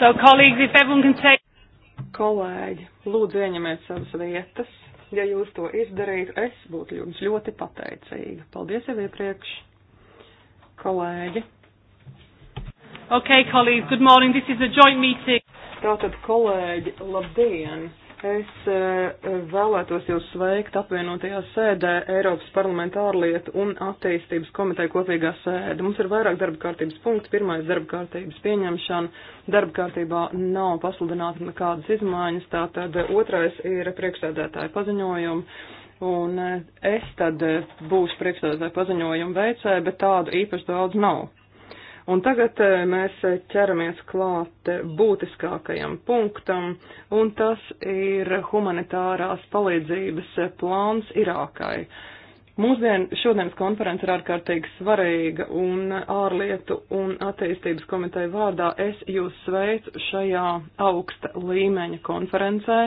So, colleagues, if everyone can take... Kolēģi, lūdzu ieņemiet savas vietas. Ja jūs to izdarītu, es būtu jums ļoti pateicīga. Paldies jau iepriekš, kolēģi. Okay, colleagues, good morning. This is a joint meeting. Tātad, kolēģi, labdien! Es e, e, vēlētos jūs sveikt apvienotajā sēdē Eiropas parlamenta ārlietu un attīstības komiteja kopīgā sēde. Mums ir vairāk darba kārtības punktu. Pirmais darba kārtības pieņemšana. Darba kārtībā nav pasludināta nekādas izmaiņas. Tātad otrais ir priekšsēdētāja paziņojuma. Un e, es tad būšu priekšsēdētāja paziņojuma veicē, bet tādu īpaši daudz nav. Un tagad eh, mēs eh, ķeramies klāt eh, būtiskākajam punktam, un tas ir humanitārās palīdzības plāns Irākai. Mūsdien šodienas konference ir ārkārtīgi svarīga, un ārlietu un attīstības komiteja vārdā es jūs sveicu šajā augsta līmeņa konferencē,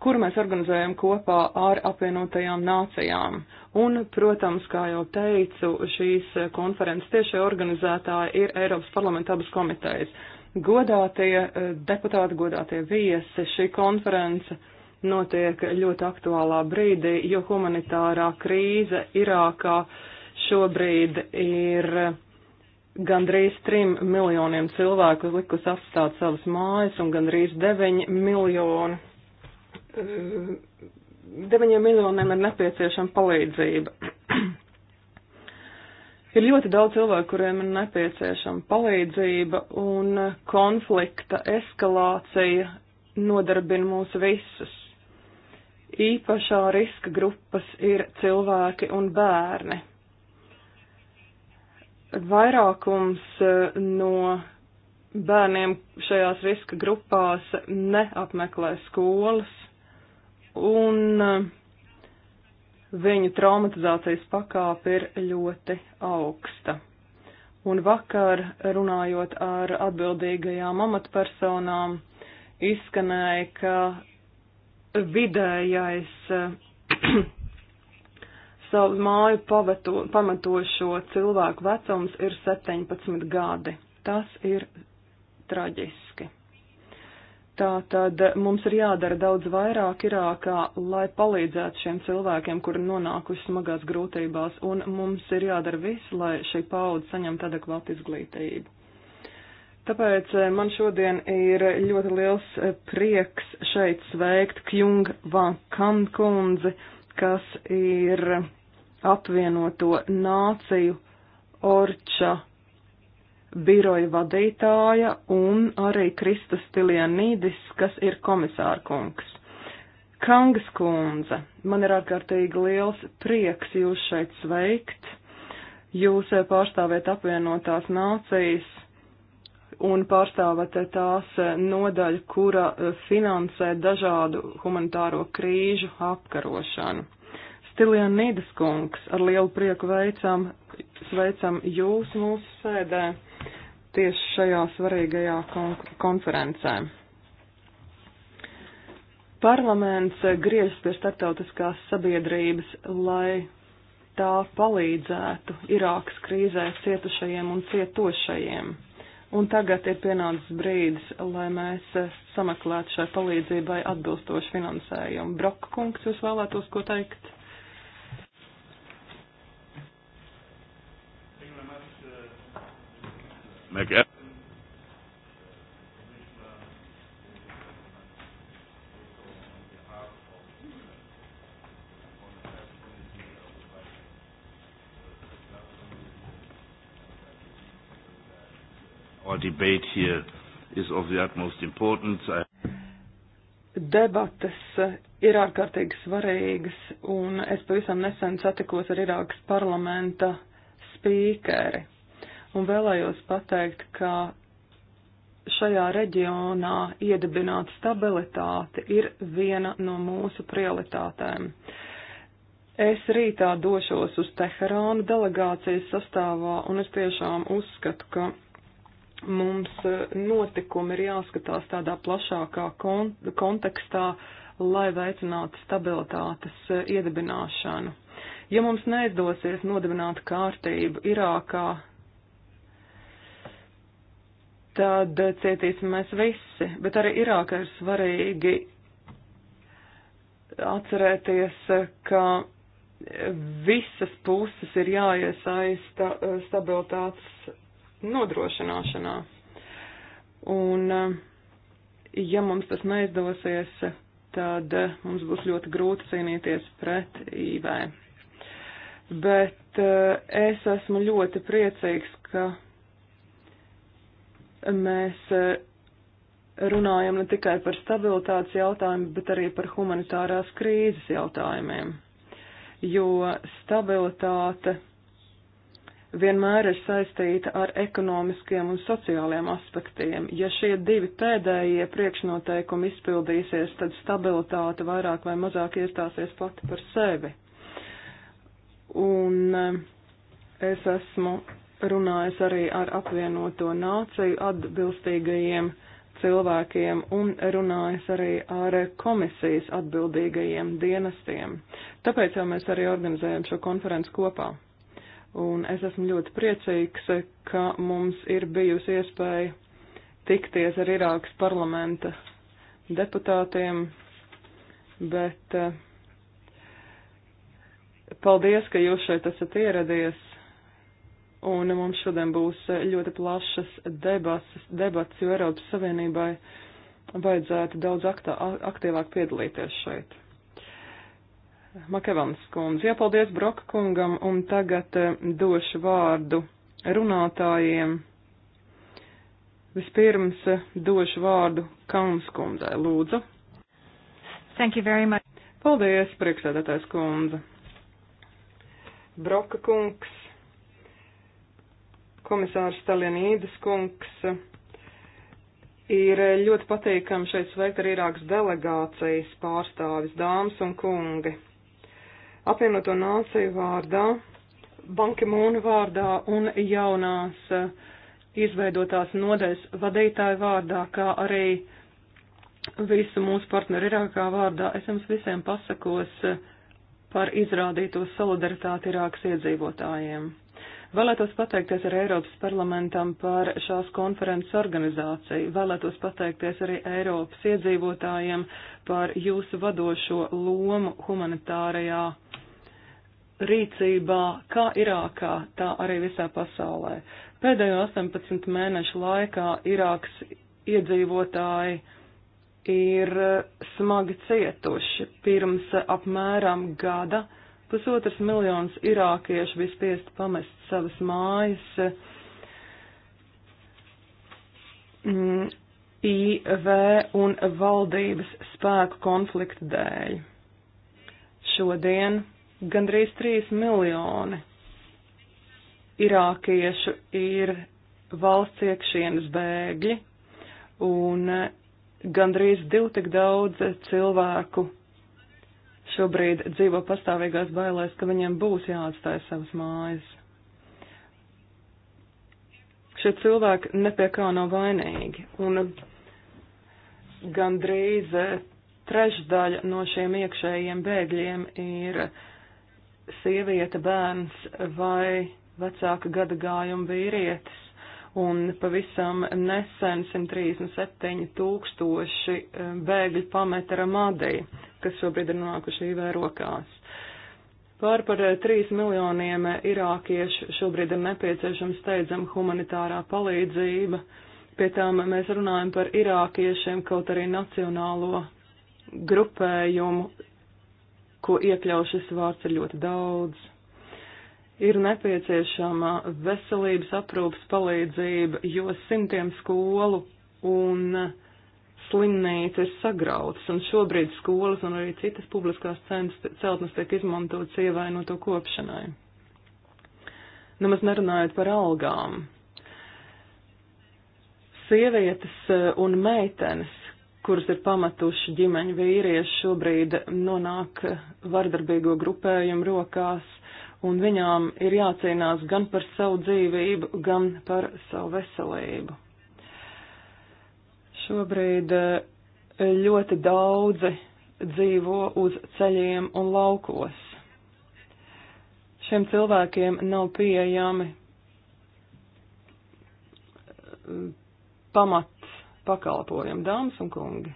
kuru mēs organizējam kopā ar apvienotajām nācijām. Un, protams, kā jau teicu, šīs konferences tiešie organizētāji ir Eiropas parlamenta abas komitejas. Godātie eh, deputāti, godātie viesi, šī konference notiek ļoti aktuālā brīdī, jo humanitārā krīze Irākā šobrīd ir eh, gandrīz 3 miljoniem cilvēku likus atstāt savas mājas un gandrīz 9 miljoni deviņiem miljoniem ir nepieciešama palīdzība. ir ļoti daudz cilvēku, kuriem ir nepieciešama palīdzība, un konflikta eskalācija nodarbina mūs visus. Īpašā riska grupas ir cilvēki un bērni. Vairākums eh, no bērniem šajās riska grupās neapmeklē skolas, un eh, viņu traumatizācijas pakāpe ir ļoti augsta. Un vakar, runājot ar atbildīgajām amatpersonām, izskanēja, ka vidējais eh, savu māju pavato, pamatošo cilvēku vecums ir 17 gadi. Tas ir traģiski. Tā tad mums ir jādara daudz vairāk Irākā, lai palīdzētu šiem cilvēkiem, kuri nonākuši smagās grūtībās, un mums ir jādara viss, lai šī paudze saņemtu adekvātu izglītību. Tāpēc eh, man šodien ir ļoti liels eh, prieks šeit sveikt Kjung Van Kam kundzi, kas ir apvienoto nāciju orča biroja vadītāja un arī Kristus Tilianīdis, kas ir komisārkungs. Kangas kundze, man ir ārkārtīgi liels prieks jūs šeit sveikt. Jūs pārstāvēt apvienotās nācijas un pārstāvēt tās nodaļu, kura finansē dažādu humanitāro krīžu apkarošanu. Stilijan Nīdiskungs, ar lielu prieku veicam, sveicam jūs mūsu sēdē tieši šajā svarīgajā konferencē. Parlaments griežas pie starptautiskās sabiedrības, lai tā palīdzētu Irākas krīzē cietušajiem un cietošajiem. Un tagad ir pienācis brīdis, lai mēs sameklētu šai palīdzībai atbilstošu finansējumu. Broka kungs, jūs vēlētos ko teikt? Mc Our debate here is of the utmost importance. I debates uh, ir ārkārtīgi svarīgas, un es pavisam nesen satikos ar Irākas parlamenta spīkeri un vēlējos pateikt, ka šajā reģionā iedibināt stabilitāti ir viena no mūsu prioritātēm. Es rītā došos uz Teherānu delegācijas sastāvā, un es tiešām uzskatu, ka mums e, notikumi ir jāskatās tādā plašākā kont kontekstā, lai veicinātu stabilitātes e, iedibināšanu. Ja mums neizdosies nodibināt kārtību Irākā, tad cietīsim mēs visi, bet arī Irākā ir svarīgi atcerēties, ka visas puses ir jāiesaista eh, stabilitātes nodrošināšanā. Un, eh, ja mums tas neizdosies, tad eh, mums būs ļoti grūti cīnīties pret IV. Bet es esmu ļoti priecīgs, ka Mēs e, runājam ne tikai par stabilitātes jautājumu, bet arī par humanitārās krīzes jautājumiem, jo stabilitāte vienmēr ir saistīta ar ekonomiskiem un sociāliem aspektiem. Ja šie divi pēdējie priekšnoteikumi izpildīsies, tad stabilitāte vairāk vai mazāk iestāsies pati par sevi. Un e, es esmu runājis arī ar apvienoto nāciju atbilstīgajiem cilvēkiem un runājis arī ar komisijas atbildīgajiem dienestiem. Tāpēc jau mēs arī organizējam šo konferenci kopā. Un es esmu ļoti priecīgs, ka mums ir bijusi iespēja tikties ar Irākas parlamenta deputātiem, bet eh, paldies, ka jūs šeit esat ieradies Un mums šodien būs ļoti plašas debases, debats, jo Eiropas Savienībai vajadzētu daudz aktā, aktīvāk piedalīties šeit. Makevans kundze, jāpaldies Broka kungam un tagad eh, došu vārdu runātājiem. Vispirms eh, došu vārdu Kalns kundzei, lūdzu. Thank you very much. Paldies, priekšsēdētājs kundze. Broka kungs komisārs Stalienīdas kungs. Ir ļoti patīkami šeit sveikt arī Irākas delegācijas pārstāvis, dāmas un kungi. Apvienoto nāciju vārdā, Banki Mūna vārdā un jaunās eh, izveidotās nodeļas vadītāju vārdā, kā arī visu mūsu partneru Irākā vārdā, es jums visiem pasakos eh, par izrādīto solidaritāti Irākas iedzīvotājiem. Vēlētos pateikties arī Eiropas parlamentam par šās konferences organizāciju. Vēlētos pateikties arī Eiropas iedzīvotājiem par jūsu vadošo lomu humanitārajā rīcībā, kā Irākā, tā arī visā pasaulē. Pēdējo 18 mēnešu laikā Irāks iedzīvotāji ir smagi cietuši pirms apmēram gada Pusotras miljonus irākiešu bija spiest pamest savas mājas. Mm, IV un valdības spēku konflikta dēļ. Šodien gandrīz 3 miljoni irākiešu ir valsts iekšienes bēgļi, un gandrīz div tik daudz cilvēku šobrīd dzīvo pastāvīgās bailēs, ka viņiem būs jāatstāj savas mājas. Šie cilvēki nepie kā nav vainīgi, un gandrīz eh, trešdaļa no šiem iekšējiem bēgļiem ir sieviete, bērns vai vecāka gada gājuma vīrietis, un pavisam nesen 137 tūkstoši eh, bēgļi pameta Ramadiju kas šobrīd ir nonākuši IV rokās. Pār par 3 eh, miljoniem eh, irākiešu šobrīd ir nepieciešama steidzama humanitārā palīdzība. Pie tām mēs runājam par irākiešiem, kaut arī nacionālo grupējumu, ko iekļauj šis vārds ir ļoti daudz. Ir nepieciešama veselības aprūpas palīdzība, jo simtiem skolu un slimnīcas sagrautas, un šobrīd skolas un arī citas publiskās celtnes tiek izmantotas ievainoto kopšanai. Nemaz nu, nerunājot par algām. Sievietes eh, un meitenes, kuras ir pametuši ģimeņu vīrieši, šobrīd nonāk vardarbīgo grupējumu rokās, un viņām ir jācīnās gan par savu dzīvību, gan par savu veselību. Šobrīd eh, ļoti daudzi dzīvo uz ceļiem un laukos. Šiem cilvēkiem nav pieejami eh, pamat pakalpojumi, dāmas un kungi.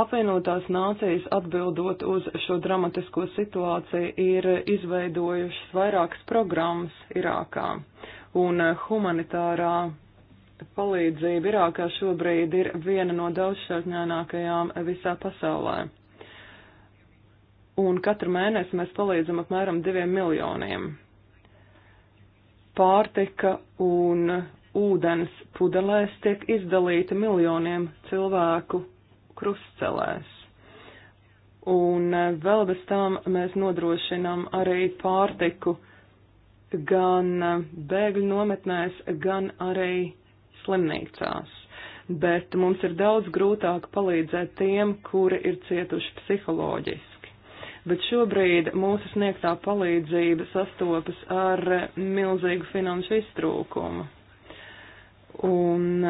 Apvienotās nācijas atbildot uz šo dramatisko situāciju ir izveidojušas vairākas programmas Irākā, un humanitārā palīdzība Irākā šobrīd ir viena no daudzšķautņainākajām visā pasaulē. Un katru mēnesi mēs palīdzam apmēram diviem miljoniem. Pārtika un ūdens pudelēs tiek izdalīta miljoniem cilvēku krustcelēs. Un e, vēl bez tām mēs nodrošinām arī pārtiku gan e, bēgļu nometnēs, gan arī slimnīcās. Bet mums ir daudz grūtāk palīdzēt tiem, kuri ir cietuši psiholoģiski. Bet šobrīd mūsu sniegtā palīdzība sastopas ar milzīgu finanšu iztrūkumu. Un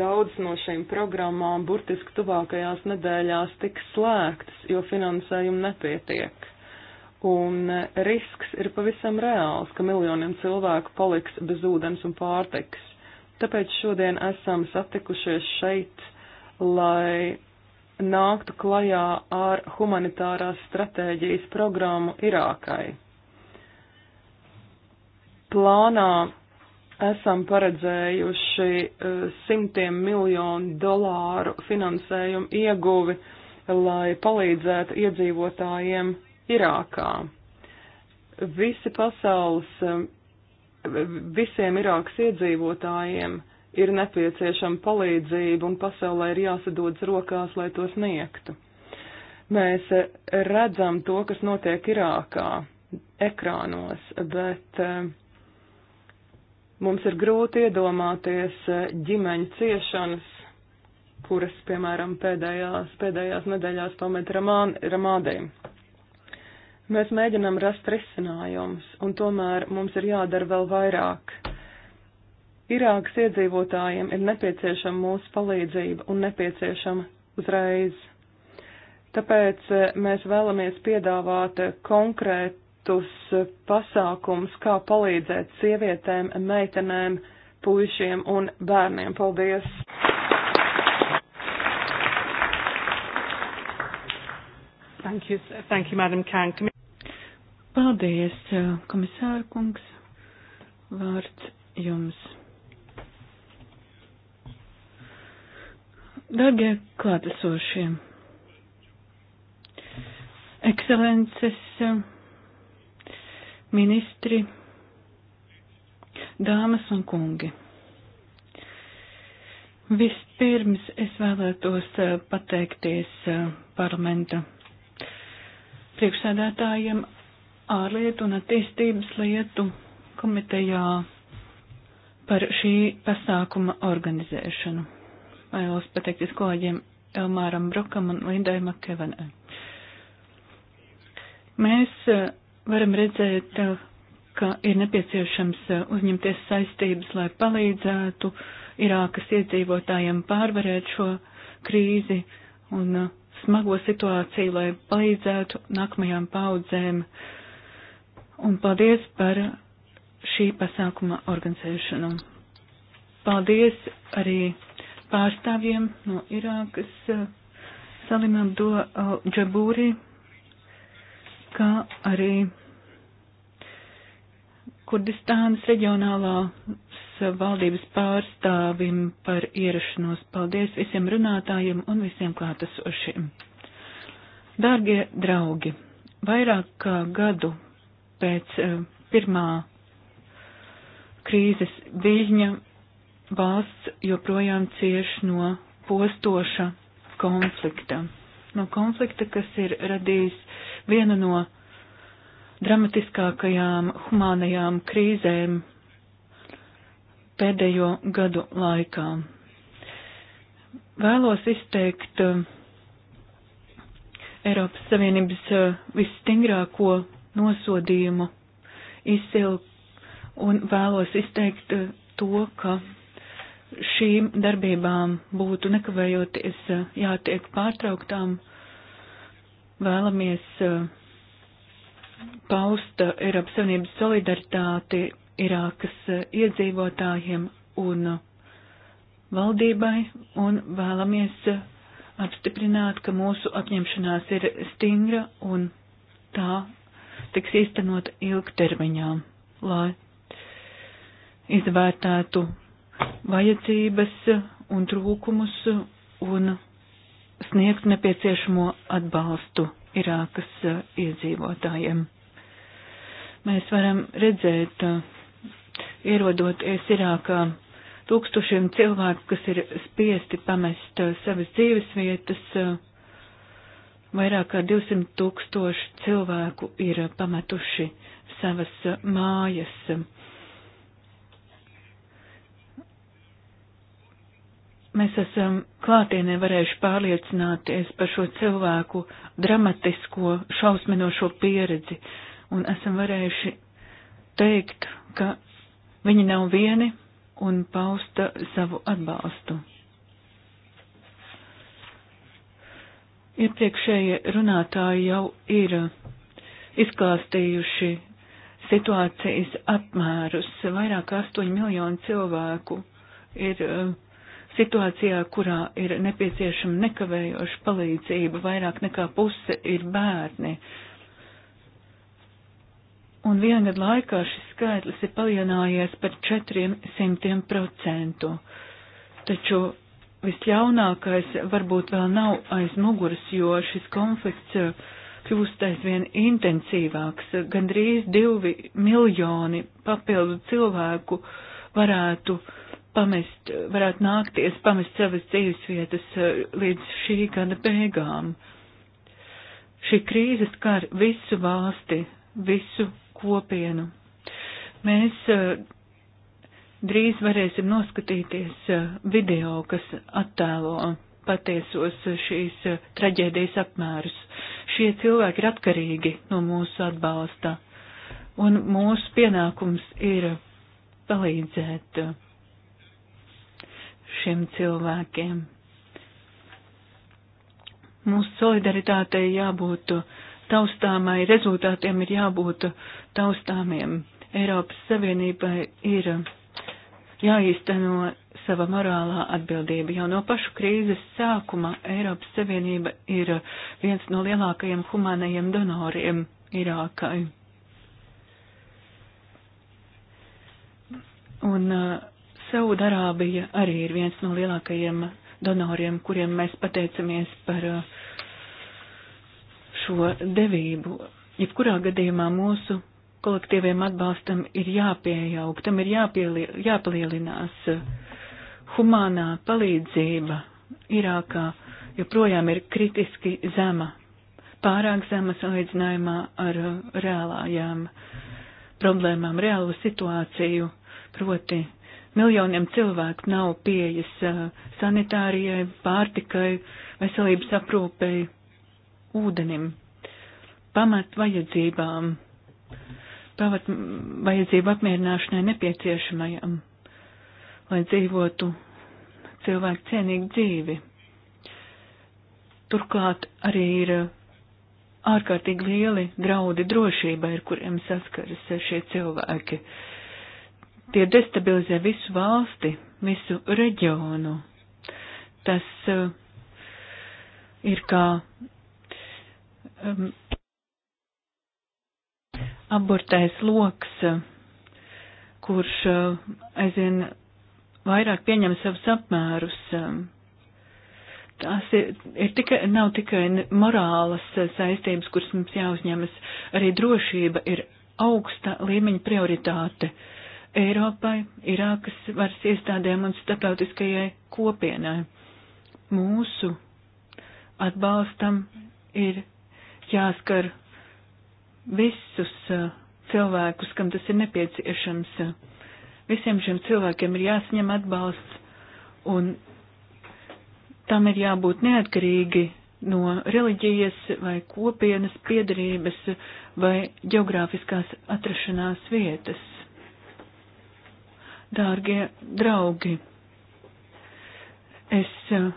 daudz no šīm programmām burtiski tuvākajās nedēļās tiks slēgtas, jo finansējumu nepietiek. Un risks ir pavisam reāls, ka miljoniem cilvēku paliks bez ūdens un pārtiks. Tāpēc šodien esam satikušies šeit, lai nāktu klajā ar humanitārās stratēģijas programmu Irākai. Plānā esam paredzējuši eh, simtiem miljonu dolāru finansējumu ieguvi, lai palīdzētu iedzīvotājiem Irākā. Visi pasaules eh, visiem Irākas iedzīvotājiem ir nepieciešama palīdzība un pasaulē ir jāsadodas rokās, lai to sniegtu. Mēs redzam to, kas notiek Irākā ekrānos, bet eh, mums ir grūti iedomāties eh, ģimeņu ciešanas, kuras, piemēram, pēdējās, pēdējās nedēļās pamet Ramādēm. Ramā Mēs mēģinām rast risinājumus, un tomēr mums ir jādara vēl vairāk. Irākas iedzīvotājiem ir nepieciešama mūsu palīdzība un nepieciešama uzreiz. Tāpēc eh, mēs vēlamies piedāvāt eh, konkrētus eh, pasākums, kā palīdzēt sievietēm, meitenēm, puišiem un bērniem. Paldies! Thank you, thank you, Madam Kang. Paldies, eh, komisāra kungs. Vārds jums. Dargie klātesošie, ekscelences, eh, ministri, dāmas un kungi. Vispirms es vēlētos eh, pateikties parlamenta priekšsēdētājiem ārlietu un attīstības lietu komitejā par šī pasākuma organizēšanu. Vēlos pateikties kolēģiem Elmāram Brokam un Lindai Makevenai. Mēs eh, varam redzēt, eh, ka ir nepieciešams eh, uzņemties saistības, lai palīdzētu Irākas iedzīvotājiem pārvarēt šo krīzi un smago situāciju, lai palīdzētu nākamajām paudzēm uh, un paldies par šī pasākuma organizēšanu. Paldies arī pārstāvjiem no Irākas, eh, Salimam Do Džabūri, kā arī Kurdistānas reģionālās valdības pārstāvim par ierašanos. Paldies visiem runātājiem un visiem klātesošiem. Dārgie draugi, vairāk kā gadu pēc eh, pirmā krīzes viļņa valsts joprojām cieš no postoša konflikta. No konflikta, kas ir radījis vienu no dramatiskākajām humānajām krīzēm pēdējo gadu laikā. Vēlos izteikt eh, Eiropas Savienības eh, visstingrāko nosodījumu izcilu un vēlos izteikt eh, to, ka šīm darbībām būtu nekavējoties eh, jātiek pārtrauktām. Vēlamies eh, paust Eiropas Savienības solidaritāti Irākas iedzīvotājiem un valdībai un vēlamies apstiprināt, ka mūsu apņemšanās ir stingra un tā tiks īstenot ilgtermiņā, lai izvērtētu vajadzības un trūkumus un sniegt nepieciešamo atbalstu Irākas eh, iedzīvotājiem. Mēs varam redzēt, eh, ierodoties Irākā, tūkstošiem cilvēku, kas ir spiesti pamest eh, savas dzīves vietas, Vairāk kā 200 tūkstoši cilvēku ir pametuši savas mājas. Mēs esam klātienē varējuši pārliecināties par šo cilvēku dramatisko, šausminošo pieredzi, un esam varējuši teikt, ka viņi nav vieni un pausta savu atbalstu. Iepriekšējie runātāji jau ir uh, izklāstījuši situācijas apmērus. Vairāk kā 8 miljonu cilvēku ir uh, situācijā, kurā ir nepieciešama nekavējoša palīdzība, vairāk nekā puse ir bērni. Un viena gada laikā šis skaitlis ir palielinājies par 400%. Taču visļaunākais varbūt vēl nav aiz muguras, jo šis konflikts eh, kļūst aizvien intensīvāks. Gandrīz divi miljoni papildu cilvēku varētu pamest, varētu nākties pamest savas dzīves vietas eh, līdz šī gada beigām. Šī krīze skar visu valsti, visu kopienu. Mēs eh, Drīz varēsim noskatīties eh, video, kas attēlo patiesos eh, šīs eh, traģēdijas apmērus. Šie cilvēki ir atkarīgi no mūsu atbalsta, un mūsu pienākums ir palīdzēt šiem cilvēkiem. Mūsu solidaritātei jābūt taustāmai, rezultātiem ir jābūt taustāmiem. Eiropas Savienībai ir jāīsteno sava morālā atbildība. Jau no pašu krīzes sākuma Eiropas Savienība ir viens no lielākajiem humanajiem donoriem Irākai. Un uh, Saudarābija arī ir viens no lielākajiem donoriem, kuriem mēs pateicamies par uh, šo devību. Jebkurā gadījumā mūsu kolektīviem atbalstam ir jāpieaug, tam ir jāpielie, jāpalielinās. Eh, Humānā palīdzība Irākā joprojām ir kritiski zema, pārāk zema salīdzinājumā ar eh, reālājām problēmām, reālo situāciju, proti miljoniem cilvēku nav pieejas eh, sanitārijai, pārtikai, veselības aprūpei, ūdenim, pamat vajadzībām pavat vajadzību apmierināšanai nepieciešamajam, um, lai dzīvotu cilvēku cienīgu dzīvi. Turklāt arī ir uh, ārkārtīgi lieli draudi drošībai, ar kuriem saskaras uh, šie cilvēki. Tie destabilizē visu valsti, visu reģionu. Tas uh, ir kā um, apburtais loks, kurš eh, aizvien vairāk pieņem savus apmērus. Tās ir, ir tikai, nav tikai morālas eh, saistības, kuras mums jāuzņemas, arī drošība ir augsta līmeņa prioritāte Eiropai, Irākas varas iestādēm un starptautiskajai kopienai. Mūsu atbalstam ir jāskar visus uh, cilvēkus, kam tas ir nepieciešams. Uh, visiem šiem cilvēkiem ir jāsaņem atbalsts, un tam ir jābūt neatkarīgi no reliģijas vai kopienas piedarības vai geogrāfiskās atrašanās vietas. Dārgie draugi, es uh,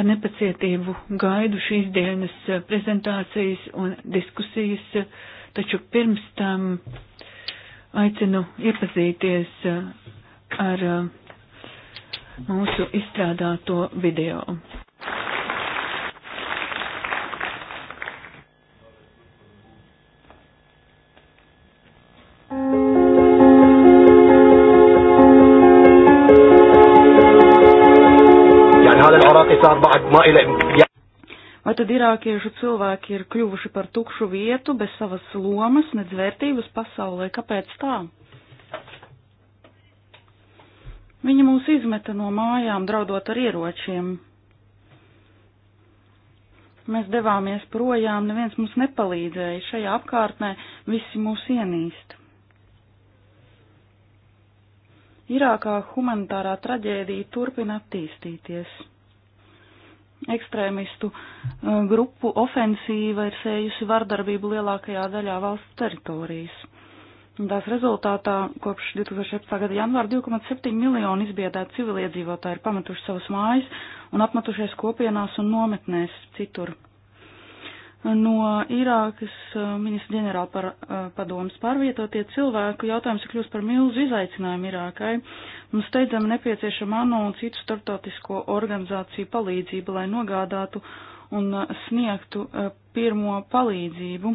ar nepacietību gaidu šīs dienas eh, prezentācijas un diskusijas, eh, taču pirms tam aicinu iepazīties eh, ar mūsu izstrādāto video. ma ila. Ja. Vai tad irākiešu cilvēki ir kļuvuši par tukšu vietu, bez savas lomas, nedz vērtības pasaulē? Kāpēc tā? Viņa mūs izmeta no mājām, draudot ar ieročiem. Mēs devāmies projām, neviens mums nepalīdzēja. Šajā apkārtnē visi mūs ienīst. Irākā humanitārā traģēdija turpina attīstīties ekstrēmistu uh, grupu ofensīva ir sējusi vardarbību lielākajā daļā valsts teritorijas. Tās rezultātā kopš 2017. gada janvāra 2,7 miljonu izbiedētu civiliedzīvotāji ir pametuši savus mājas un apmetušies kopienās un nometnēs citur no Irākas eh, ministra ģenerāla par, eh, padomas pārvietotie cilvēku jautājums ir kļūst par milzu izaicinājumu Irākai. Mums steidzami nepieciešama ANO un citu startautisko organizāciju palīdzība, lai nogādātu un eh, sniegtu pirmo palīdzību.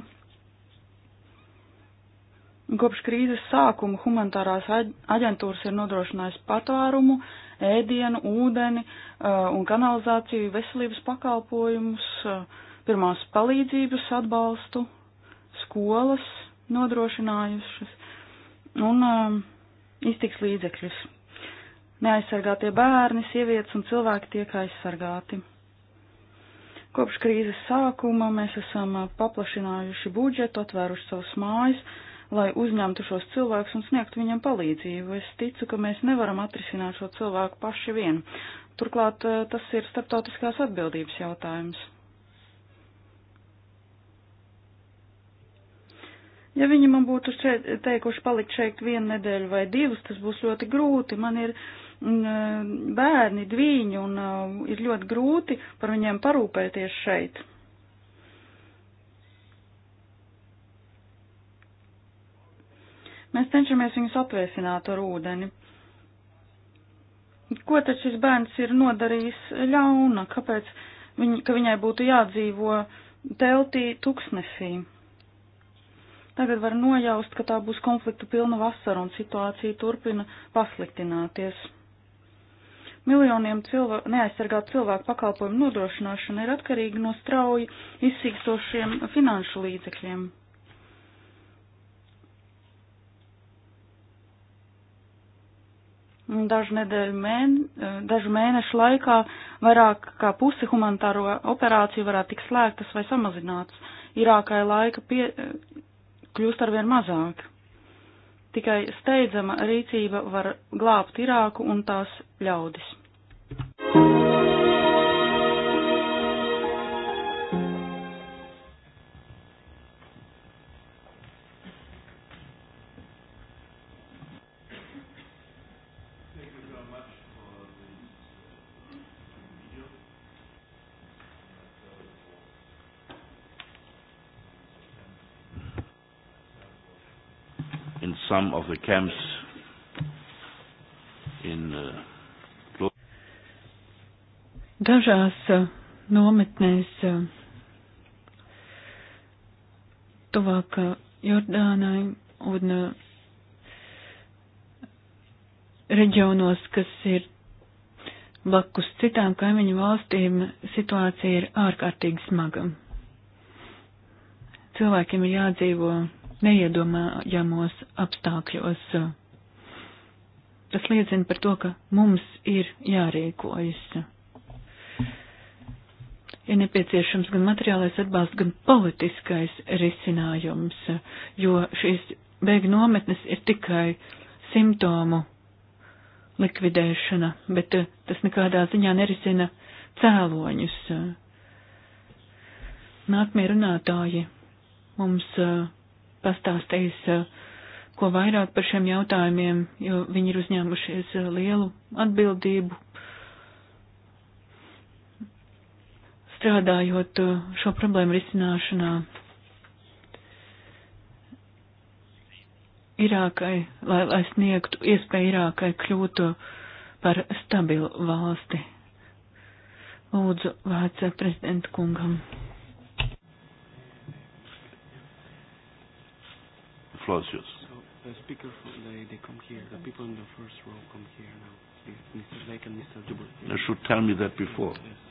Kopš krīzes sākuma humanitārās aģentūras ir nodrošinājusi patvērumu, ēdienu, ūdeni un kanalizāciju, veselības pakalpojumus, uh, pirmās palīdzības atbalstu, skolas nodrošinājušas un um, iztiks līdzekļus. Neaizsargātie bērni, sievietes un cilvēki tiek aizsargāti. Kopš krīzes sākuma mēs esam uh, paplašinājuši budžetu, atvēruši savus mājas, lai uzņemtu šos cilvēkus un sniegtu viņiem palīdzību. Es ticu, ka mēs nevaram atrisināt šo cilvēku paši vien. Turklāt uh, tas ir starptautiskās atbildības jautājums. Ja viņi man būtu šeit, teikuši palikt šeit vienu nedēļu vai divas, tas būs ļoti grūti. Man ir mm, eh, bērni, dviņi, un mm, ir ļoti grūti par viņiem parūpēties šeit. Mēs cenšamies viņus apvēsināt ar ūdeni. Ko tad šis bērns ir nodarījis ļauna? Kāpēc viņ, ka viņai būtu jādzīvo teltī tuksnesī? Tagad var nojaust, ka tā būs konfliktu pilna vasara un situācija turpina pasliktināties. Miljoniem cilvē, neaizsargāt cilvēku pakalpojumu nodrošināšana ir atkarīga no strauji izsīkstošiem finanšu līdzekļiem. Dažu nedēļu mēne, dažu mēnešu laikā vairāk kā pusi humanitāro operāciju varētu tikt slēgtas vai samazinātas. Irākai laika pie, kļūst arvien mazāk. Tikai steidzama rīcība var glābt Irāku un tās ļaudis. some of the camps in uh, Dažās uh, nometnēs uh, tuvāk uh, Jordānai un uh, reģionos, kas ir blakus citām kaimiņu valstīm, situācija ir ārkārtīgi smaga. Cilvēkiem ir jādzīvo neiedomājamos apstākļos. Tas liecina par to, ka mums ir jārīkojas. Ir nepieciešams gan materiālais atbalsts, gan politiskais risinājums, jo šīs bēgļu nometnes ir tikai simptomu likvidēšana, bet eh, tas nekādā ziņā nerisina cēloņus. Nākamie runātāji mums uh, pastāstīs ko vairāk par šiem jautājumiem, jo viņi ir uzņēmušies lielu atbildību, strādājot šo problēmu risināšanā. Irākai, lai, lai sniegtu iespēju Irākai kļūt par stabilu valsti. Lūdzu, vārds prezidenta kungam. The floor is yours. So the speaker, they, they come here. The people in the first row come here now. Mr. Lake and Mr. Dubert. You should tell me that before. Yes.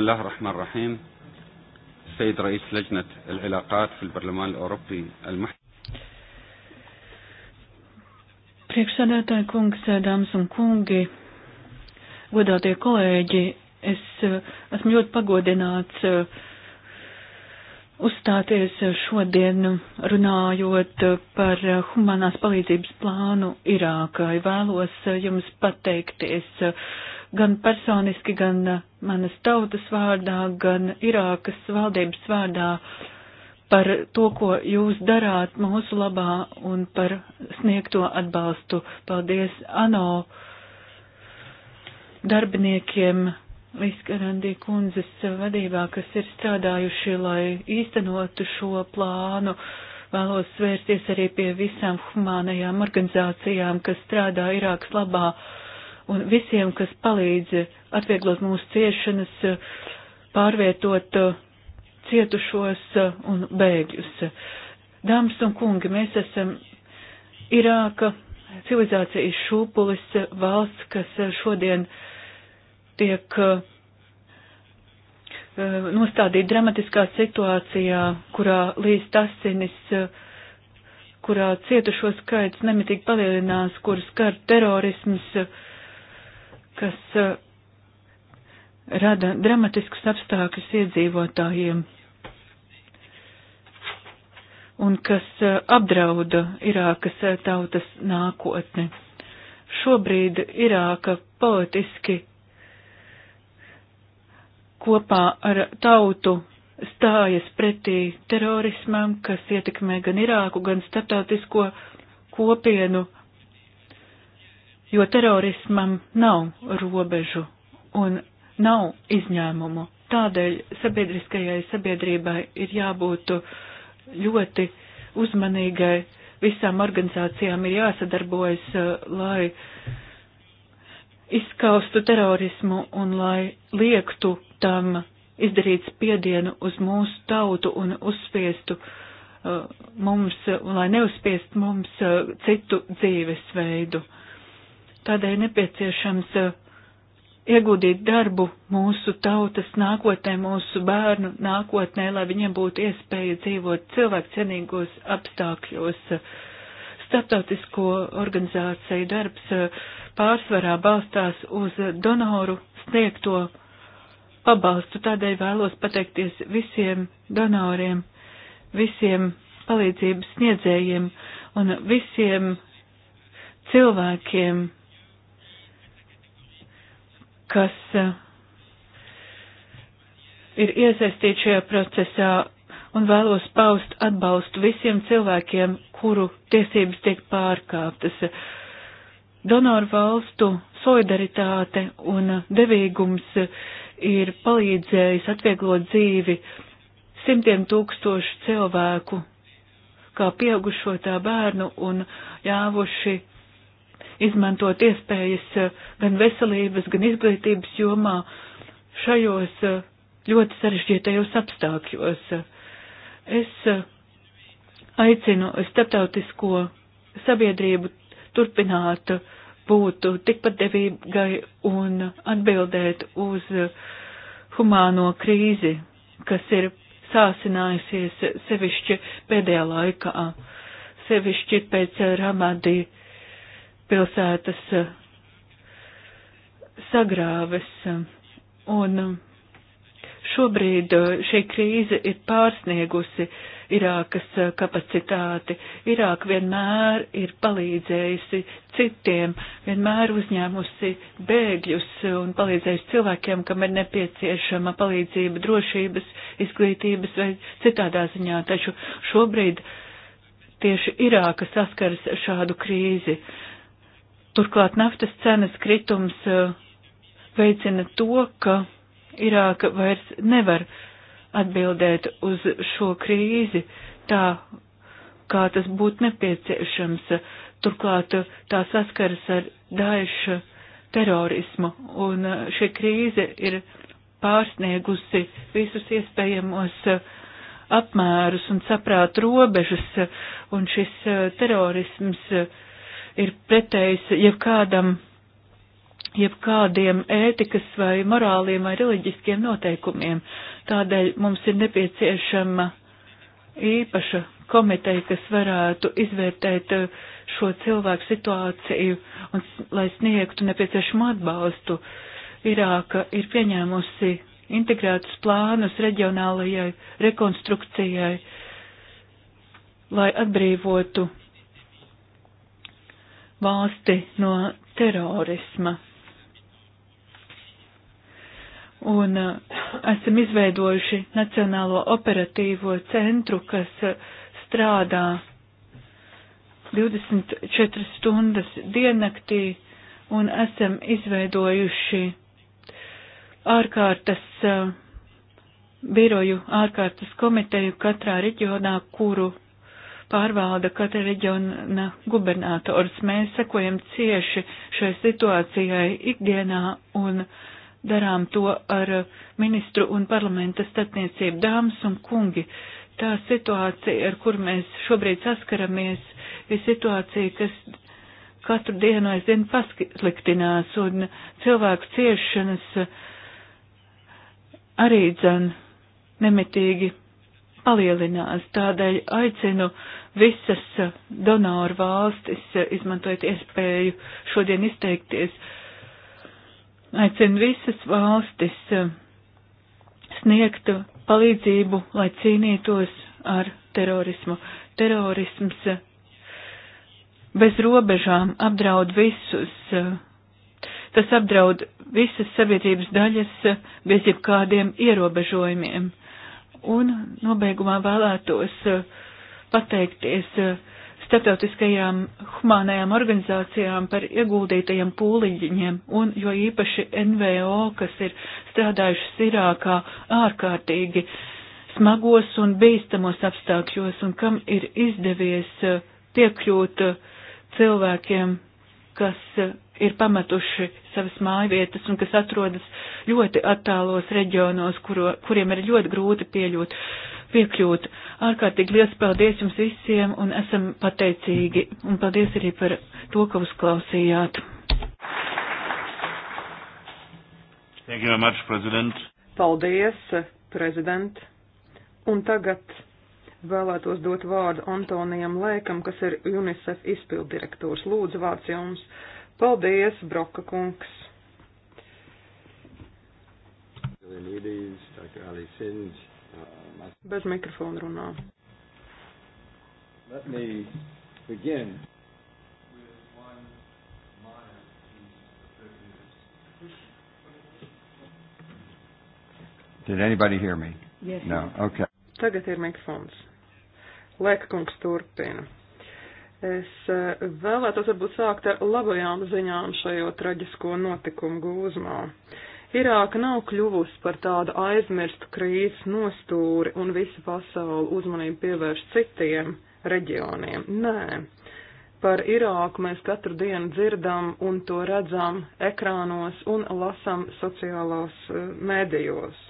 بسم الله الرحمن الرحيم السيد رئيس لجنة العلاقات في البرلمان الأوروبي المحترم Priekšsēdētāji kungs, dāmas un kungi, godātie kolēģi, es eh, esmu ļoti pagodināts eh, uzstāties šodien runājot eh, par humanās palīdzības plānu Irākai. Vēlos jums pateikties gan personiski, gan manas tautas vārdā, gan Irākas valdības vārdā par to, ko jūs darāt mūsu labā un par sniegto atbalstu. Paldies ANO darbiniekiem Viskarandī kundzes vadībā, kas ir strādājuši, lai īstenotu šo plānu. Vēlos svērsties arī pie visām humānajām organizācijām, kas strādā Irākas labā un visiem, kas palīdz atvieglot mūsu ciešanas, pārvietot uh, cietušos uh, un bēgļus. Dāmas un kungi, mēs esam Irāka civilizācijas šūpulis valsts, kas uh, šodien tiek nostādīt dramatiskā situācijā, kurā līdz asinis, kurā cietušo skaits nemitīgi palielinās, kur skar terorisms, kas uh, rada dramatiskus apstākļus iedzīvotājiem un kas uh, apdrauda Irākas uh, tautas nākotni. Šobrīd Irāka politiski kopā ar tautu stājas pretī terorismam, kas ietekmē gan Irāku, gan starptautisko kopienu jo terorismam nav robežu un nav izņēmumu. Tādēļ sabiedriskajai sabiedrībai ir jābūt ļoti uzmanīgai, visām organizācijām ir jāsadarbojas, eh, lai izskaustu terorismu un lai liektu tam izdarīt spiedienu uz mūsu tautu un uzspiestu uh, mums, un lai neuzspiest mums uh, citu dzīvesveidu. Uh, Tādēļ nepieciešams uh, ieguldīt darbu mūsu tautas nākotnē, mūsu bērnu nākotnē, lai viņiem būtu iespēja dzīvot cilvēkcienīgos apstākļos. Startautisko organizāciju darbs uh, pārsvarā balstās uz donoru sniegto pabalstu, tādēļ vēlos pateikties visiem donoriem, visiem palīdzības sniedzējiem un visiem cilvēkiem, kas eh, ir iesaistīti šajā procesā un vēlos paust atbalstu visiem cilvēkiem, kuru tiesības tiek pārkāptas. Donoru valstu solidaritāte un devīgums ir palīdzējis atvieglot dzīvi simtiem tūkstošu cilvēku, kā pieaugušo tā bērnu un ļāvuši izmantot iespējas eh, gan veselības, gan izglītības jomā šajos eh, ļoti sarežģītajos apstākļos. Es eh, aicinu starptautisko sabiedrību turpināt būt tikpat devīgai un atbildēt uz humāno krīzi, kas ir sāsinājusies sevišķi pēdējā laikā, sevišķi pēc Ramadi pilsētas eh, sagrāves. Un eh, šobrīd eh, šī krīze ir pārsniegusi Irākas kapacitāti. Irāka vienmēr ir palīdzējusi citiem, vienmēr uzņēmusi bēgļus un palīdzējusi cilvēkiem, kam ir nepieciešama palīdzība drošības, izglītības vai citādā ziņā. Taču šobrīd tieši Irāka saskaras šādu krīzi. Uh, Turklāt naftas cenas kritums e, veicina to, ka Irāka vairs nevar atbildēt uz šo krīzi tā, kā tas būtu nepieciešams. Turklāt e, tā saskaras ar Daeša terorismu, un e, šī krīze ir pārsniegusi visus iespējamos apmērus un saprāt robežas, un šis terorisms uh, ir pretējs jebkādam, jebkādiem ētikas vai morāliem vai reliģiskiem noteikumiem. Tādēļ mums ir nepieciešama īpaša komiteja, kas varētu izvērtēt eh, šo cilvēku situāciju un lai sniegtu nepieciešamu atbalstu. Irāka ir pieņēmusi integrētus plānus reģionālajai rekonstrukcijai, lai atbrīvotu valsti no terorisma. Un eh, esam izveidojuši Nacionālo operatīvo centru, kas eh, strādā 24 stundas diennaktī un esam izveidojuši ārkārtas eh, biroju, ārkārtas komiteju katrā reģionā, kuru pārvalda katra reģiona gubernators. Mēs sekojam cieši šai situācijai ikdienā un darām to ar ministru un parlamenta starpniecību dāmas un kungi. Tā situācija, ar kur mēs šobrīd saskaramies, ir situācija, kas katru dienu aizvien pasliktinās un cilvēku ciešanas arī dzan nemitīgi palielinās. Tādēļ aicinu visas donoru valstis izmantojot iespēju šodien izteikties. Aicinu visas valstis sniegt palīdzību, lai cīnītos ar terorismu. Terorisms bez robežām apdraud visus. Tas apdraud visas sabiedrības daļas bez jebkādiem ierobežojumiem. Un nobeigumā vēlētos eh, pateikties eh, starptautiskajām humānajām organizācijām par ieguldītajiem pūliņiem, un jo īpaši NVO, kas ir strādājušas Irākā ārkārtīgi smagos un bīstamos apstākļos, un kam ir izdevies eh, piekļūt cilvēkiem, kas ir pametuši savas mājvietas un kas atrodas ļoti attālos reģionos, kuro, kuriem ir ļoti grūti pieļūt, piekļūt. Ārkārtīgi liels paldies jums visiem un esam pateicīgi un paldies arī par to, ka uzklausījāt. Thank you very much, President. Paldies, prezident. Un tagad vēlētos dot vārdu Antonijam Lēkam, kas ir UNICEF izpildirektors. Lūdzu, vārds jums. Paldies, Broka kungs! Bez mikrofona runā. Let me begin. Did anybody hear me? Yes. No. Okay. Tagad ir mikrofons. Lēkkungs turpina. Es eh, vēlētos varbūt sākt ar labajām ziņām šajo traģisko notikumu gūzmā. Irāka nav kļuvusi par tādu aizmirstu krīzes nostūri un visa pasauli uzmanību pievērš citiem reģioniem. Nē, par Irāku mēs katru dienu dzirdam un to redzam ekrānos un lasam sociālās eh, medijos.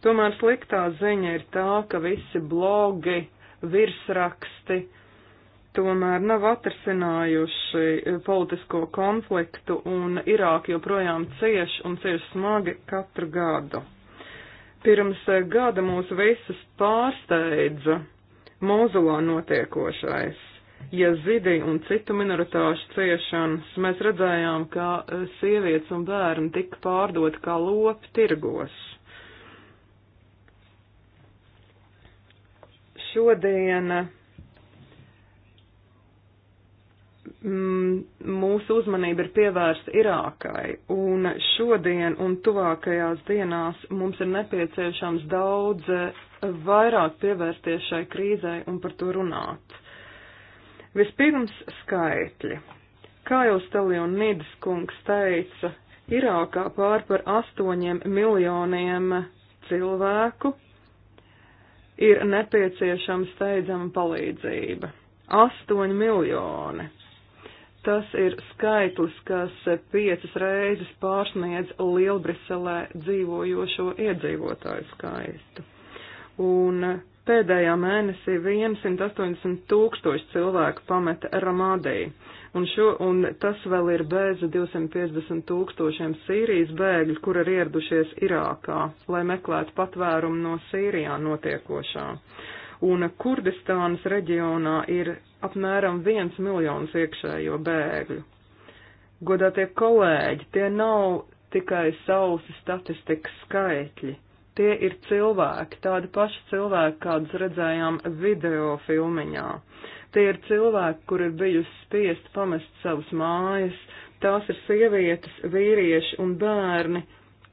Tomēr sliktā ziņa ir tā, ka visi blogi, virsraksti, uh, tomēr nav atrasinājuši eh, politisko konfliktu un Irāka joprojām cieš un cieš smagi katru gadu. Pirms eh, gada mūs visus pārsteidza Mozulā notiekošais. Ja zidi un citu minoritāšu ciešanas mēs redzējām, ka eh, sievietes un bērni tika pārdoti kā lopi tirgos. Šodien Mm, mūsu uzmanība ir pievērsta Irākai, un šodien un tuvākajās dienās mums ir nepieciešams daudz eh, vairāk pievērsties šai krīzai un par to runāt. Vispirms skaitļi. Kā jau Stalionīdis kungs teica, Irākā pār par astoņiem miljoniem cilvēku ir nepieciešama steidzama palīdzība. Astoņi miljoni Tas ir skaitlis, kas piecas reizes pārsniedz Lielbriselē dzīvojošo iedzīvotāju skaitu. Un pēdējā mēnesī 180 tūkstoši cilvēku pameta Ramadī, un, šo, un tas vēl ir bez 250 tūkstošiem Sīrijas bēgļu, kur ir ieradušies Irākā, lai meklētu patvērumu no Sīrijā notiekošā un Kurdistānas reģionā ir apmēram viens miljons iekšējo bēgļu. Godātie kolēģi, tie nav tikai sausi statistikas skaitļi. Tie ir cilvēki, tādi paši cilvēki, kādus redzējām video filmiņā. Tie ir cilvēki, kur ir bijusi spiest pamest savas mājas, tās ir sievietes, vīrieši un bērni,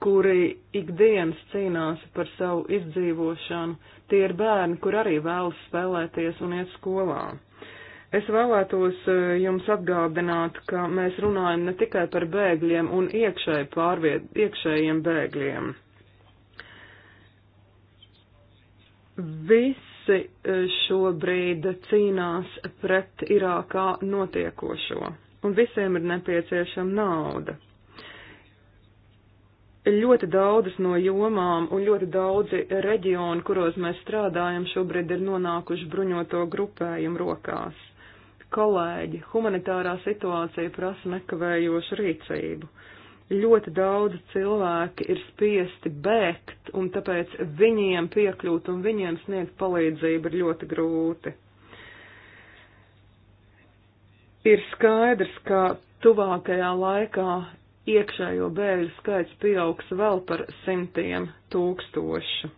kuri ikdienas cīnās par savu izdzīvošanu. Tie ir bērni, kur arī vēlas spēlēties un iet skolā. Es vēlētos e, jums atgādināt, ka mēs runājam ne tikai par bēgļiem un iekšēji pārviet, iekšējiem bēgļiem. Visi e, šobrīd cīnās pret Irākā notiekošo, un visiem ir nepieciešama nauda ļoti daudzas no jomām un ļoti daudzi reģioni, kuros mēs strādājam, šobrīd ir nonākuši bruņoto grupējumu rokās. Kolēģi, humanitārā situācija prasa nekavējošu rīcību. Ļoti daudz cilvēki ir spiesti bēgt, un tāpēc viņiem piekļūt un viņiem sniegt palīdzību ir ļoti grūti. Ir skaidrs, ka tuvākajā laikā iekšējo bēļu skaits pieaugs vēl par simtiem tūkstošu.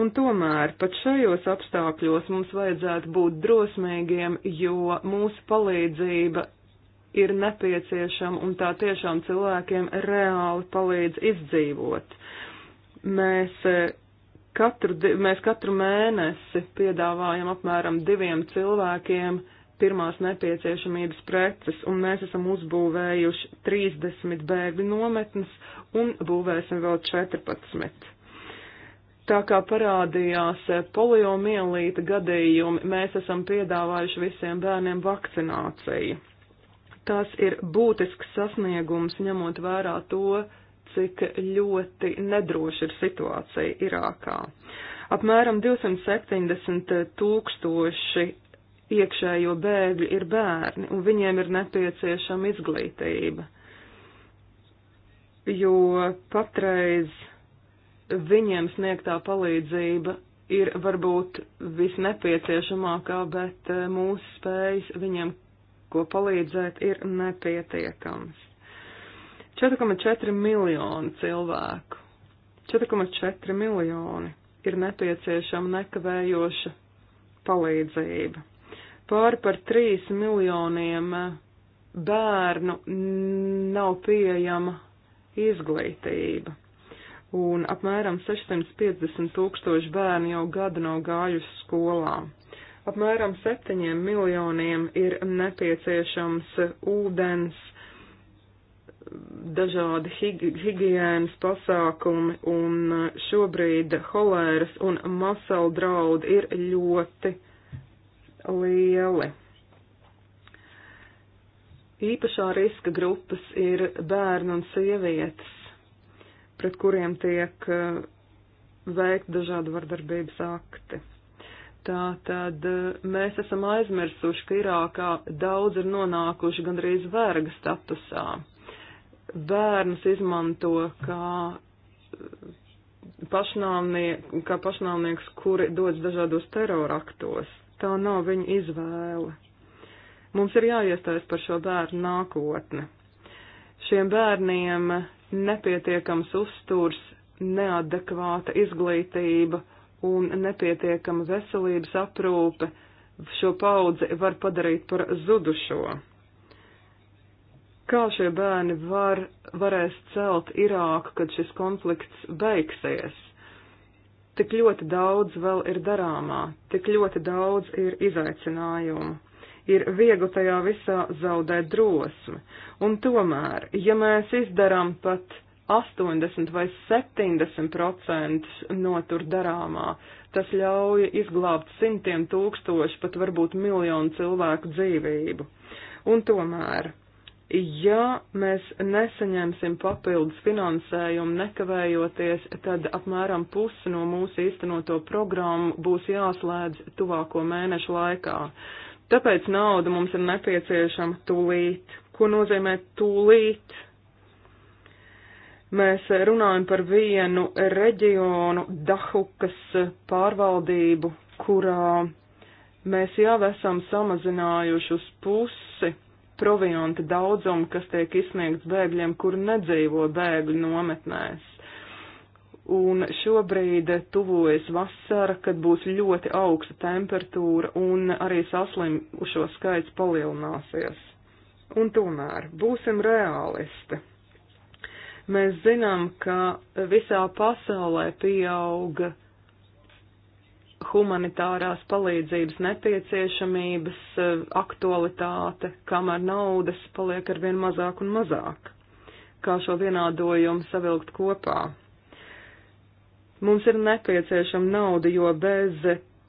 Un tomēr pat šajos apstākļos mums vajadzētu būt drosmīgiem, jo mūsu palīdzība ir nepieciešama un tā tiešām cilvēkiem reāli palīdz izdzīvot. Mēs e, katru, mēs katru mēnesi piedāvājam apmēram diviem cilvēkiem pirmās nepieciešamības preces, un mēs esam uzbūvējuši 30 bēgļu nometnes un būvēsim vēl 14. Tā kā parādījās poliomielīta gadījumi, mēs esam piedāvājuši visiem bērniem vakcināciju. Tas ir būtisks sasniegums, ņemot vērā to, cik ļoti nedroša ir situācija Irākā. Apmēram 270 tūkstoši iekšējo bēgļu ir bērni, un viņiem ir nepieciešama izglītība. Jo patreiz viņiem sniegtā palīdzība ir varbūt visnepieciešamākā, bet eh, mūsu spējas viņiem, ko palīdzēt, ir nepietiekams. 4,4 miljoni cilvēku. 4,4 miljoni ir nepieciešama nekavējoša palīdzība. Pār par 3 miljoniem bērnu nav pieejama izglītība. Un apmēram 650 tūkstoši bērnu jau gadu nav gājuši skolā. Apmēram 7 miljoniem ir nepieciešams ūdens, dažādi higiēnas pasākumi, un šobrīd holēras un masala draudi ir ļoti lieli. Īpašā riska grupas ir bērni un sievietes, pret kuriem tiek eh, veikt dažādi vardarbības akti. Tā tad eh, mēs esam aizmirsuši, ka Irākā daudz ir nonākuši gandrīz verga statusā. Bērnus izmanto kā eh, pašnāvnieks, kā pašnāvnieks, kuri dodas dažādos teroraktos tā nav viņa izvēle. Mums ir jāiestājas par šo bērnu nākotni. Šiem bērniem nepietiekams uzturs, neadekvāta izglītība un nepietiekama veselības aprūpe šo paudzi var padarīt par zudušo. Kā šie bērni var, varēs celt Irāku, kad šis konflikts beigsies? Tik ļoti daudz vēl ir darāmā, tik ļoti daudz ir izaicinājumu. Ir viegli tajā visā zaudēt drosmi. Un tomēr, ja mēs izdarām pat 80 vai 70% no tur darāmā, tas ļauj izglābt simtiem tūkstošu, pat varbūt miljonu cilvēku dzīvību. Un tomēr Ja mēs nesaņemsim papildus finansējumu nekavējoties, tad apmēram pusi no mūsu īstenoto programmu būs jāslēdz tuvāko mēnešu laikā. Tāpēc nauda mums ir nepieciešama tūlīt. Ko nozīmē tūlīt? Mēs runājam par vienu reģionu, Dahukas pārvaldību, kurā mēs jau esam samazinājuši uz pusi provianta daudzumu, kas tiek izsniegts bēgļiem, kur nedzīvo bēgļu nometnēs. Un šobrīd tuvojas vasara, kad būs ļoti augsta temperatūra un arī saslimušo skaits palielināsies. Un tomēr būsim realisti. Mēs zinām, ka visā pasaulē pieauga humanitārās palīdzības nepieciešamības e, aktualitāte, kamēr naudas paliek ar vien mazāk un mazāk. Kā šo vienādojumu savilkt kopā? Mums ir nepieciešama nauda, jo bez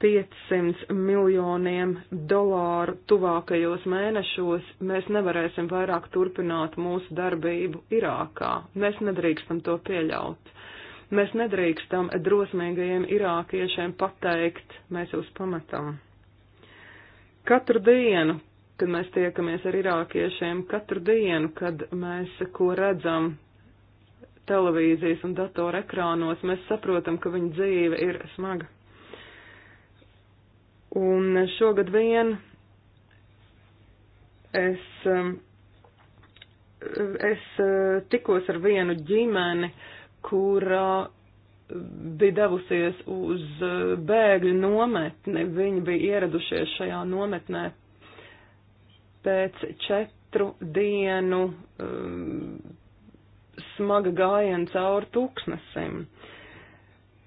500 miljoniem dolāru tuvākajos mēnešos mēs nevarēsim vairāk turpināt mūsu darbību Irākā. Mēs nedrīkstam to pieļaut. Mēs nedrīkstam drosmīgajiem irākiešiem pateikt, mēs jūs pametam. Katru dienu, kad mēs tiekamies ar irākiešiem, katru dienu, kad mēs ko redzam televīzijas un datora ekrānos, mēs saprotam, ka viņa dzīve ir smaga. Un šogad vien es, es eh, tikos ar vienu ģimeni, uh, kurā bija devusies uz bēgļu nometni. Viņi bija ieradušies šajā nometnē pēc četru dienu um, smaga gājiena cauri tūkstnesim.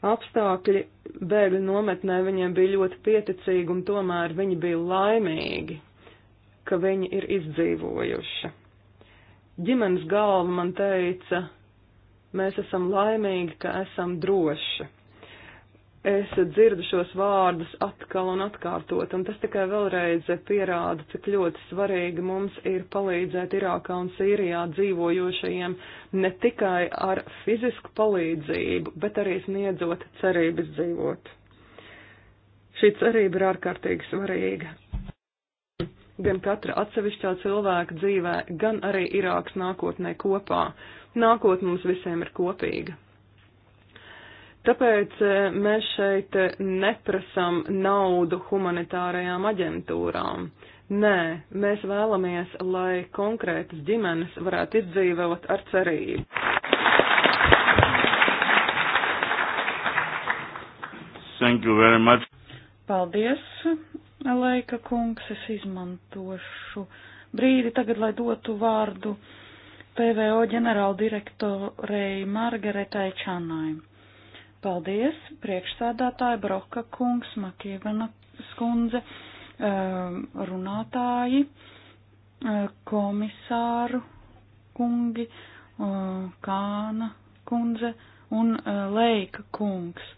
Apstākļi bēgļu nometnē viņiem bija ļoti pieticīgi, un tomēr viņi bija laimīgi, ka viņi ir izdzīvojuši. Ģimenes galva man teica, Mēs esam laimīgi, ka esam droši. Es dzirdu šos vārdus atkal un atkārtot, un tas tikai vēlreiz pierāda, cik ļoti svarīgi mums ir palīdzēt Irākā un Sīrijā dzīvojošajiem ne tikai ar fizisku palīdzību, bet arī sniedzot cerības dzīvot. Šī cerība ir ārkārtīgi svarīga. Gan katra atsevišķā cilvēka dzīvē, gan arī Irākas nākotnē kopā nākotnē mums visiem ir kopīga. Tāpēc eh, mēs šeit eh, neprasam naudu humanitārajām aģentūrām. Nē, mēs vēlamies, lai konkrētas ģimenes varētu izdzīvot ar cerību. Thank you very much. Paldies, Leika kungs, es izmantošu brīdi tagad, lai dotu vārdu PVO ģenerāldirektorei Margaretai Čanai. Paldies, priekšsēdētāja Broka kungs, Makievana skundze, um, runātāji, uh, komisāru kungi, uh, Kāna kundze un uh, Leika kungs,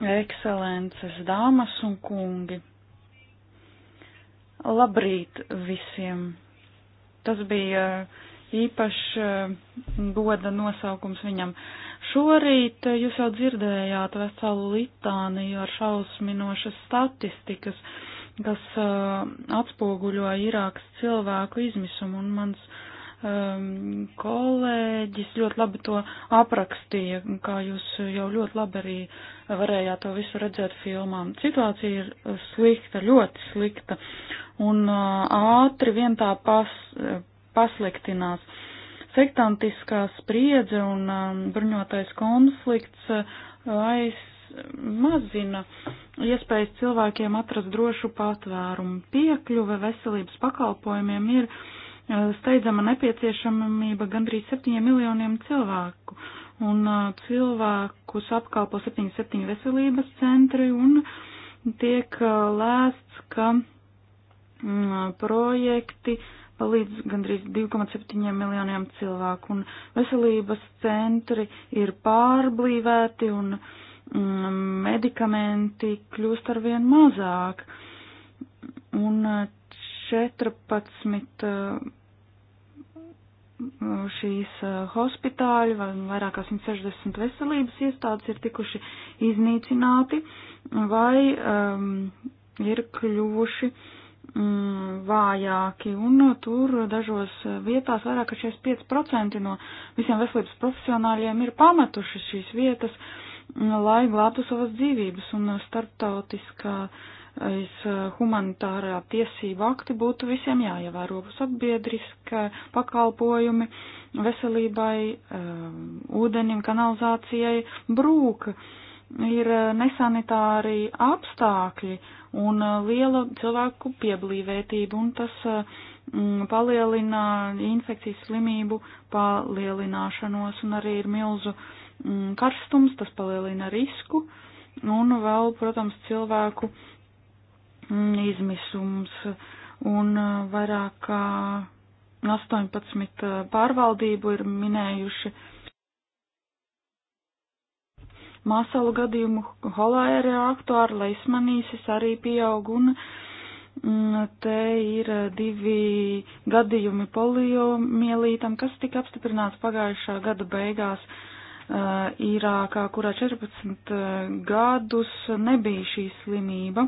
ekscelences dāmas un kungi. Labrīt visiem! Tas bija uh, īpašs eh, goda nosaukums viņam. Šorīt eh, jūs jau dzirdējāt veselu litāniju ar šausminošas statistikas, kas uh, atspoguļo Irākas cilvēku izmisumu, un mans um, kolēģis ļoti labi to aprakstīja, kā jūs jau ļoti labi arī varējāt to visu redzēt filmām. Situācija ir slikta, ļoti slikta, un uh, ātri vien tā pas. Uh, pasliktinās. Sektantiskā spriedze un um, bruņotais konflikts uh, aiz mazina iespējas cilvēkiem atrast drošu patvērumu. Piekļuve veselības pakalpojumiem ir uh, steidzama nepieciešamība gandrīz 7 miljoniem cilvēku, un uh, cilvēkus apkalpo 77 veselības centri, un tiek lēsts, ka mm, projekti uh, palīdz gandrīz 2,7 miljoniem cilvēku, un veselības centri ir pārblīvēti, un mm, medikamenti kļūst arvien mazāk. Un 14 eh, eh, šīs eh, hospitāļi vai vairākās 160 veselības iestādes ir tikuši iznīcināti vai um, ir kļuvuši uh, mm, vājāki, un uh, tur dažos vietās vairāk kā 65% no visiem veselības profesionāļiem ir pametuši šīs vietas, mm, lai glābtu savas dzīvības, un uh, starptautiskais uh, humanitārā tiesība akti būtu visiem jāievēro sabiedriska pakalpojumi veselībai, ūdenim, kanalizācijai, brūka ir nesanitāri apstākļi un uh, liela cilvēku pieblīvētība, un tas uh, mm, palielina infekcijas slimību palielināšanos, un arī ir milzu mm, karstums, tas palielina risku, un vēl, protams, cilvēku mm, izmisums, un uh, vairāk kā 18 pārvaldību ir minējuši masalu gadījumu holēra ir aktuāri, leismanīsis arī pieaug un mm, te ir divi gadījumi poliomielītam, kas tika apstiprināts pagājušā gada beigās Irākā, kurā 14 gadus nebija šī slimība.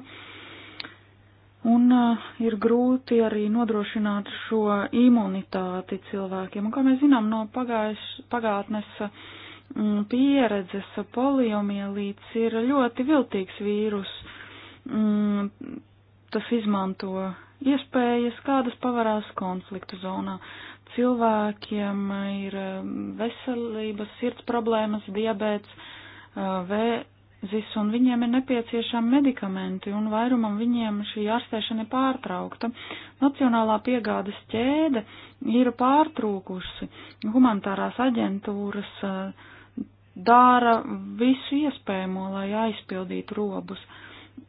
Un uh, ir grūti arī nodrošināt šo imunitāti cilvēkiem. Un, kā mēs zinām no pagājuš, pagātnes uh, Mm, pieredzes poliomielīts ir ļoti viltīgs vīrus. Mm, tas izmanto iespējas, kādas pavarās konfliktu zonā. Cilvēkiem ir mm, veselības, sirds problēmas, diabēts, vēzis, un viņiem ir nepieciešami medikamenti, un vairumam viņiem šī ārstēšana ir pārtraukta. Nacionālā piegādes ķēde ir pārtrūkusi. Humanitārās aģentūras uh, dara visu iespējamo, lai aizpildītu robus.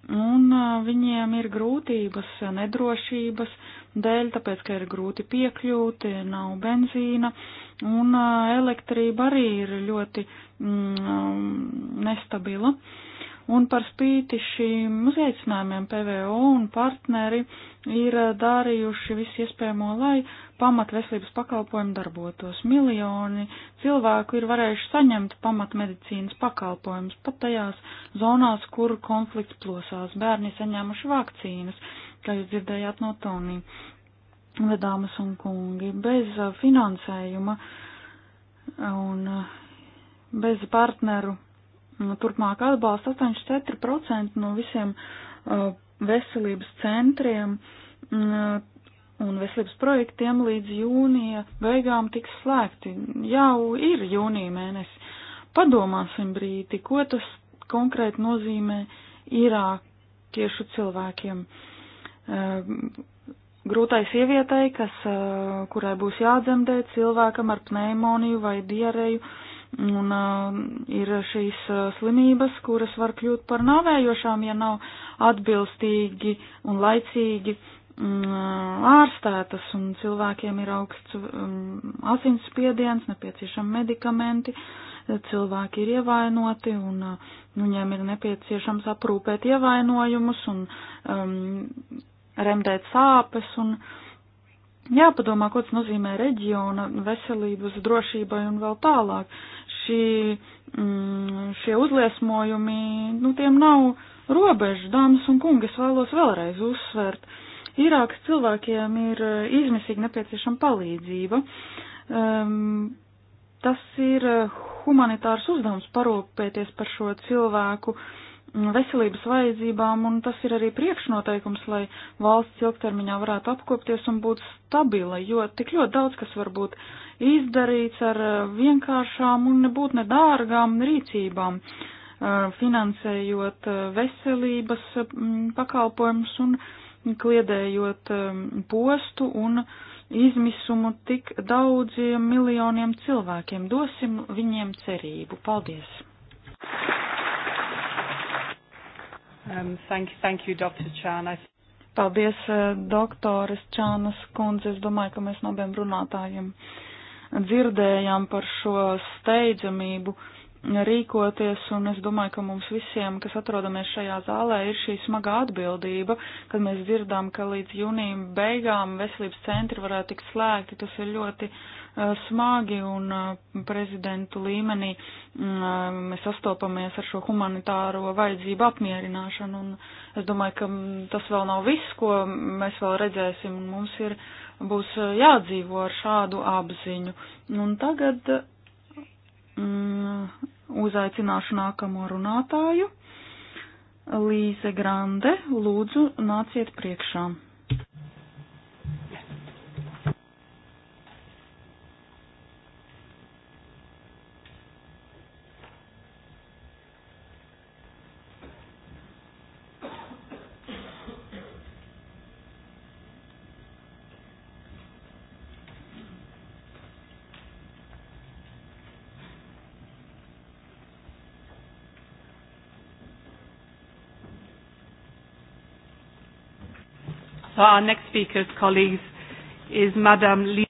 Un viņiem ir grūtības, nedrošības dēļ, tāpēc, ka ir grūti piekļūt, nav benzīna, un elektrība arī ir ļoti mm, nestabila. Un par spīti šīm uzaicinājumiem PVO un partneri ir darījuši visu iespējamo, lai uh, pamat veselības pakalpojumi darbotos. Miljoni cilvēku ir varējuši saņemt pamat medicīnas pakalpojumus pat tajās zonās, kur konflikts plosās. Bērni saņēmuši vakcīnas, kā jūs dzirdējāt no Tonī. Vedāmas un kungi, bez uh, finansējuma un uh, bez partneru mm, turpmāk atbalsta 84% no visiem uh, veselības centriem mm, un veselības projektiem līdz jūnija beigām tiks slēgti. Jau ir jūnija mēnesis. Padomāsim brīdi, ko tas konkrēti nozīmē irākiešu cilvēkiem. Ehm, grūtai sievietai, kas, eh, kurai būs jādzemdē cilvēkam ar pneimoniju vai diareju, un eh, ir šīs eh, slimības, kuras var kļūt par nāvējošām, ja nav atbilstīgi un laicīgi uh, Mm, ārstētas un cilvēkiem ir augsts mm, asinsspiediens, nepieciešami medikamenti, cilvēki ir ievainoti un mm, nu, viņiem ir nepieciešams aprūpēt ievainojumus un um, remdēt sāpes un jāpadomā, ko tas nozīmē reģiona veselības drošībai un vēl tālāk. Šī, mm, šie uzliesmojumi, nu tiem nav robežu, dāmas un kungi, es vēlos vēlreiz uzsvērt. Uh, Irākas cilvēkiem ir eh, izmisīgi nepieciešama palīdzība. Um, tas ir eh, humanitārs uzdevums parūpēties par šo cilvēku mm, veselības vajadzībām, un tas ir arī priekšnoteikums, lai valsts ilgtermiņā varētu apkopties un būt stabila, jo tik ļoti daudz, kas var būt izdarīts ar eh, vienkāršām un nebūt nedārgām rīcībām, finansējot veselības mm, pakalpojumus un kliedējot um, postu un izmisumu tik daudziem miljoniem cilvēkiem. Dosim viņiem cerību. Paldies! Um, thank, thank you, Dr. Chan. I... Paldies, uh, doktoris Čānas kundze. Es domāju, ka mēs no abiem runātājiem dzirdējām par šo steidzamību rīkoties, un es domāju, ka mums visiem, kas atrodamies šajā zālē, ir šī smagā atbildība, kad mēs dzirdām, ka līdz jūnijam beigām veselības centri varētu tikt slēgti, tas ir ļoti uh, smagi, un uh, prezidentu līmenī um, mēs sastopamies ar šo humanitāro vajadzību apmierināšanu, un es domāju, ka mm, tas vēl nav viss, ko mēs vēl redzēsim, un mums ir, būs jādzīvo ar šādu apziņu. Un tagad mm, uzaicināšu nākamo runātāju. Līze Grande, lūdzu, nāciet priekšā. Our next speaker, colleagues, is Madame Lisa.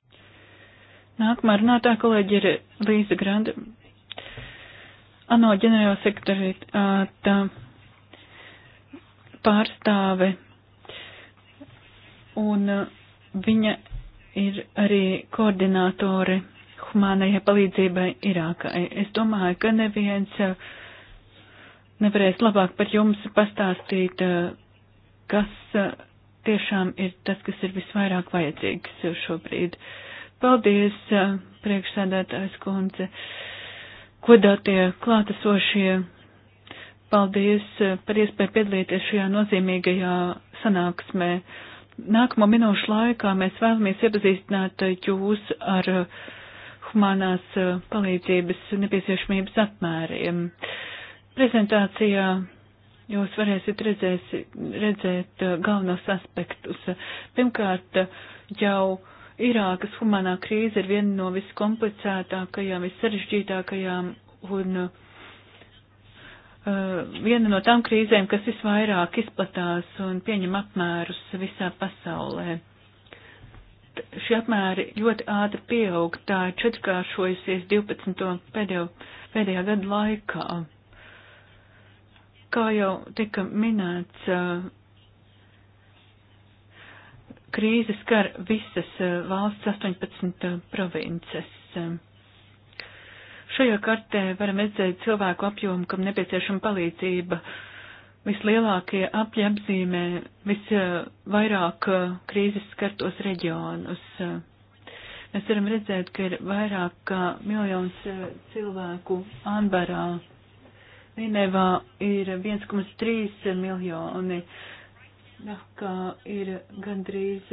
Nākamā runātā kolēģi ir Līza Grande, ANO ģenerāla sekretariāta pārstāve, un viņa ir arī koordinātore humānajai palīdzībai Irākai. Es domāju, ka neviens nevarēs labāk par jums pastāstīt, kas tiešām ir tas, kas ir visvairāk vajadzīgs šobrīd. Paldies, priekšsēdētājs kundze, kodātie klātesošie. Paldies par iespēju piedalīties šajā nozīmīgajā sanāksmē. Nākamo minūšu laikā mēs vēlamies iepazīstināt jūs ar humanās palīdzības nepieciešamības apmēriem. Prezentācijā jūs varēsiet redzēs, redzēt uh, galvenos aspektus. Pirmkārt, jau Irākas humanā krīze ir viena no viskomplicētākajām, vissarežģītākajām un uh, viena no tām krīzēm, kas visvairāk izplatās un pieņem apmērus visā pasaulē. Šie apmēri ļoti ātri pieaug, tā ir četrkāršojusies 12. Pēdējo, pēdējā gada laikā. Kā jau tika minēts, eh, krīze skar visas eh, valsts 18 eh, provinces. Šajā kartē varam redzēt cilvēku apjomu, kam nepieciešama palīdzība. Vislielākie apjapzīmē visvairāk krīzes skartos reģionus. Mēs varam redzēt, ka ir vairāk kā miljons cilvēku Anbarā Ninevā ir 1,3 miljoni, Dakā ir gandrīz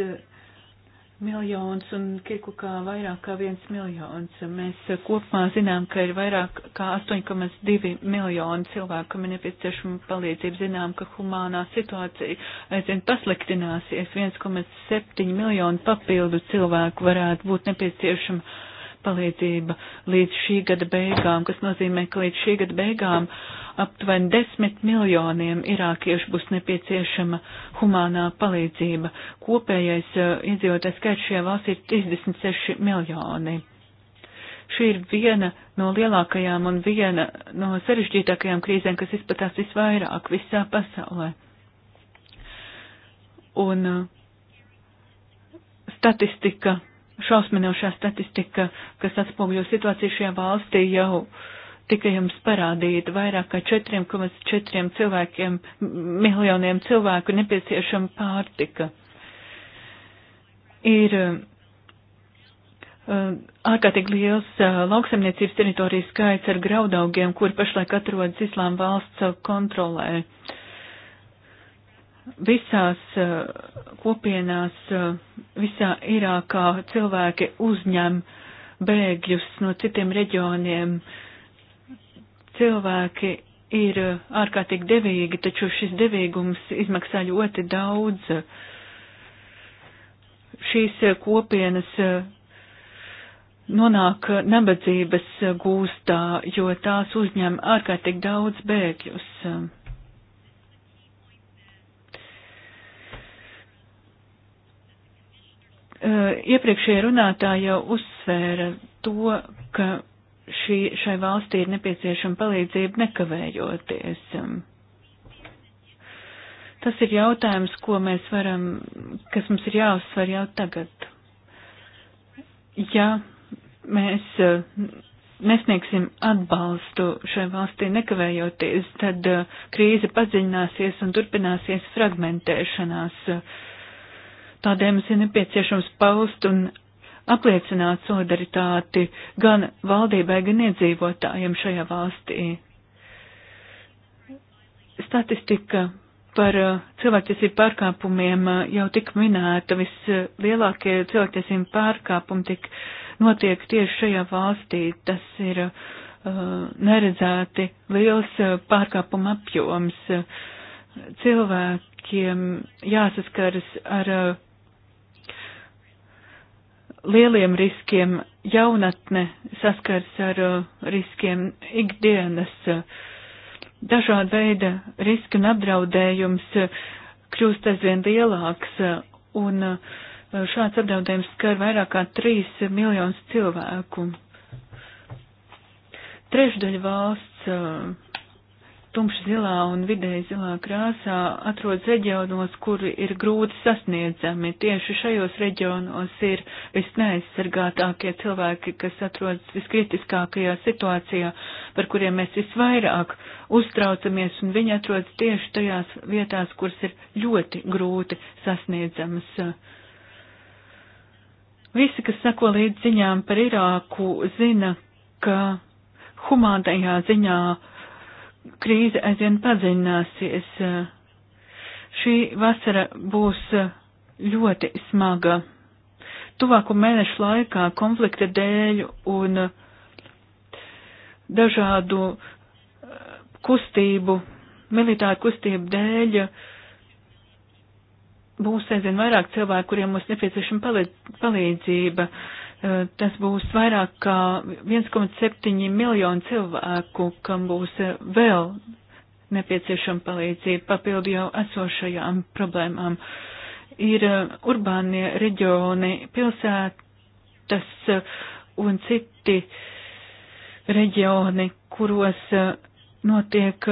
miljons un Kirkukā vairāk kā viens miljons. Mēs kopumā zinām, ka ir vairāk kā 8,2 miljoni cilvēku, kam ir nepieciešama palīdzība. Zinām, ka humānā situācija aizvien pasliktināsies. 1,7 miljoni papildu cilvēku varētu būt nepieciešama palīdzība līdz šī gada beigām, kas nozīmē, ka līdz šī gada beigām aptuveni desmit miljoniem irākiešu būs nepieciešama humānā palīdzība. Kopējais eh, iedzīvotājs skaits šajā valstī ir 36 miljoni. Šī ir viena no lielākajām un viena no sarežģītākajām krīzēm, kas izplatās visvairāk visā pasaulē. Un eh, statistika šausminošā statistika, kas atspoguļo situāciju šajā valstī, jau tika jums parādīta. Vairāk kā 4,4 cilvēkiem, miljoniem cilvēku nepieciešama pārtika. Ir um, ārkārtīgi liels uh, lauksemniecības teritorijas skaits ar graudaugiem, kuri pašlaik atrodas Islāma valsts kontrolē. Uh, visās eh, kopienās, eh, visā Irākā cilvēki uzņem bēgļus no citiem reģioniem. Cilvēki ir eh, ārkārtīgi devīgi, taču šis devīgums izmaksā ļoti daudz. Šīs kopienas nonāk nabadzības gūstā, jo tās uzņem ārkārtīgi daudz bēgļus. Eh, iepriekšējā runātāja jau uzsvēra to, ka šī, šai valstī ir nepieciešama palīdzība nekavējoties. Tas ir jautājums, ko mēs varam, kas mums ir jāuzsver jau tagad. Ja mēs eh, nesniegsim atbalstu šai valstī nekavējoties, tad eh, krīze padziļināsies un turpināsies fragmentēšanās. Uh, Tādēļ mums ir nepieciešams paust un apliecināt solidaritāti gan valdībai, gan iedzīvotājiem šajā valstī. Statistika par uh, cilvēktiesību pārkāpumiem uh, jau tik minēta, vislielākie cilvēktiesību pārkāpumi tik notiek tieši šajā valstī. Tas ir uh, neredzēti liels uh, pārkāpuma apjoms. Cilvēkiem jāsaskaras ar uh, lieliem riskiem, jaunatne saskars ar uh, riskiem ikdienas, uh, dažāda veida riski un apdraudējums uh, kļūst aizvien lielāks, un šāds apdraudējums skar vairāk kā 3 miljonus cilvēku. Trešdaļa valsts tumši zilā un vidēji zilā krāsā atrodas reģionos, kuri ir grūti sasniedzami. Tieši šajos reģionos ir visneaizsargātākie cilvēki, kas atrodas viskritiskākajā situācijā, par kuriem mēs visvairāk uztraucamies, un viņi atrodas tieši tajās vietās, kuras ir ļoti grūti sasniedzamas. Visi, kas sako līdz ziņām par Irāku, zina, ka humānajā ziņā krīze aizvien padziļināsies. Šī vasara būs ļoti smaga. Tuvāko mēnešu laikā konflikta dēļ un dažādu kustību, militāru kustību dēļ būs aizvien vairāk cilvēku, kuriem būs nepieciešama palīdzība. Uh, Eh, tas būs vairāk kā 1,7 miljonu cilvēku, kam būs eh, vēl nepieciešama palīdzība papildu jau esošajām problēmām. Ir eh, urbānie reģioni, pilsētas un citi reģioni, kuros notiek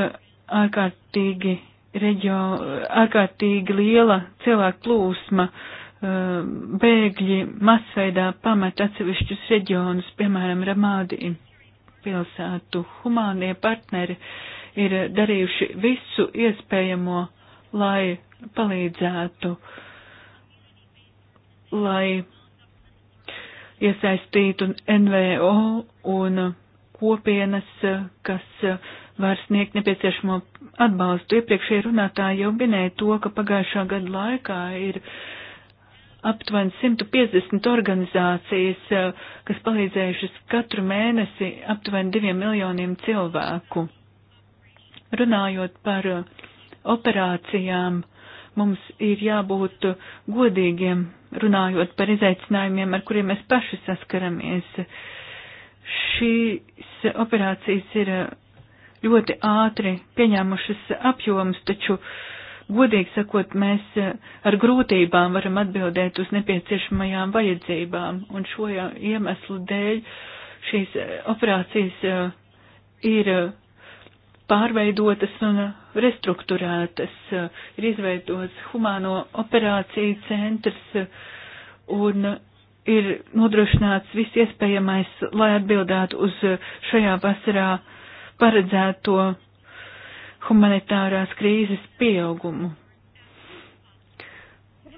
ārkārtīgi, reģio, ārkārtīgi liela cilvēku plūsma. Uh, Um, bēgļi masveidā pamet atsevišķus reģionus, piemēram, Ramādi pilsētu. Humānie partneri ir darījuši visu iespējamo, lai palīdzētu, lai iesaistītu NVO un kopienas, kas var sniegt nepieciešamo atbalstu. Iepriekšēji runātāji jau minēja to, ka pagājušā gada laikā ir uh, aptuveni 150 organizācijas, eh, kas palīdzējušas katru mēnesi aptuveni 2 miljoniem cilvēku. Runājot par eh, operācijām, mums ir jābūt godīgiem, runājot par izaicinājumiem, ar kuriem mēs paši saskaramies. Šīs operācijas ir eh, ļoti ātri pieņēmušas apjomus, taču uh, godīgi sakot, mēs eh, ar grūtībām varam atbildēt uz nepieciešamajām vajadzībām, un šo iemeslu dēļ šīs eh, operācijas eh, ir pārveidotas un restruktūrētas, ir izveidots humāno operāciju centrs un ir nodrošināts viss iespējamais, lai atbildētu uz šajā vasarā paredzēto humanitārās krīzes pieaugumu.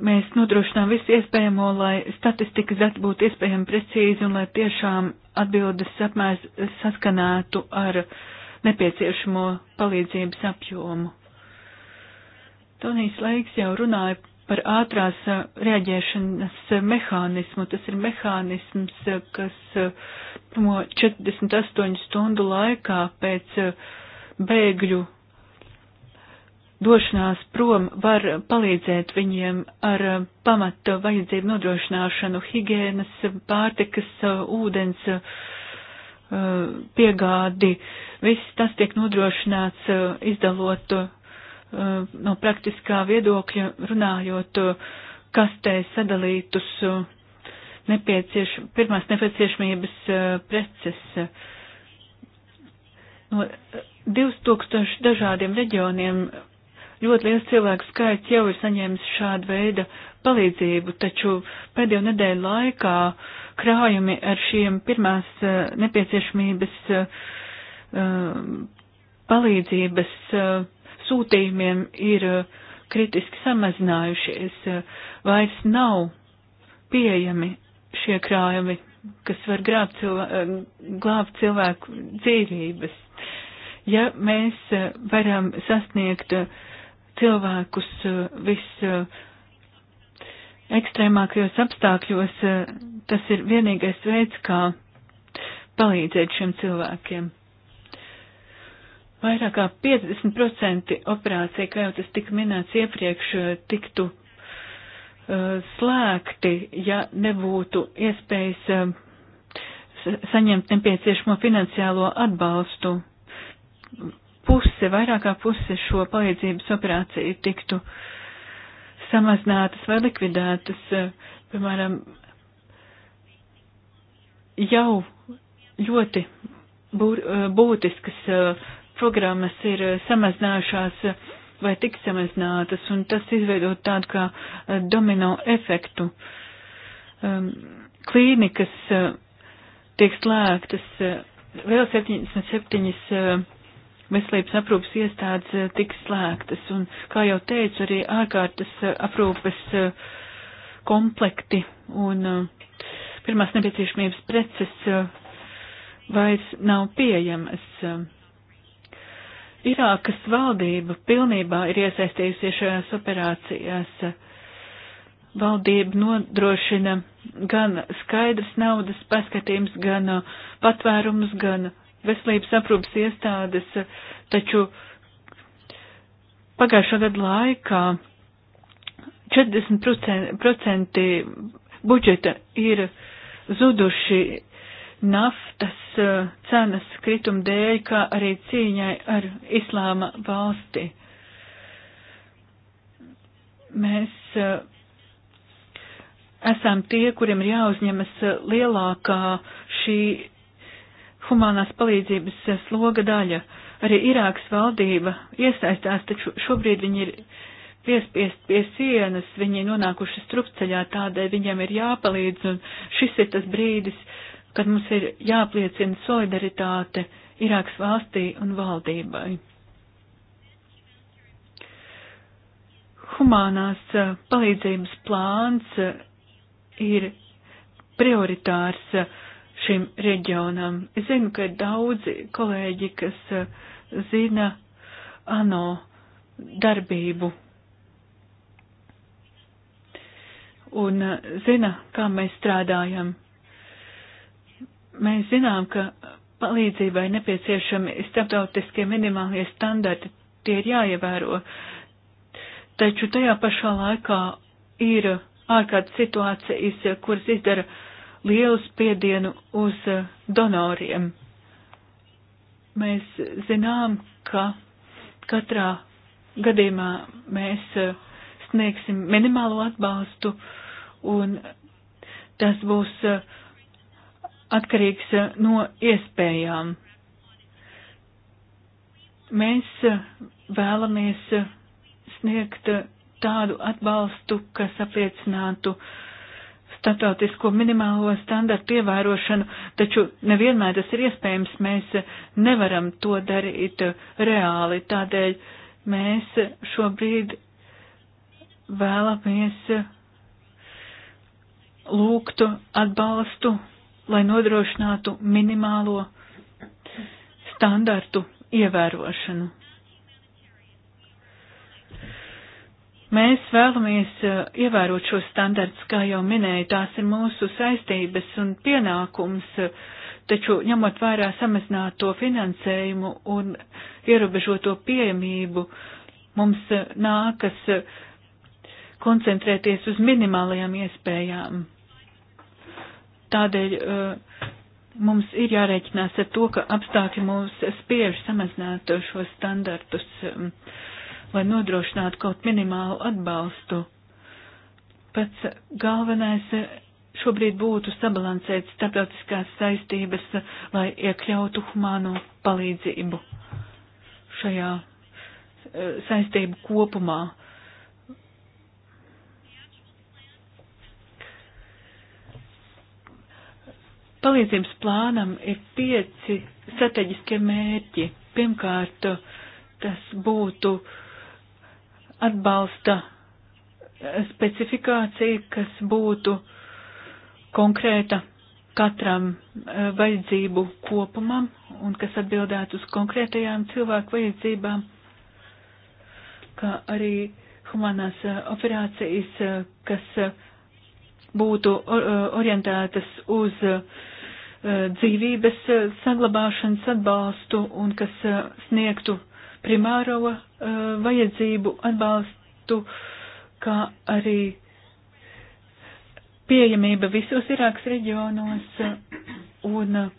Mēs nodrošinām visu iespējamo, lai statistikas dati būtu iespējami precīzi un lai tiešām atbildes apmērs saskanētu ar nepieciešamo palīdzības apjomu. Tonijs Leiks jau runāja par ātrās uh, reaģēšanas uh, mehānismu. Tas ir mehānisms, uh, kas 48 stundu laikā pēc bēgļu došanās prom var palīdzēt viņiem ar eh, pamata vajadzību nodrošināšanu, higienas, pārtikas, eh, ūdens eh, piegādi. Viss tas tiek nodrošināts izdalot no praktiskā viedokļa runājot kastēs sadalītus nepiecieš, pirmās nepieciešamības preces. No 2000 dažādiem reģioniem ļoti liels cilvēku skaits jau ir saņēmis šādu veidu palīdzību, taču pēdējo nedēļu laikā krājumi ar šiem pirmās eh, nepieciešamības eh, palīdzības eh, sūtījumiem ir kritiski samazinājušies. Vairs nav pieejami šie krājumi, kas var grābt cilvēku, glābt cilvēku dzīvības. Ja mēs varam sasniegt uh, cilvēkus eh, vis eh, ekstrēmākajos apstākļos, eh, tas ir vienīgais veids, kā palīdzēt šiem cilvēkiem. Vairāk kā 50% operācija, kā jau tas tika minēts iepriekš, tiktu uh, slēgti, ja nebūtu iespējas uh, saņemt nepieciešamo finansiālo atbalstu puse, vairāk kā puse šo palīdzības operāciju tiktu samazinātas vai likvidētas. Eh, piemēram, jau ļoti eh, būtiskas eh, programmas ir samazinājušās vai tik samazinātas, un tas izveidot tādu kā domino efektu. Ehm, klīnikas tiek slēgtas vēl 77 veselības aprūpas iestādes eh, tiks slēgtas. Un, kā jau teicu, arī ārkārtas eh, aprūpas eh, komplekti un pirmās nepieciešamības preces vairs nav pieejamas. Irākas valdība pilnībā ir iesaistījusies šajās operācijās. Valdība nodrošina gan skaidrs naudas paskatījums, gan patvērumus, gan uh, veselības aprūpas iestādes, taču pagājušā gada laikā 40% budžeta ir zuduši naftas eh, cenas krituma dēļ, kā arī cīņai ar islāma valsti. Mēs eh, esam tie, kuriem ir jāuzņemas lielākā šī humanās palīdzības sloga daļa. Arī Irākas valdība iesaistās, taču šobrīd viņi ir piespiest pie sienas, viņi ir nonākuši strupceļā, tādēļ viņiem ir jāpalīdz, un šis ir tas brīdis, kad mums ir jāpliecina solidaritāte Irākas valstī un valdībai. Humānās palīdzības plāns ir prioritārs šim reģionam. Es zinu, ka ir daudzi kolēģi, kas eh, zina ANO darbību un eh, zina, kā mēs strādājam. Mēs zinām, ka palīdzībai nepieciešami starptautiskie minimālie standarti, tie ir jāievēro, taču tajā pašā laikā ir ārkārtas situācijas, kuras izdara uh, lielu spiedienu uz uh, donoriem. Mēs zinām, ka katrā gadījumā mēs uh, sniegsim minimālo atbalstu un tas būs uh, atkarīgs no iespējām. Mēs vēlamies sniegt tādu atbalstu, kas apliecinātu uh, starptautisko minimālo standartu ievērošanu, taču nevienmēr tas ir iespējams, mēs nevaram to darīt reāli, tādēļ mēs šobrīd vēlamies lūgtu atbalstu, lai nodrošinātu minimālo standartu ievērošanu. Mēs vēlamies eh, ievērot šos standarts, kā jau minēju, tās ir mūsu saistības un pienākums, eh, taču ņemot vērā samazināto finansējumu un ierobežoto pieejamību, mums eh, nākas koncentrēties uz minimālajām iespējām. Tādēļ mums ir jārēķinās ar to, ka apstākļi mūs spiež samazināt šos standartus. Uh, lai nodrošinātu kaut minimālu atbalstu. Pats galvenais šobrīd būtu sabalansēt starptautiskās saistības, lai iekļautu humāno palīdzību šajā eh, saistību kopumā. Palīdzības plānam ir pieci strateģiskie mērķi. Pirmkārt, tas būtu uh, atbalsta eh, specifikācija, kas būtu konkrēta katram eh, vajadzību kopumam un kas atbildētu uz konkrētajām cilvēku vajadzībām, kā arī humanās eh, operācijas, kas būtu orientētas uz dzīvības saglabāšanas atbalstu un kas sniegtu primāro uh, vajadzību atbalstu, kā arī pieejamība visos Irākas reģionos uh, un uh,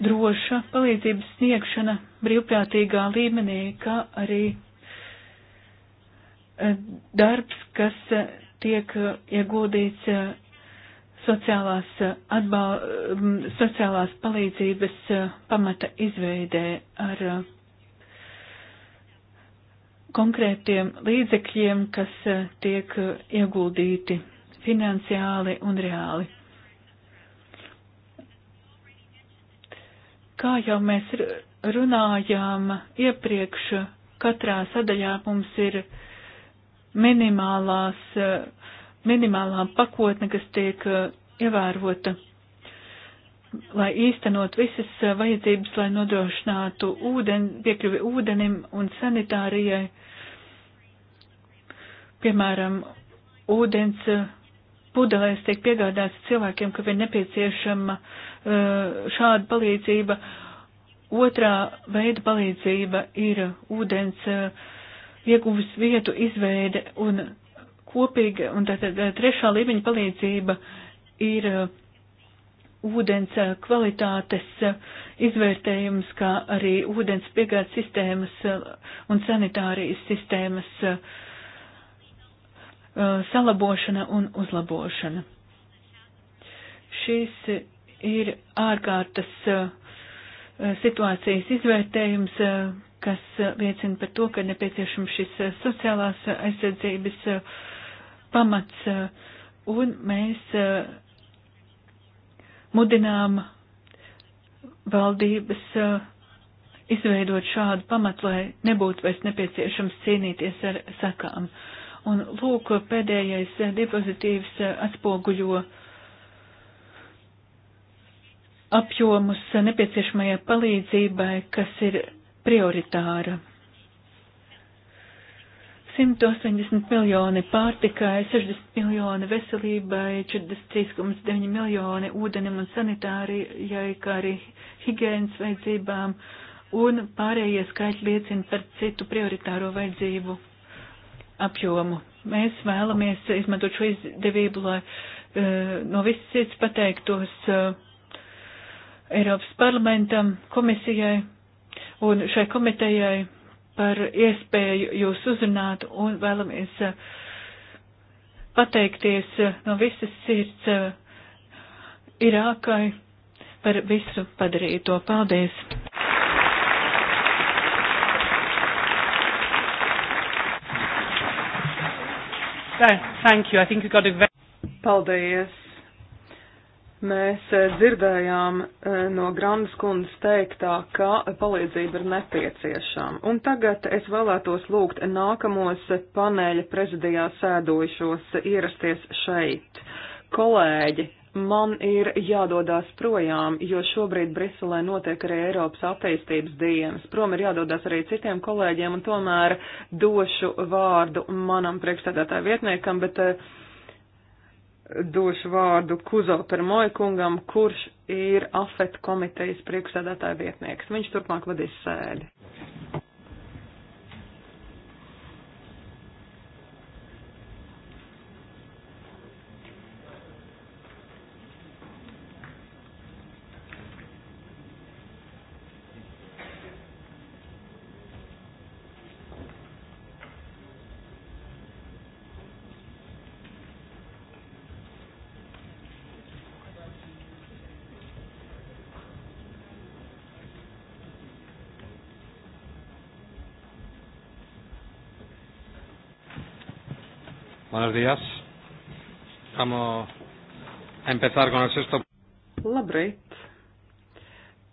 droša palīdzības sniegšana brīvprātīgā līmenī, kā arī uh, darbs, kas tiek ieguldīts sociālās, atbal, mm, sociālās palīdzības pamata izveidē ar konkrētiem līdzekļiem, kas e, tiek e, ieguldīti finansiāli un reāli. Kā jau mēs runājām iepriekš, katrā sadaļā mums ir minimālās, e, minimālā pakotne, kas tiek ievērota lai īstenot visas eh, vajadzības, lai nodrošinātu ūden, piekļuvi ūdenim un sanitārijai, piemēram, ūdens eh, pudelēs tiek piegādāts cilvēkiem, ka ir nepieciešama eh, šāda palīdzība. Otrā veida palīdzība ir ūdens ieguvis vietu izveide un kopīga, un tātad trešā līmeņa palīdzība ir uh, ūdens eh, kvalitātes eh, izvērtējums, kā arī ūdens piegādes sistēmas eh, un sanitārijas sistēmas salabošana un uzlabošana. Šīs ir ārkārtas situācijas izvērtējums, kas liecina par to, ka nepieciešams šis sociālās aizsardzības pamats, un mēs mudinām valdības eh, izveidot šādu pamatu, lai nebūtu vairs nepieciešams cīnīties ar sakām. Un lūk, pēdējais eh, diapozitīvs eh, atspoguļo apjomus nepieciešamajai palīdzībai, kas ir prioritāra. 180 miljoni pārtikai, 60 miljoni veselībai, 43,9 miljoni ūdenim un sanitārijai, kā arī higienas vajadzībām, un pārējie skaitļi liecina par citu prioritāro vajadzību apjomu. Mēs vēlamies izmantot šo izdevību, lai uh, no visas sirds pateiktos uh, Eiropas parlamentam, komisijai un šai komitejai par iespēju jūs uzrunāt un vēlamies eh, pateikties eh, no visas sirds eh, Irākai par visu padarīto. Paldies! Thank you. I think you got a very... Paldies! Mēs eh, dzirdējām eh, no Grandes kundas teiktā, ka palīdzība ir nepieciešama. Un tagad es vēlētos lūgt nākamos paneļa prezidijā sēdojušos ierasties šeit. Kolēģi, man ir jādodās projām, jo šobrīd Briselē notiek arī Eiropas attīstības dienas. Prom ir jādodās arī citiem kolēģiem, un tomēr došu vārdu manam priekšstādātāju vietniekam, bet uh, došu vārdu Kuzo Permoja kungam, kurš ir AFET komitejas priekšsēdētāja vietnieks. Viņš turpmāk vadīs sēdi. Buenos días. Vamos a empezar con el sexto. Labrīt.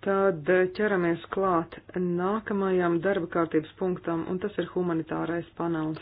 Tad eh, ķeramies klāt nākamajam darba kārtības punktam, un tas ir humanitārais panels.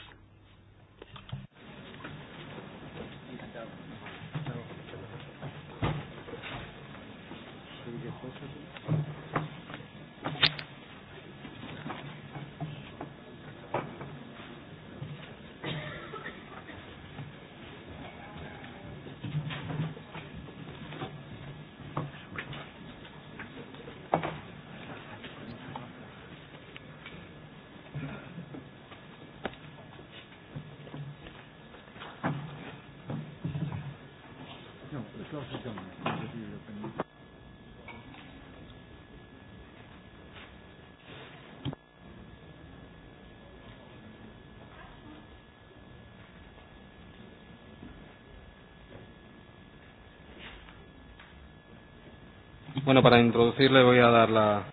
Bueno, para introducirle voy a dar la.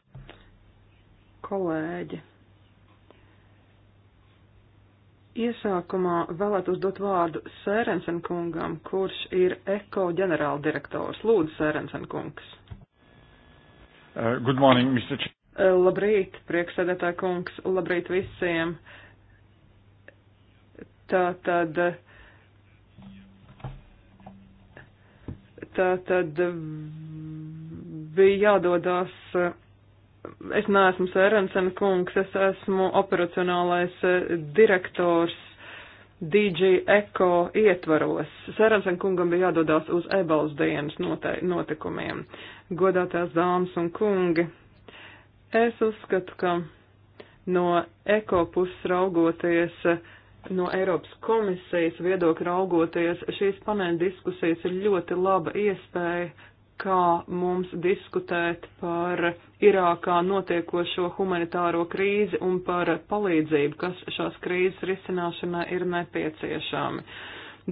Kolēģi. Iesākumā vēlētos dot vārdu Sērensen kungam, kurš ir eko ģenerāldirektors. Lūdzu, Sērensen kungs. Uh, good morning, Mr. Ch uh, labrīt, prieksēdētā kungs, labrīt visiem. Tā tad. Tā tad bija jādodas. Eh, es neesmu Sērensena kungs, es esmu operacionālais eh, direktors DG Eko ietvaros. Sērensen kungam bija jādodās uz ebalas dienas notikumiem. Godātās dāmas un kungi, es uzskatu, ka no Eko puses raugoties, no Eiropas komisijas viedokļa raugoties, šīs paneļa diskusijas ir ļoti laba iespēja kā mums diskutēt par Irākā notiekošo humanitāro krīzi un par palīdzību, kas šās krīzes risināšanai ir nepieciešami.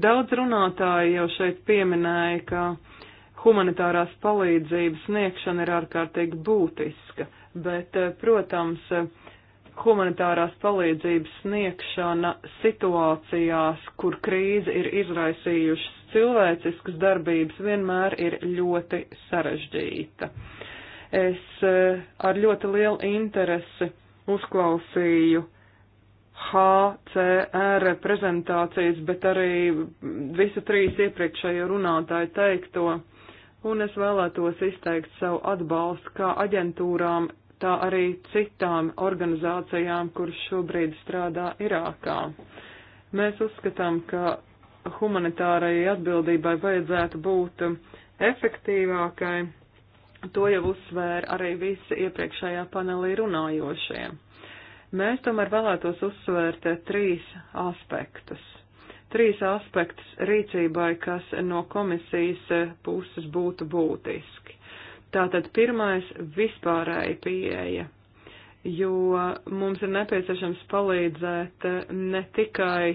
Daudz runātāji jau šeit pieminēja, ka humanitārās palīdzības sniegšana ir ārkārtīgi būtiska, bet, eh, protams, humanitārās palīdzības sniegšana situācijās, kur krīze ir izraisījušas cilvēciskas darbības, vienmēr ir ļoti sarežģīta. Es eh, ar ļoti lielu interesi uzklausīju HCR prezentācijas, bet arī visu trīs iepriekšējo runātāju teikto, un es vēlētos izteikt savu atbalstu kā aģentūrām tā arī citām organizācijām, kuras šobrīd strādā Irākā. Mēs uzskatām, ka humanitārajai atbildībai vajadzētu būt efektīvākai. To jau uzsvēra arī visi iepriekšējā panelī runājošie. Mēs tomēr vēlētos uzsvērt trīs aspektus. Trīs aspektus rīcībai, kas no komisijas puses būtu būtiski. Tātad pirmais - vispārēja pieeja, jo mums ir nepieciešams palīdzēt eh, ne tikai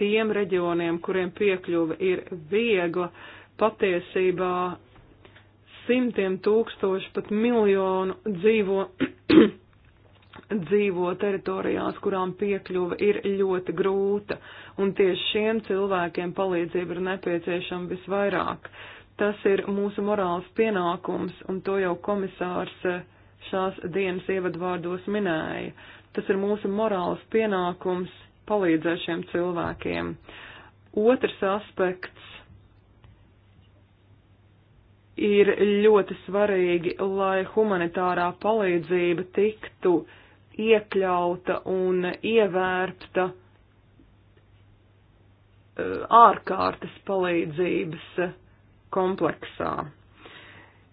tiem reģioniem, kuriem piekļuve ir viegla, patiesībā simtiem tūkstoši, pat miljonu dzīvo, dzīvo teritorijās, kurām piekļuve ir ļoti grūta, un tieši šiem cilvēkiem palīdzība ir nepieciešama visvairāk. Tas ir mūsu morāls pienākums, un to jau komisārs eh, šās dienas ievadvārdos minēja. Tas ir mūsu morāls pienākums palīdzēt šiem cilvēkiem. Otrs aspekts ir ļoti svarīgi, lai humanitārā palīdzība tiktu iekļauta un ievērpta eh, ārkārtas palīdzības kompleksā.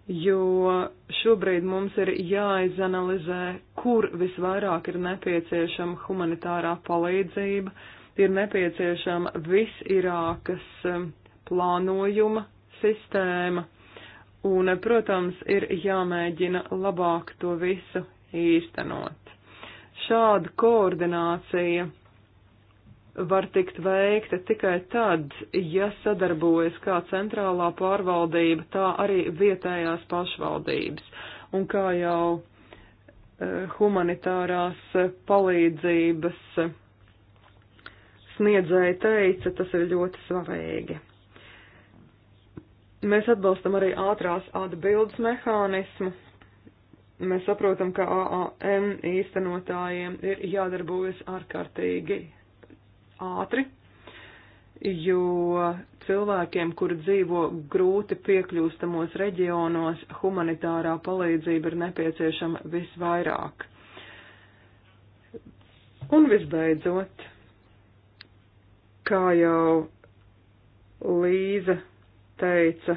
Jo šobrīd mums ir jāizanalizē, kur visvairāk ir nepieciešama humanitārā palīdzība, ir nepieciešama visirākas um, plānojuma sistēma, un, protams, ir jāmēģina labāk to visu īstenot. Šāda koordinācija var tikt veikta tikai tad, ja sadarbojas kā centrālā pārvaldība, tā arī vietējās pašvaldības. Un kā jau eh, humanitārās palīdzības sniedzēja teica, tas ir ļoti svarīgi. Mēs atbalstam arī ātrās atbildes mehānismu. Mēs saprotam, ka AAM īstenotājiem ir jādarbojas ārkārtīgi ātri, jo cilvēkiem, kuri dzīvo grūti piekļūstamos reģionos, humanitārā palīdzība ir nepieciešama visvairāk. Un visbeidzot, kā jau Līza teica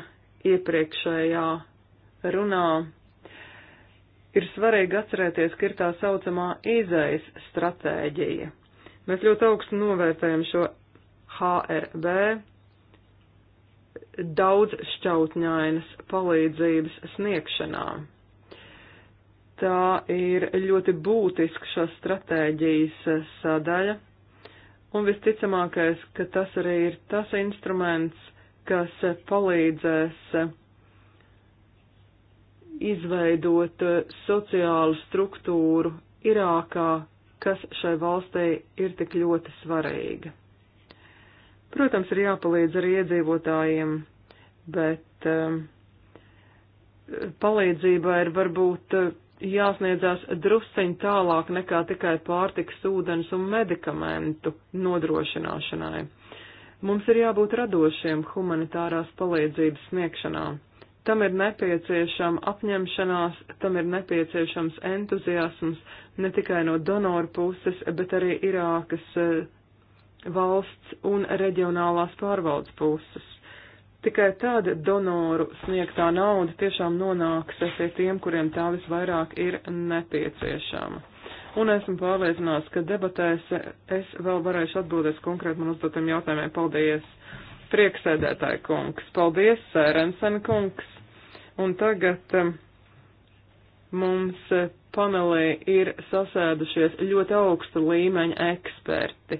iepriekšējā runā, ir svarīgi atcerēties, ka ir tā saucamā izejas stratēģija. Mēs ļoti augstu novērtējam šo HRB daudz šķautņainas palīdzības sniegšanā. Tā ir ļoti būtiska šā stratēģijas eh, sadaļa, un visticamākais, ka tas arī ir tas instruments, kas eh, palīdzēs eh, izveidot sociālu struktūru Irākā, kas šai valstī ir tik ļoti svarīga. Protams, ir jāpalīdz arī iedzīvotājiem, bet um, palīdzība ir varbūt uh, jāsniedzās drusciņ tālāk nekā tikai pārtiks, ūdens un medikamentu nodrošināšanai. Mums ir jābūt radošiem humanitārās palīdzības sniegšanā. Tam ir nepieciešama apņemšanās, tam ir nepieciešams entuziasms ne tikai no donoru puses, bet arī Irākas eh, valsts un reģionālās pārvaldes puses. Tikai tad donoru sniegtā nauda tiešām nonāks pie tiem, kuriem tā visvairāk ir nepieciešama. Un esmu pārliecināts, ka debatēs es vēl varēšu atbildēt konkrēti man uzdotiem jautājumiem. Paldies! prieksēdētāja kungs. Paldies, Sērensen kungs. Un tagad um, mums uh, panelī ir sasēdušies ļoti augsta līmeņa eksperti.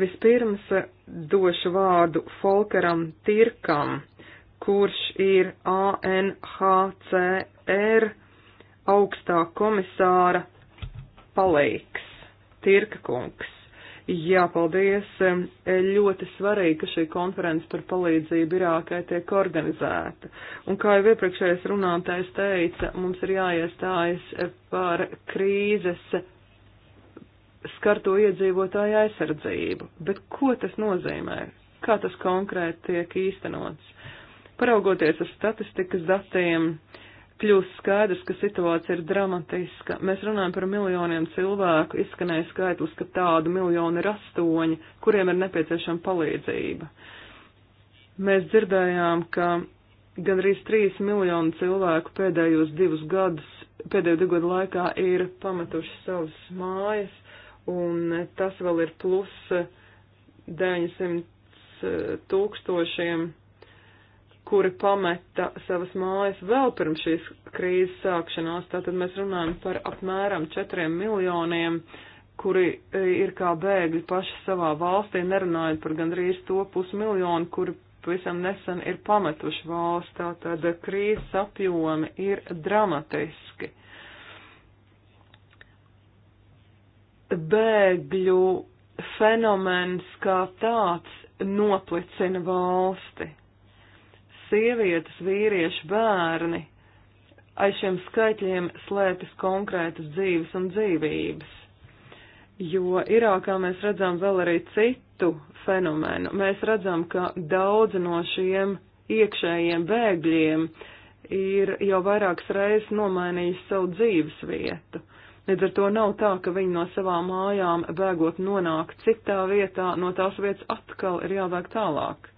Vispirms uh, došu vārdu Folkeram Tirkam, kurš ir ANHCR augstā komisāra palīgs, Tirka kungs. Jā, paldies. Ļoti svarīgi, ka šī konference par palīdzību Irākai tiek organizēta. Un kā jau iepriekšējais runātājs teica, mums ir jāiestājas par krīzes skarto iedzīvotāju aizsardzību. Bet ko tas nozīmē? Kā tas konkrēti tiek īstenots? Paraugoties uz statistikas datiem, kļūst skaidrs, ka situācija ir dramatiska. Mēs runājam par miljoniem cilvēku, izskanēja skaitlis, ka tādu miljonu ir astoņi, kuriem ir nepieciešama palīdzība. Mēs dzirdējām, ka gandrīz trīs miljonu cilvēku pēdējos divus gadus, pēdējo divu gadu laikā ir pametuši savas mājas, un tas vēl ir plus 900 tūkstošiem kuri pameta savas mājas vēl pirms šīs krīzes sākšanās. Tātad mēs runājam par apmēram 4 miljoniem, kuri e, ir kā bēgļi paši savā valstī, nerunājot par gandrīz to pusmiljonu, kuri pavisam nesen ir pametuši valsts. Tātad krīzes apjomi ir dramatiski. Bēgļu fenomens kā tāds noplicina valsti sievietes, vīrieši, bērni. Aiz šiem skaitļiem slēpjas konkrētas dzīves un dzīvības. Jo Irākā mēs redzam vēl arī citu fenomenu. Mēs redzam, ka daudzi no šiem iekšējiem bēgļiem ir jau vairākas reizes nomainījuši savu dzīves vietu. Līdz ar to nav tā, ka viņi no savām mājām bēgot nonāk citā vietā, no tās vietas atkal ir jābēg tālāk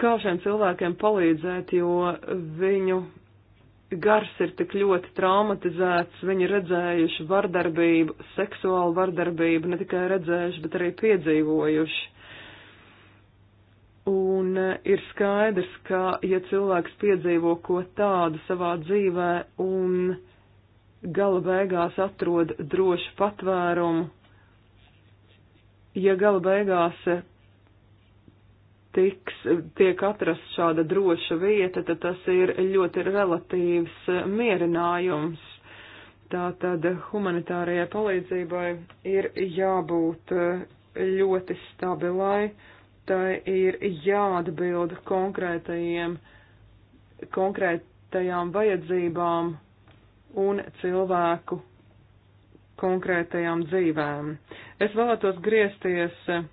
kā šiem cilvēkiem palīdzēt, jo viņu gars ir tik ļoti traumatizēts, viņi redzējuši vardarbību, seksuālu vardarbību, ne tikai redzējuši, bet arī piedzīvojuši. Un e, ir skaidrs, ka ja cilvēks piedzīvo ko tādu savā dzīvē un gala beigās atrod drošu patvērumu, ja gala beigās tiks, tiek atrast šāda droša vieta, tad tas ir ļoti relatīvs eh, mierinājums. Tātad humanitārajai palīdzībai ir jābūt eh, ļoti stabilai, tai ir jāatbild konkrētajiem, konkrētajām vajadzībām un cilvēku konkrētajām dzīvēm. Es vēlētos griezties eh,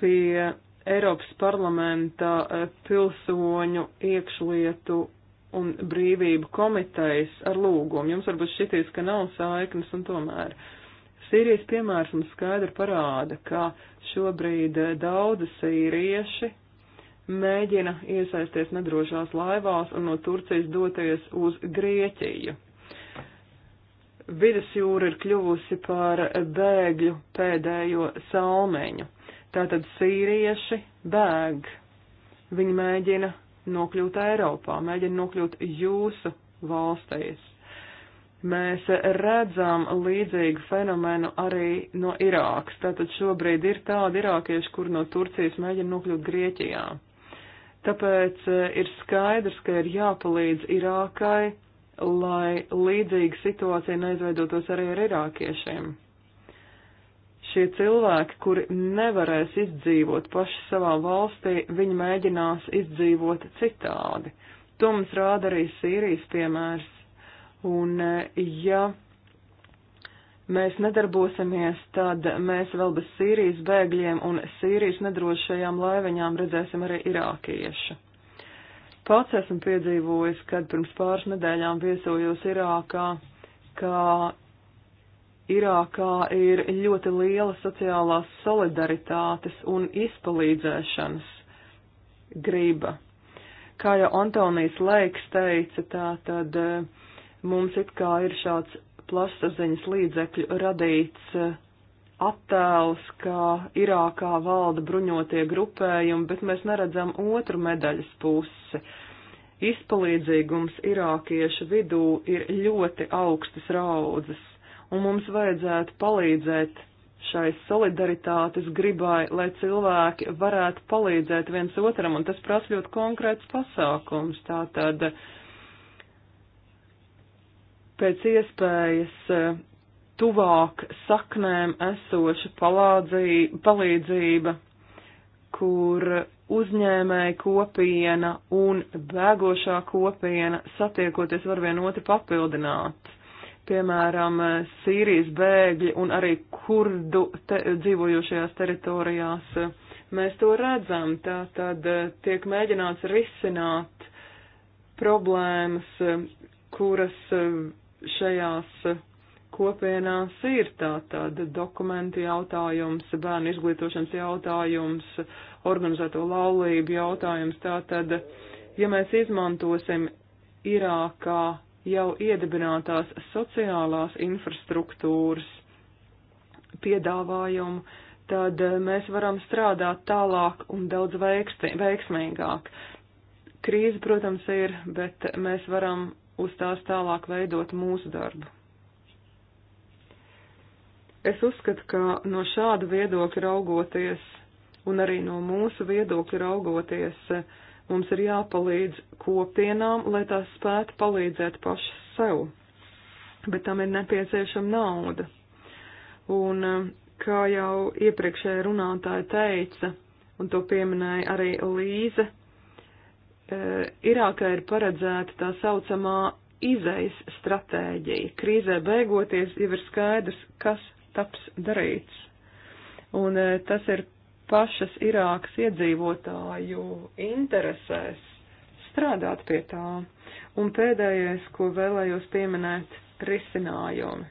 pie Eiropas parlamenta eh, pilsoņu iekšlietu un brīvību komitejas ar lūgumu. Jums varbūt šitīs, ka nav saiknes un tomēr. Sīrijas piemērs mums skaidri parāda, ka šobrīd eh, daudzi sīrieši mēģina iesaisties nedrošās laivās un no Turcijas doties uz Grieķiju. Vidusjūra ir kļuvusi par bēgļu pēdējo salmeņu. Tātad sīrieši bēg. Viņi mēģina nokļūt Eiropā, mēģina nokļūt jūsu valstīs. Mēs redzam līdzīgu fenomenu arī no Irākas. Tātad šobrīd ir tādi irākieši, kur no Turcijas mēģina nokļūt Grieķijā. Tāpēc eh, ir skaidrs, ka ir jāpalīdz Irākai, lai līdzīga situācija neizveidotos arī ar irākiešiem. Šie cilvēki, kuri nevarēs izdzīvot paši savā valstī, viņi mēģinās izdzīvot citādi. To mums rāda arī Sīrijas piemērs. Un, eh, ja mēs nedarbosimies, tad mēs vēl bez Sīrijas bēgļiem un Sīrijas nedrošajām laiviņām redzēsim arī irākiešu. Pats esmu piedzīvojis, kad pirms pāris nedēļām viesojos Irākā, kā Irākā ir ļoti liela sociālās solidaritātes un izpalīdzēšanas griba. Kā jau Antonijs Leiks teica, tā tad eh, mums it kā ir šāds plašsaziņas līdzekļu radīts eh, attēls, ka Irākā valda bruņotie grupējumi, bet mēs neredzam otru medaļas pusi. Izpalīdzīgums irākiešu vidū ir ļoti augstas raudzes un mums vajadzētu palīdzēt šai solidaritātes gribai, lai cilvēki varētu palīdzēt viens otram, un tas prasa ļoti konkrēts pasākums. Tātad pēc iespējas tuvāk saknēm esoša palīdzība, kur uzņēmēja kopiena un bēgošā kopiena satiekoties var vien otru papildināt piemēram, Sīrijas bēgļi un arī kurdu te, dzīvojošajās teritorijās. Mēs to redzam, tā tad eh, tiek mēģināts risināt problēmas, kuras eh, šajās kopienās ir tātad dokumenti jautājums, bērnu izglītošanas jautājums, organizēto laulību jautājums. Tātad, ja mēs izmantosim Irākā jau iedibinātās sociālās infrastruktūras piedāvājumu, tad eh, mēs varam strādāt tālāk un daudz veiksmīgāk. Krīze, protams, ir, bet mēs varam uz tās tālāk veidot mūsu darbu. Es uzskatu, ka no šāda viedokļa raugoties un arī no mūsu viedokļa raugoties, uh, Mums ir jāpalīdz kopienām, lai tās spētu palīdzēt pašas sev, bet tam ir nepieciešama nauda. Un, um, kā jau iepriekšēja runātāja teica, un to pieminēja arī Līze, uh, Irākā ir paredzēta tā saucamā izejas stratēģija. Krīzē beigoties jau ir skaidrs, kas taps darīts. Un uh, tas ir pašas Irākas iedzīvotāju interesēs strādāt pie tā. Un pēdējais, ko vēlējos pieminēt, risinājumi.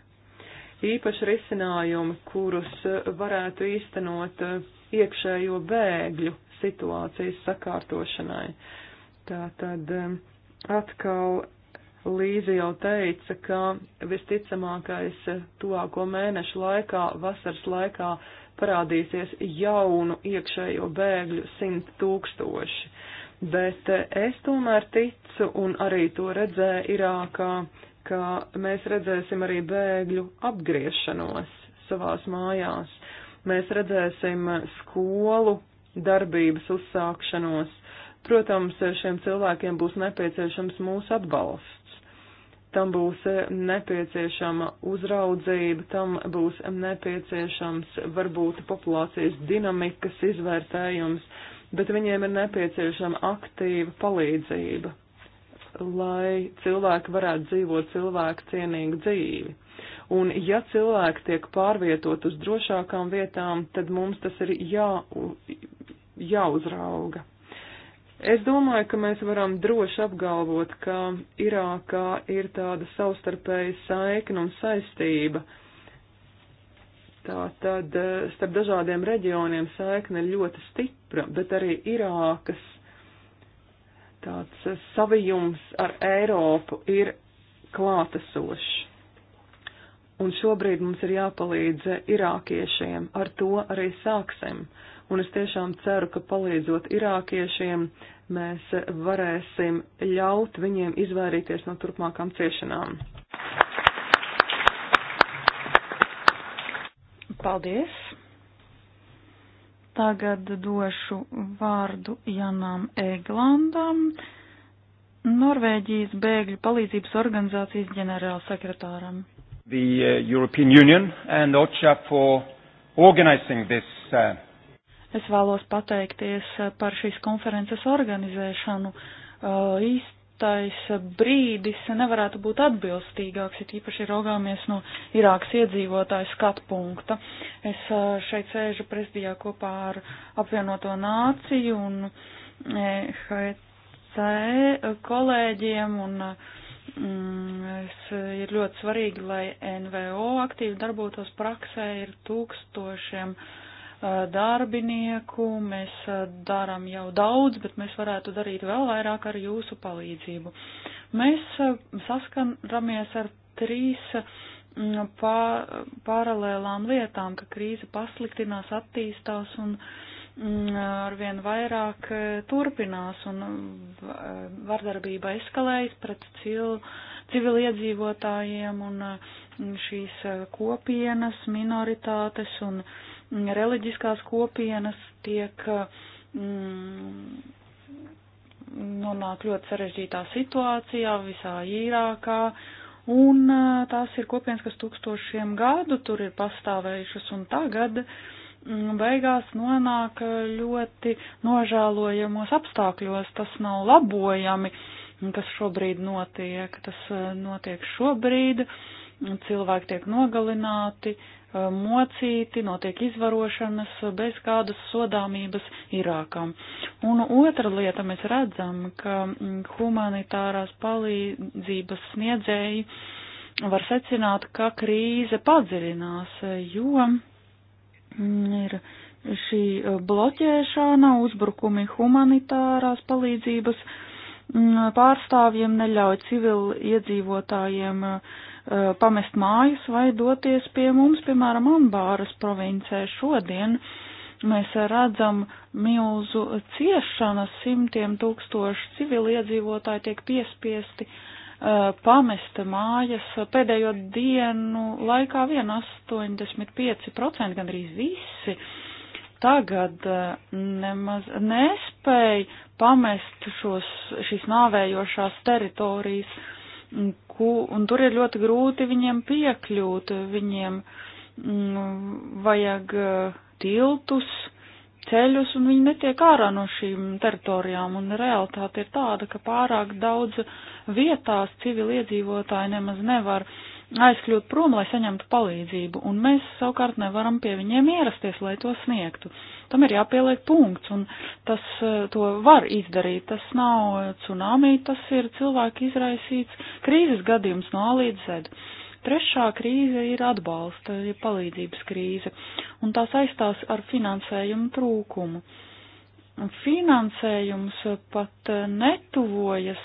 Īpaši risinājumi, kurus varētu īstenot iekšējo bēgļu situācijas sakārtošanai. Tātad um, atkal Līzi jau teica, ka visticamākais tuvāko mēnešu laikā, vasaras laikā parādīsies jaunu iekšējo bēgļu simt tūkstoši. Bet eh, es tomēr ticu, un arī to redzēju Irākā, ka mēs redzēsim arī bēgļu apgriešanos savās mājās. Mēs redzēsim skolu darbības uzsākšanos. Protams, šiem cilvēkiem būs nepieciešams mūsu atbalsts tam būs nepieciešama uzraudzība, tam būs nepieciešams varbūt populācijas dinamikas izvērtējums, bet viņiem ir nepieciešama aktīva palīdzība, lai cilvēki varētu dzīvot cilvēku cienīgu dzīvi. Un ja cilvēki tiek pārvietot uz drošākām vietām, tad mums tas ir jā, jāuzrauga. Es domāju, ka mēs varam droši apgalvot, ka Irākā ir tāda savstarpēja saikna un saistība. Tā tad eh, starp dažādiem reģioniem saikne ir ļoti stipra, bet arī Irākas tāds eh, savijums ar Eiropu ir klātesošs. Un šobrīd mums ir jāpalīdz eh, irākiešiem, ar to arī sāksim. Uh, un es tiešām ceru, ka palīdzot irākiešiem, mēs varēsim ļaut viņiem izvairīties no turpmākām ciešanām. Paldies! Tagad došu vārdu Janām Eglandam, Norvēģijas bēgļu palīdzības organizācijas ģenerālsekretāram. The uh, European Union and OCHA for organizing this uh, Es vēlos pateikties eh, par šīs konferences organizēšanu. Eh, īstais brīdis nevarētu būt atbilstīgāks, ja īpaši raugāmies no Irākas iedzīvotāju skatu punkta. Es eh, šeit sēžu prezidijā kopā ar apvienoto nāciju un HC kolēģiem un mm, Es ir ļoti svarīgi, lai NVO aktīvi darbotos praksē, ir tūkstošiem uh, Eh, darbinieku. Mēs eh, darām jau daudz, bet mēs varētu darīt vēl vairāk ar jūsu palīdzību. Mēs eh, saskaramies ar trīs mm, pā, paralēlām lietām, ka krīze pasliktinās, attīstās un mm, arvien vairāk turpinās un vardarbība eskalējas pret cil, civiliedzīvotājiem un šīs kopienas, minoritātes un uh, reliģiskās kopienas tiek mm, nonāk ļoti sarežģītā situācijā visā īrākā, un tās ir kopienas, kas tūkstošiem gadu tur ir pastāvējušas, un tagad mm, beigās nonāk ļoti nožēlojamos apstākļos, tas nav labojami, kas šobrīd notiek, tas notiek šobrīd, cilvēki tiek nogalināti, uh, Uh, mocīti, notiek izvarošanas uh, bez kādas sodāmības Irākam. Un otra lieta, mēs redzam, ka mm, humanitārās palīdzības sniedzēji var secināt, ka krīze padziļinās, jo mm, ir šī uh, bloķēšana, uzbrukumi humanitārās palīdzības mm, pārstāvjiem neļauj civil iedzīvotājiem uh, Uh, pamest mājas vai doties pie mums, piemēram, Ambāras provincē šodien. Mēs redzam milzu ciešanas, simtiem tūkstoši civiliedzīvotāji tiek piespiesti uh, pamest mājas. Pēdējo dienu laikā vien 85% gandrīz visi tagad uh, nemaz nespēja pamest šos, šīs nāvējošās teritorijas un tur ir ļoti grūti viņiem piekļūt, viņiem mm, vajag eh, tiltus, ceļus, un viņi netiek ārā no šīm teritorijām, un realitāte ir tāda, ka pārāk daudz vietās civiliedzīvotāji nemaz nevar uh, aizkļūt prom, lai saņemtu palīdzību, un mēs savukārt nevaram pie viņiem ierasties, lai to sniegtu. Tam ir jāpieliek punkts, un tas eh, to var izdarīt. Tas nav tsunami, eh, tas ir cilvēku izraisīts krīzes gadījums no A līdz Z. Trešā krīze ir atbalsta, ir palīdzības krīze, un tā saistās ar finansējumu trūkumu. Finansējums eh, pat netuvojas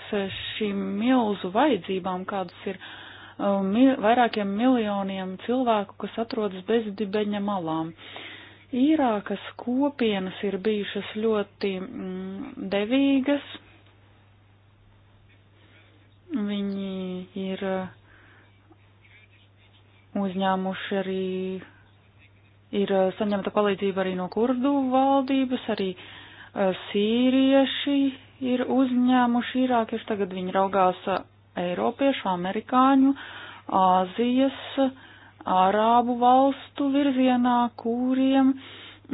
šīm milzu vajadzībām, kādas ir uh, Um, mil, vairākiem miljoniem cilvēku, kas atrodas bez dibeņa malām. Īrākas kopienas ir bijušas ļoti mm, devīgas. Viņi ir uh, uzņēmuši arī, ir uh, saņemta palīdzība arī no kurdu valdības, arī uh, sīrieši ir uzņēmuši īrākiešus, tagad viņi raugās Eiropiešu, Amerikāņu, Āzijas, Arābu valstu virzienā, kuriem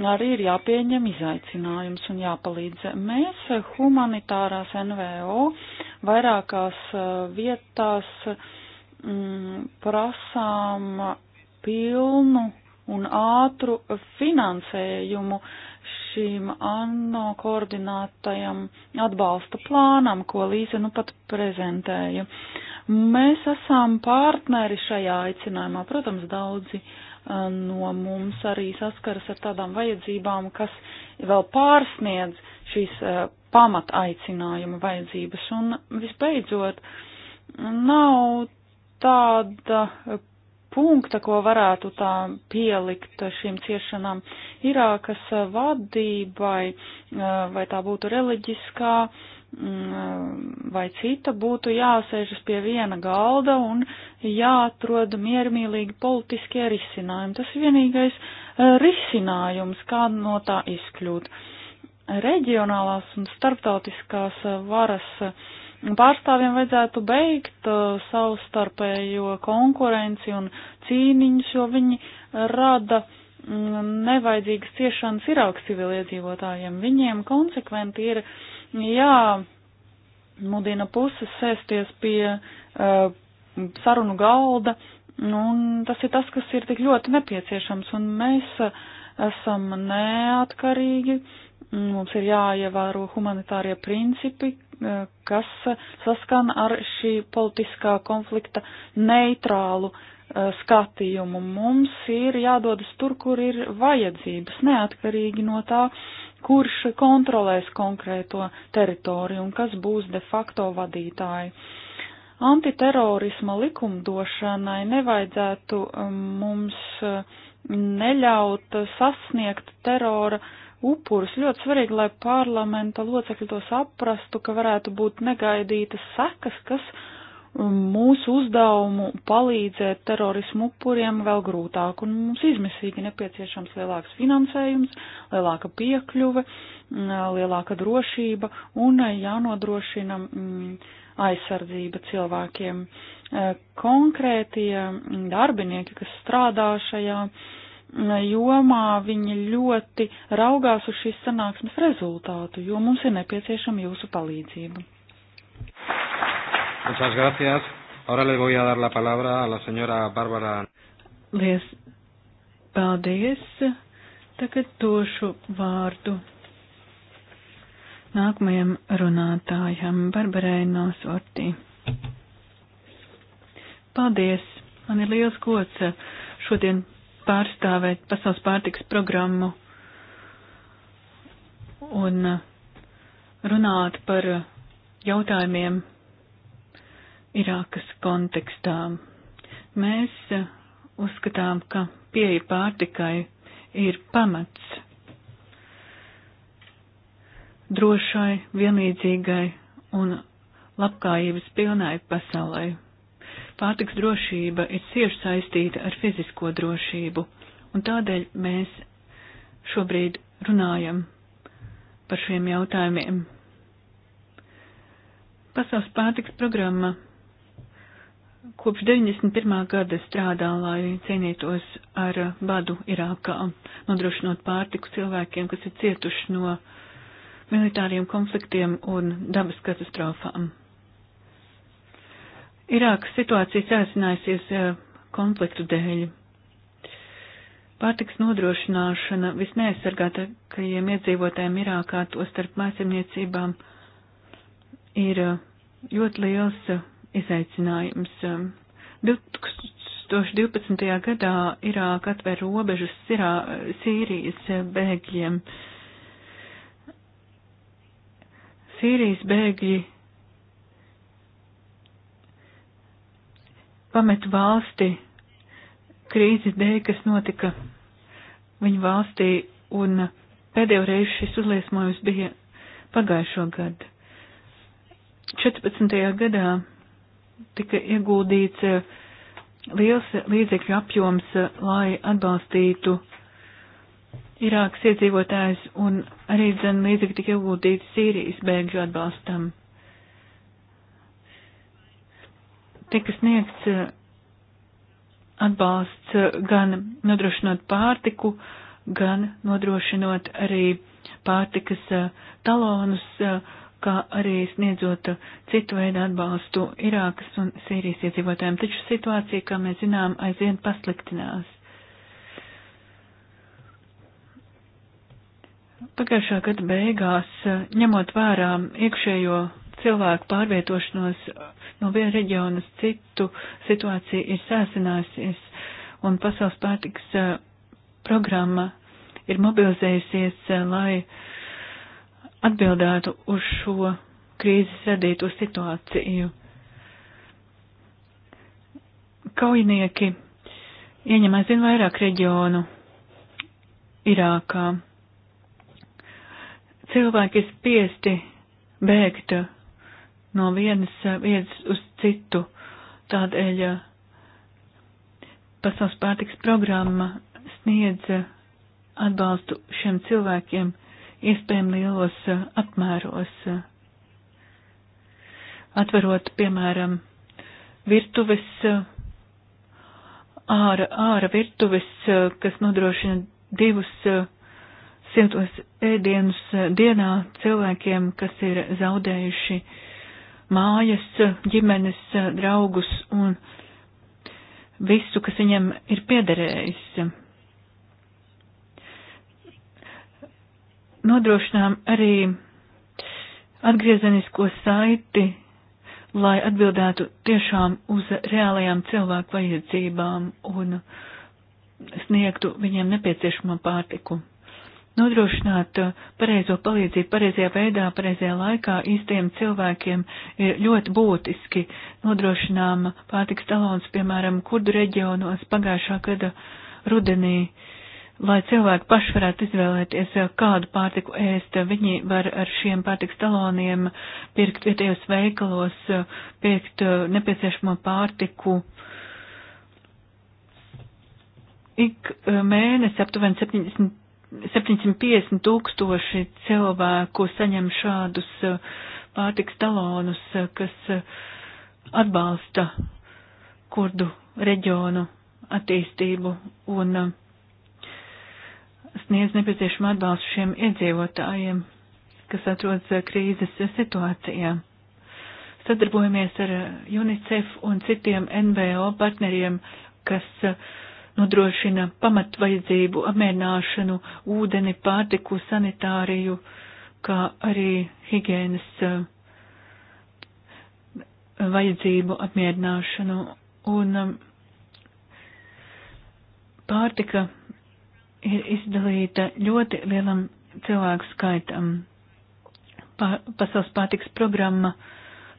arī ir jāpieņem izaicinājums un jāpalīdz. Mēs humanitārās NVO vairākās eh, vietās m, mm, prasām pilnu un ātru finansējumu uh, šīm ANO koordinātajam atbalsta plānam, ko Līze nu pat prezentēja. Mēs esam partneri šajā aicinājumā, protams, daudzi eh, no mums arī saskaras ar tādām vajadzībām, kas vēl pārsniedz šīs eh, pamat aicinājuma vajadzības. Un visbeidzot, nav tāda punkta, ko varētu tā pielikt šīm ciešanām Irākas vadībai, vai tā būtu reliģiskā vai cita, būtu jāsēžas pie viena galda un jāatrod miermīlīgi politiskie risinājumi. Tas vienīgais risinājums, kā no tā izkļūt. Reģionālās un starptautiskās varas uh, pārstāvjiem vajadzētu beigt uh, savstarpējo konkurenci un cīniņus, jo viņi rada mm, nevajadzīgas ciešanas Irākas civiliedzīvotājiem. Viņiem konsekventi ir jāmudina puses sēsties pie uh, sarunu galda, un tas ir tas, kas ir tik ļoti nepieciešams, un mēs uh, esam neatkarīgi, mums ir jāievēro humanitārie principi, Eh, kas saskana ar šī politiskā konflikta neitrālu eh, skatījumu. Mums ir jādodas tur, kur ir vajadzības, neatkarīgi no tā, kurš kontrolēs konkrēto teritoriju un kas būs de facto vadītāji. Antiterorisma likumdošanai nevajadzētu eh, mums neļaut sasniegt terora uh, upurus. Ļoti svarīgi, lai parlamenta locekļi to saprastu, ka varētu būt negaidītas sekas, kas um, mūsu uzdevumu palīdzēt terorismu upuriem vēl grūtāk, un mums izmisīgi nepieciešams lielāks finansējums, lielāka piekļuve, mm, lielāka drošība un jānodrošina mm, aizsardzība cilvēkiem. Eh, konkrētie mm, darbinieki, kas strādā šajā jomā viņi ļoti raugās uz šīs sanāksmes rezultātu, jo mums ir nepieciešama jūsu palīdzība. Muchas gracias. Ahora le voy a dar la palabra a la señora Bárbara. Lies, paldies. Tagad došu vārdu nākamajam runātājam, Barbarai Nosortī. Paldies! Man ir liels gods šodien pārstāvēt pasaules pārtiks programmu un uh, runāt par uh, jautājumiem Irākas kontekstā. Mēs uh, uzskatām, ka pieeja pārtikai ir pamats drošai, vienlīdzīgai un labklājības pilnai pasaulē. Pārtiks drošība ir cieši saistīta ar fizisko drošību, un tādēļ mēs šobrīd runājam par šiem jautājumiem. Pasaules pārtiks programma kopš 91. gada strādā, lai cienītos ar badu Irākā, nodrošinot pārtiku cilvēkiem, kas ir cietuši no militāriem konfliktiem un dabas katastrofām. Irākas situācija sāsinājusies eh, konfliktu dēļ. Pārtiks nodrošināšana visneaizsargātākajiem iedzīvotājiem Irākā, to starp mājasemniecībām, ir eh, ļoti liels eh, izaicinājums. 2012. gadā Irāka atver robežas Sirā, Sīrijas bēgļiem. Sīrijas bēgļi pamet valsti krīzes dēļ, kas notika viņu valstī, un pēdējo reizi šis uzliesmojums bija pagājušo gadu. 14. gadā tika ieguldīts eh, liels līdzekļu apjoms, eh, lai atbalstītu Irākas iedzīvotājs un arī dzen līdzekļi tika ieguldīti Sīrijas bēgļu atbalstam. tika sniegts eh, atbalsts eh, gan nodrošinot pārtiku, gan nodrošinot arī pārtikas eh, talonus, kā arī sniedzot citu veidu atbalstu Irākas un Sīrijas iedzīvotājiem. Taču situācija, kā mēs zinām, aizvien pasliktinās. Pagājušā gada beigās, ņemot vērā iekšējo cilvēku pārvietošanos no viena reģiona uz citu situācija ir sāsinājusies un pasaules pārtiks programma ir mobilizējusies, lai atbildētu uz šo krīzes radīto situāciju. Kaujinieki ieņem aizvien vairāk reģionu Irākā. Cilvēki ir spiesti bēgt no vienas eh, vietas uz citu. Tādēļ eh, pasaules pārtiks programma sniedz eh, atbalstu šiem cilvēkiem iespējami lielos apmēros, atverot, piemēram, virtuves, āra, āra virtuves, kas nodrošina divus simtos ēdienus dienā cilvēkiem, kas ir zaudējuši uh, mājas, ģimenes, draugus un visu, kas viņam ir piederējis. Nodrošinām arī atgriezenisko saiti, lai atbildētu tiešām uz reālajām cilvēku vajadzībām un sniegtu viņiem nepieciešamo pārtiku. Nodrošināt uh, pareizo palīdzību pareizajā veidā, pareizajā laikā īstiem cilvēkiem ir ļoti būtiski. Nodrošinām pārtiks talons, piemēram, kurdu reģionos pagājušā gada rudenī, lai cilvēki paši varētu izvēlēties, uh, kādu pārtiku ēst. Viņi var ar šiem pārtiks taloniem pirkt vietējos veikalos, uh, pirkt nepieciešamo pārtiku ik mēnesi aptuveni 70 750 tūkstoši cilvēku saņem šādus uh, pārtiks talonus, uh, kas uh, atbalsta kurdu reģionu attīstību un sniedz nepieciešamu atbalstu šiem iedzīvotājiem, kas atrodas krīzes situācijā. Sadarbojamies ar UNICEF un citiem NVO partneriem, kas uh, nodrošina pamatvajadzību apmierināšanu, ūdeni, pārtiku, sanitāriju, kā arī higienas eh, vajadzību apmierināšanu. Un um, pārtika ir izdalīta ļoti lielam cilvēku skaitam. Pa, pasaules pārtiks programma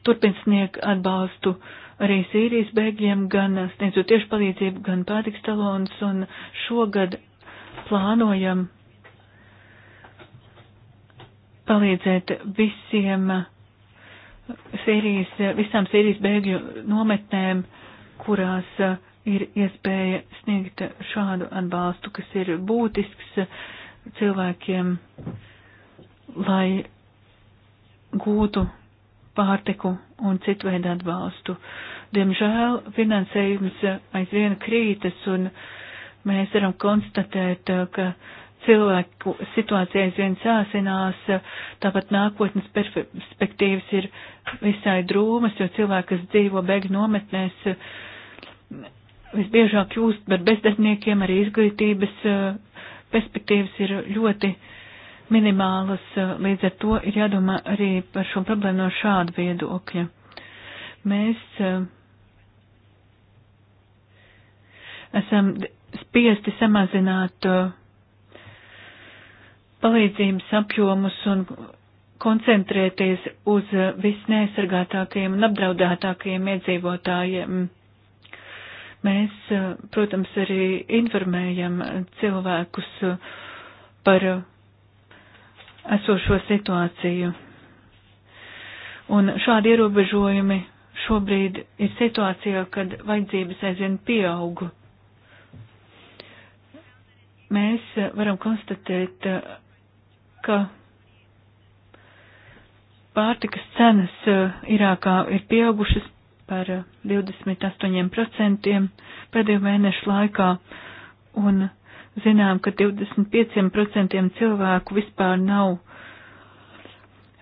turpin sniegt atbalstu uh, arī Sīrijas bēgļiem, gan sniedzot tieši palīdzību, gan pārtiks talons, un šogad plānojam palīdzēt visiem Sīrijas, visām Sīrijas bēgļu nometnēm, kurās uh, ir iespēja sniegt šādu atbalstu, kas ir būtisks cilvēkiem, lai gūtu pārtiku un citu veidu atbalstu. Diemžēl finansējums aizvien krītas un mēs varam konstatēt, uh, ka cilvēku situācija aizvien sāsinās, uh, tāpat nākotnes perspektīvas ir visai drūmas, jo cilvēki, kas dzīvo bēgļu nometnēs, uh, visbiežāk kļūst par bezdarbniekiem, arī izglītības perspektīvas ir ļoti uh, minimālas, eh, līdz ar to ir jādomā arī par šo problēmu no šāda viedokļa. Mēs eh, esam spiesti samazināt eh, palīdzības apjomus un koncentrēties uz visneaizsargātākajiem un apdraudētākajiem iedzīvotājiem. Mēs, protams, arī informējam cilvēkus par esošo situāciju. Un šādi ierobežojumi šobrīd ir situācijā, kad vajadzības aizvien pieaugu. Mēs varam konstatēt, ka pārtikas cenas Irākā ir pieaugušas par 28% pēdējo mēnešu laikā, un zinām, ka 25% cilvēku vispār nav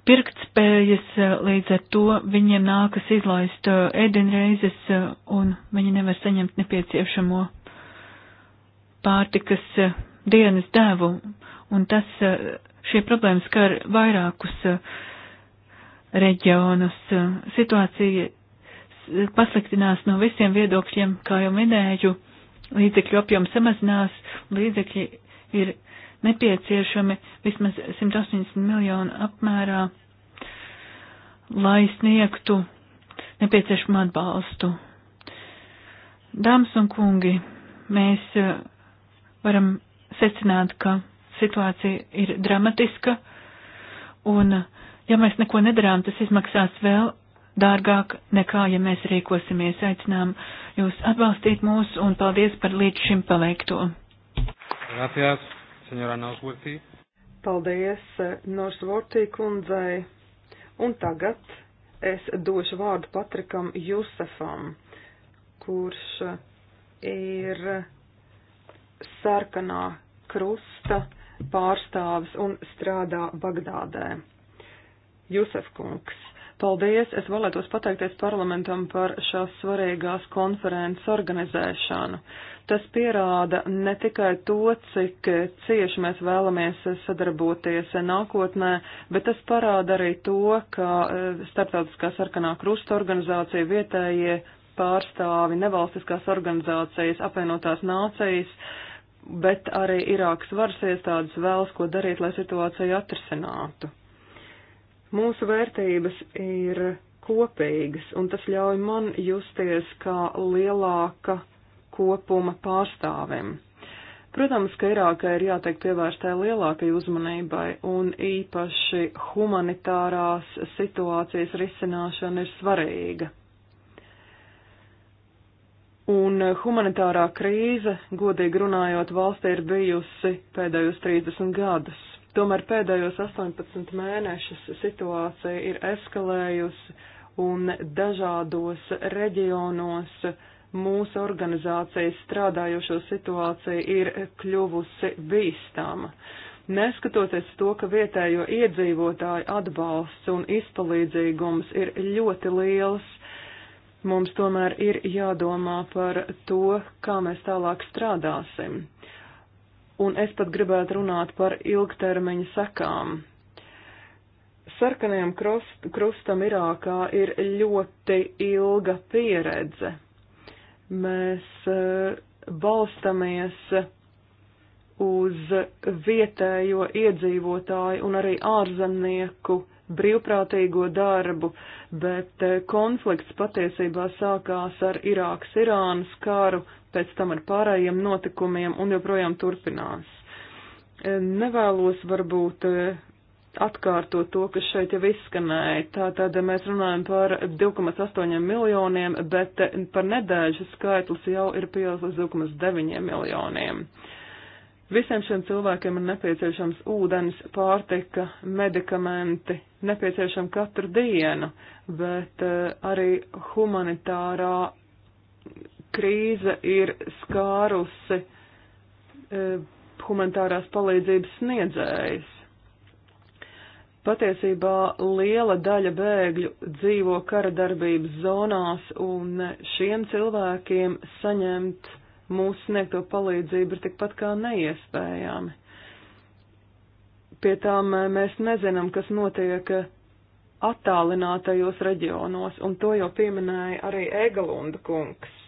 pirktspējas, līdz ar to viņiem nākas izlaist uh, ēdienreizes uh, un viņi nevar saņemt nepieciešamo pārtikas uh, dienas devu. Un tas, šie problēmas skar vairākus reģionus. Situācija pasliktinās no visiem viedokļiem, kā jau minēju līdzekļu apjoms samazinās, līdzekļi ir nepieciešami vismaz 180 miljonu apmērā, lai sniegtu nepieciešamu atbalstu. Dāmas un kungi, mēs eh, varam secināt, ka situācija ir dramatiska, un eh, ja mēs neko nedarām, tas izmaksās vēl dārgāk nekā, ja mēs rīkosimies. Aicinām jūs atbalstīt mūs un paldies par līdz šim paveikto. Gracias, senora Nosworthy. Paldies eh, Norsvortī kundzei. Un tagad es došu vārdu Patrikam Jusefam, kurš ir sarkanā krusta pārstāvis un strādā Bagdādē. Jusef kungs. Paldies! Es vēlētos pateikties parlamentam par šās svarīgās konferences organizēšanu. Tas pierāda ne tikai to, cik cieši mēs vēlamies sadarboties nākotnē, bet tas parāda arī to, ka eh, Startautiskā sarkanā krusta organizācija vietējie pārstāvi, nevalstiskās organizācijas, apvienotās nācijas, bet arī Irākas varas iestādes vēlas, ko darīt, lai situāciju atrisinātu. Mūsu vērtības ir kopīgas, un tas ļauj man justies kā lielāka kopuma pārstāvim. Protams, ka Irākai ir jātiek pievērstai lielākai uzmanībai, un īpaši humanitārās situācijas risināšana ir svarīga. Un humanitārā krīze, godīgi runājot, valstī ir bijusi pēdējos 30 gadus. Tomēr pēdējos 18 mēnešus situācija ir eskalējusi un dažādos reģionos mūsu organizācijas strādājošo situācija ir kļuvusi bīstama. Neskatoties to, ka vietējo iedzīvotāju atbalsts un izpalīdzīgums ir ļoti liels, mums tomēr ir jādomā par to, kā mēs tālāk strādāsim un es pat gribētu runāt par ilgtermiņa sekām. Sarkanajam krust, krustam Irākā ir ļoti ilga pieredze. Mēs eh, balstamies uz vietējo iedzīvotāju un arī ārzemnieku brīvprātīgo darbu, bet eh, konflikts patiesībā sākās ar Irākas-Irānas karu pēc tam ar pārējiem notikumiem un joprojām turpinās. E, nevēlos varbūt e, atkārtot to, kas šeit jau izskanēja. Tātad mēs runājam par 2,8 miljoniem, bet e, par nedēļu šis skaitlis jau ir pieaudzis līdz 2,9 miljoniem. Visiem šiem cilvēkiem ir nepieciešams ūdens, pārtika, medikamenti, nepieciešama katru dienu, bet arī humanitārā krīze ir skārusi e, humanitārās palīdzības sniedzējs. Patiesībā liela daļa bēgļu dzīvo kara darbības zonās, un šiem cilvēkiem saņemt mūsu sniegto palīdzību ir tikpat kā neiespējami. Pie tām e, mēs nezinām, kas notiek e, attālinātajos reģionos, un to jau pieminēja arī Egalunda kungs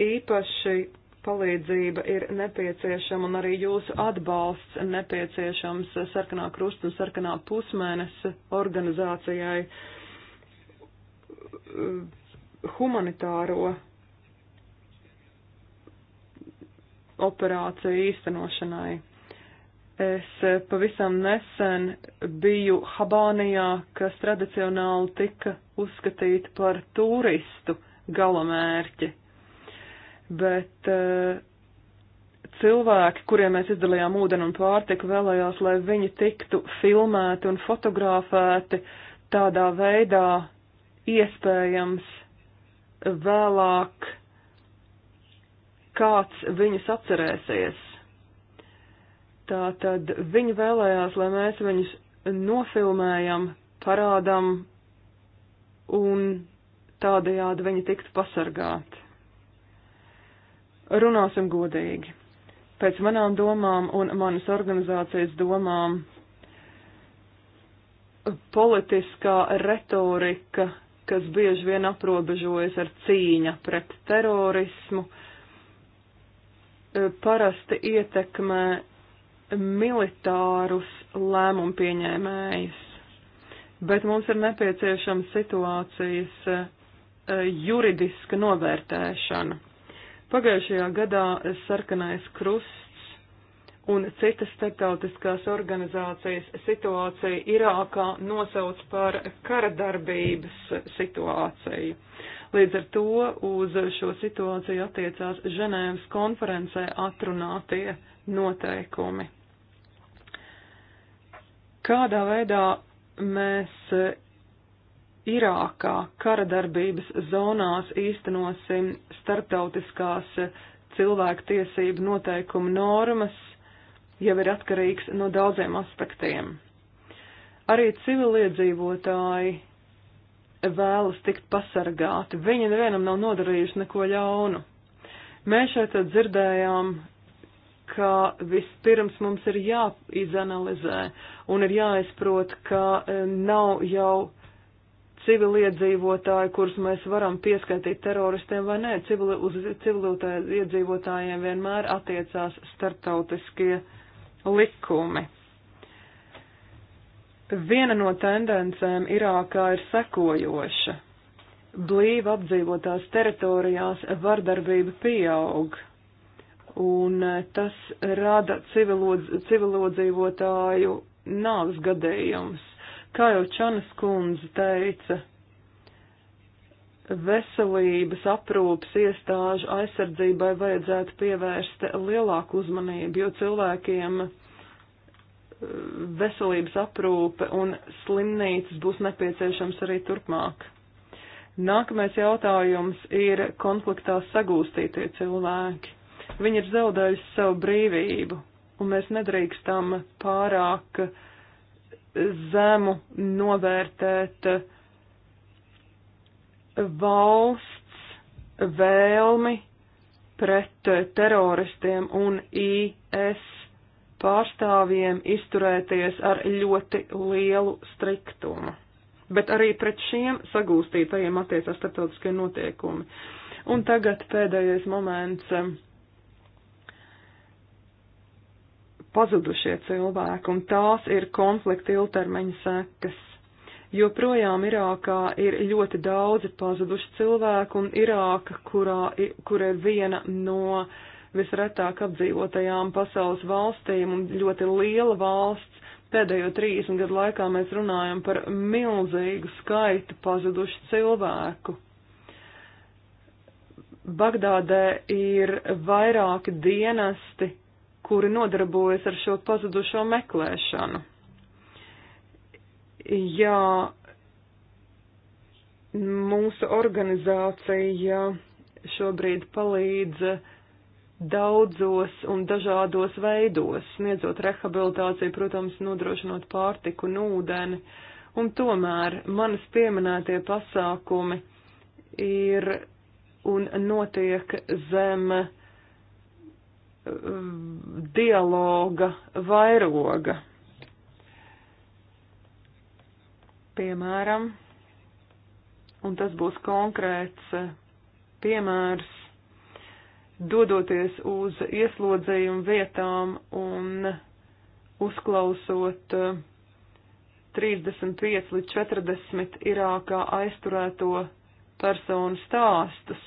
īpaši palīdzība ir nepieciešama un arī jūsu atbalsts nepieciešams sarkanā krusta un sarkanā pusmēnesa organizācijai uh, humanitāro operāciju īstenošanai. Es uh, pavisam nesen biju Habānijā, kas tradicionāli tika uzskatīta par turistu galamērķi bet eh, cilvēki, kuriem mēs izdalījām ūdeni un pārtiku, vēlējās, lai viņi tiktu filmēti un fotografēti tādā veidā iespējams vēlāk kāds viņus atcerēsies. Tātad viņi vēlējās, lai mēs viņus nofilmējam, parādam un tādējādi viņi tiktu pasargāti. Runāsim godīgi. Pēc manām domām un manas organizācijas domām politiskā retorika, kas bieži vien aprobežojas ar cīņa pret terorismu, parasti ietekmē militārus lēmumu pieņēmējus, bet mums ir nepieciešama situācijas eh, juridiska novērtēšana. Pagājušajā gadā sarkanais krusts un citas starptautiskās organizācijas situāciju Irākā nosauc par karadarbības situāciju. Līdz ar to uz šo situāciju attiecās Ženēvas konferencē atrunātie noteikumi. Kādā veidā mēs Irākā kara darbības zonās īstenosim starptautiskās cilvēktiesību noteikumu normas, jau ir atkarīgs no daudziem aspektiem. Arī civiliedzīvotāji vēlas tikt pasargāti. Viņi nevienam nav nodarījuši neko ļaunu. Mēs šeit dzirdējām, ka vispirms mums ir jāizanalizē un ir jāizprot, ka eh, nav jau civiliedzīvotāji, kurus mēs varam pieskaitīt teroristiem vai nē. Civili, uz civiliedzīvotājiem vienmēr attiecās starptautiskie likumi. Viena no tendencēm Irākā ir sekojoša. Blīvi apdzīvotās teritorijās vardarbība pieaug, un e, tas rada civilodzīvotāju nāves gadījumus Kā jau Čanas kundze teica, veselības aprūpas iestāžu aizsardzībai vajadzētu pievērst lielāku uzmanību, jo cilvēkiem uh, veselības aprūpe un slimnīcas būs nepieciešams arī turpmāk. Nākamais jautājums ir konfliktā sagūstītie cilvēki. Viņi ir zaudējuši savu brīvību, un mēs nedrīkstam pārāk uh, zemu novērtēt valsts vēlmi pret teroristiem un IS pārstāvjiem izturēties ar ļoti lielu striktumu. Bet arī pret šiem sagūstītajiem attiecās starptautiskie notiekumi. Un tagad pēdējais moments. pazudušie cilvēki, un tās ir konflikta ilgtermiņa sekas. Joprojām Irākā ir ļoti daudzi pazuduši cilvēki, un Irāka, kurā, kur ir viena no visretāk apdzīvotajām pasaules valstīm un ļoti liela valsts, pēdējo 30 gadu laikā mēs runājam par milzīgu skaitu pazudušu cilvēku. Bagdādē ir vairāki dienesti, kuri nodarbojas ar šo pazudušo meklēšanu. Jā, mūsu organizācija šobrīd palīdz daudzos un dažādos veidos, sniedzot rehabilitāciju, protams, nodrošinot pārtiku un ūdeni, un tomēr manas pieminētie pasākumi ir un notiek zem uh, Um, dialoga vairoga. Piemēram, un tas būs konkrēts uh, piemērs, dodoties uz ieslodzījumu vietām un uzklausot 35 uh, līdz 40 Irākā aizturēto personu stāstus,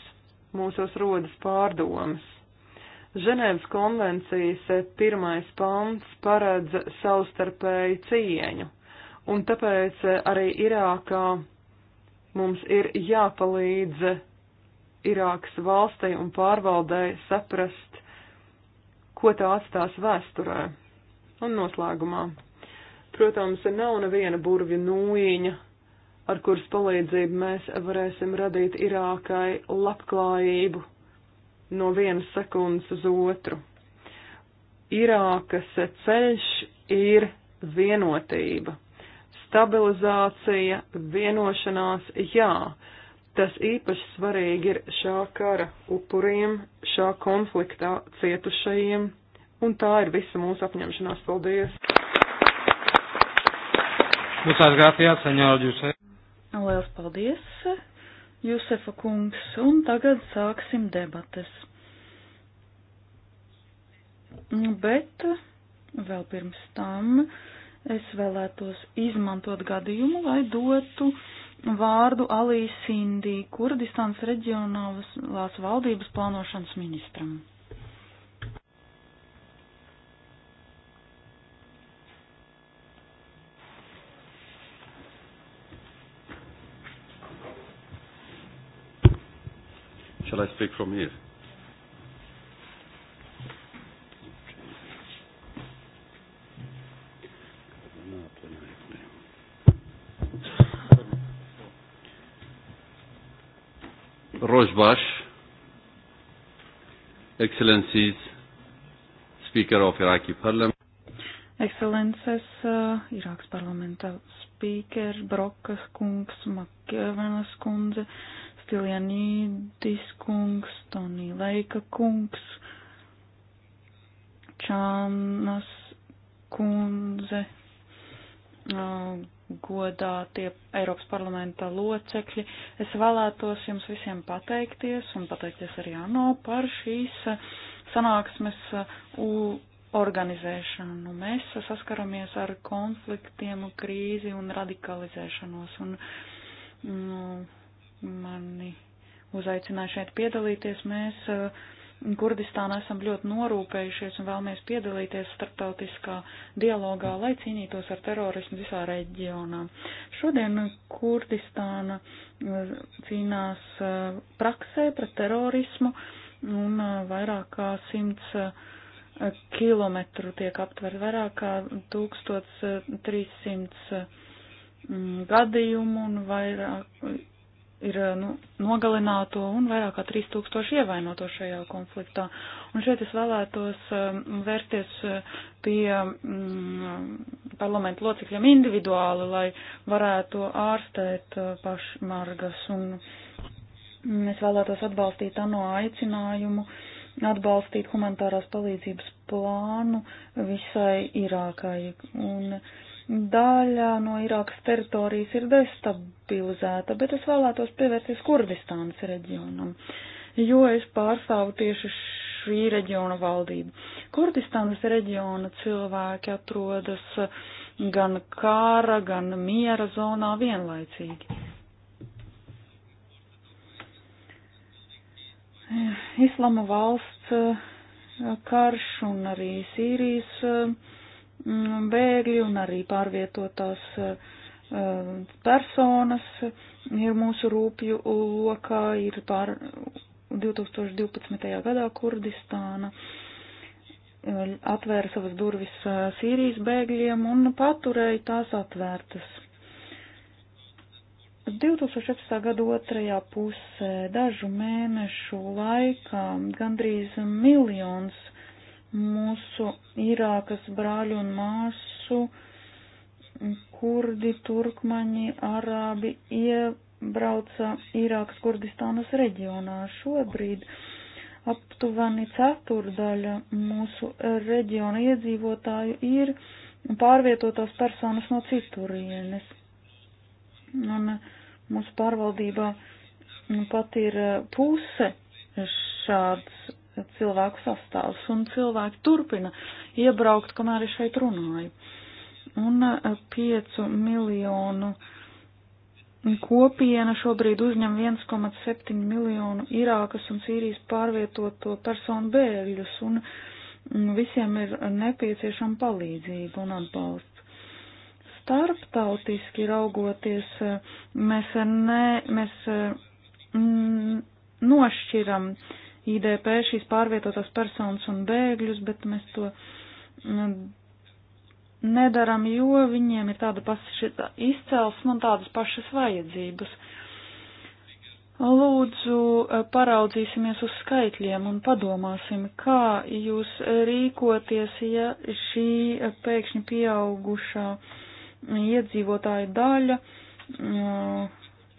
mūsos rodas pārdomas. Ženēvas konvencijas eh, pirmais pants paredz savstarpēju cieņu, un tāpēc eh, arī Irākā mums ir jāpalīdz Irākas valstī un pārvaldēji saprast, ko tā atstās vēsturē. Un noslēgumā. Protams, nav neviena burvju nūjiņa, ar kuras palīdzību mēs varēsim radīt Irākai labklājību no vienas sekundes uz otru. Irākas ceļš ir vienotība, stabilizācija, vienošanās, jā. Tas īpaši svarīgi ir šā kara upuriem, šā konfliktā cietušajiem, un tā ir visa mūsu apņemšanās. Paldies! Muchas gracias, señor Giuseppe. Lielas paldies, Jusefa kungs, un tagad sāksim debates. Bet vēl pirms tam es vēlētos izmantot gadījumu, lai dotu vārdu Alī Sindī, Kurdistāns reģionālās valdības plānošanas ministram. Shall I speak from here? Rojbash, Excellencies, Speaker of Iraqi Parliament. Ekscelences, uh, Irāks parlamenta spīker, Brokas kungs, Makievenas kundze, uh, Stilianīdis kungs, Tonī Leika kungs, Čānas kundze, godā tie Eiropas parlamenta locekļi. Es vēlētos jums visiem pateikties un pateikties arī ANO par šīs sanāksmes organizēšanu. Nu, mēs saskaramies ar konfliktiem, krīzi un radikalizēšanos. Un, mm, mani uzaicināja šeit piedalīties. Mēs eh, Kurdistānā esam ļoti norūpējušies un vēlamies piedalīties starptautiskā dialogā, lai cīnītos ar terorismu visā reģionā. Šodien Kurdistāna eh, cīnās eh, praksē pret terorismu un vairāk kā simts kilometru tiek aptver vairāk kā 1300 mm, gadījumu un vairāk ir eh, nu, nogalināto un vairāk kā 3000 ievainoto šajā konfliktā. Un šeit es vēlētos um, vērsties eh, pie um, mm, parlamentu locekļiem individuāli, lai varētu ārstēt uh, pašmargas. Un mm, es vēlētos atbalstīt ANO aicinājumu atbalstīt humanitārās palīdzības plānu visai Irākai. Un, uh, daļa no Irākas teritorijas ir destabilizēta, bet es vēlētos pievērsties Kurdistānas reģionam, jo es pārstāvu tieši šī reģiona valdību. Kurdistānas reģiona cilvēki atrodas gan kāra, gan miera zonā vienlaicīgi. Islama valsts karš un arī Sīrijas Mm, bēgļi un arī pārvietotās eh, personas ir mūsu rūpju lokā, ir pār 2012. gadā Kurdistāna eh, atvēra savas durvis eh, Sīrijas bēgļiem un paturēja tās atvērtas. 2016. gada otrajā pusē dažu mēnešu laikā gandrīz miljons mūsu Irākas brāļu un māsu, kurdi, turkmaņi, arābi iebrauca Irākas Kurdistānas reģionā. Šobrīd aptuveni ceturdaļa mūsu reģiona iedzīvotāju ir pārvietotās personas no citurienes. Un uh, mūsu pārvaldībā nu, pat ir uh, puse šāds cilvēku sastāvs, un cilvēki turpina iebraukt, kamēr es šeit runāju. Un e, piecu miljonu kopiena šobrīd uzņem 1,7 miljonu Irākas un Sīrijas pārvietoto personu bēgļus, un mm, visiem ir nepieciešama palīdzība un atbalsts starptautiski raugoties, e, mēs, ne, mēs e, nošķiram IDP šīs pārvietotās personas un bēgļus, bet mēs to mm, nedaram, jo viņiem ir tāda paša izcelsme un tādas pašas vajadzības. Lūdzu, eh, paraudzīsimies uz skaitļiem un padomāsim, kā jūs rīkoties, ja šī pēkšņi pieaugušā iedzīvotāja daļa mm,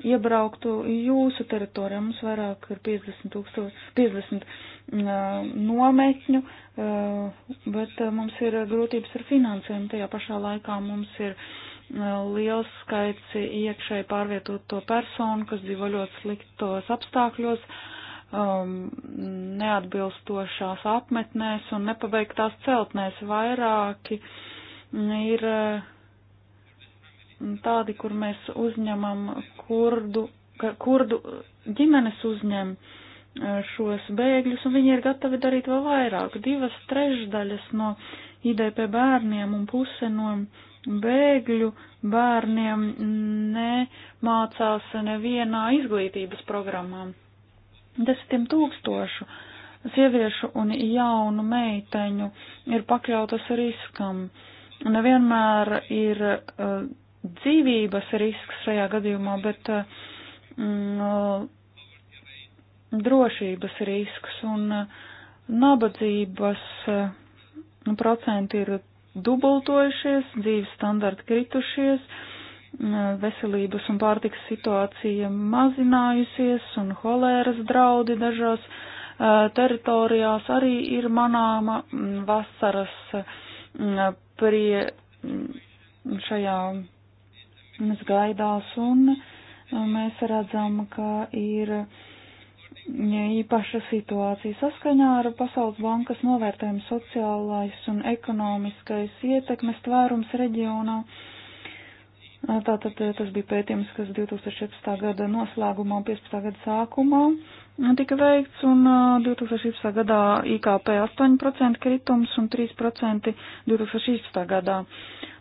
iebrauktu jūsu teritorijā. Mums vairāk ir 50, tūkstos, 50 nometņu, bet mums ir grūtības ar finansēm. Tajā pašā laikā mums ir liels skaits iekšēji pārvietoto personu, kas dzīvo ļoti sliktos apstākļos, um, neatbilstošās apmetnēs un nepabeigtās celtnēs vairāki ir uh, tādi, kur mēs uzņemam kurdu, ka kurdu ģimenes uzņem e, šos bēgļus, un viņi ir gatavi darīt vēl vairāk. Divas trešdaļas no IDP bērniem un puse no bēgļu bērniem nemācās nevienā izglītības programmā. Desmitiem tūkstošu sieviešu un jaunu meiteņu ir pakļautas riskam. Nevienmēr ir uh, dzīvības risks šajā gadījumā, bet eh, mm, eh, drošības risks un eh, nabadzības procenti ir dubultojušies, dzīves standarti kritušies, mm, veselības un pārtikas situācija mazinājusies un holēras draudi dažās teritorijās arī ir manāma mm, vasaras mm, prie šajā mēs gaidās un uh, mēs redzam, ka ir mm, īpaša situācija saskaņā ar Pasaules bankas novērtējumu sociālais un ekonomiskais ietekmes tvērums reģionā. Tātad eh, tas bija pētījums, kas 2014. gada noslēgumā un 15. gada sākumā tika veikts, un 2016. gadā IKP 8% kritums un 3% 2016. gadā.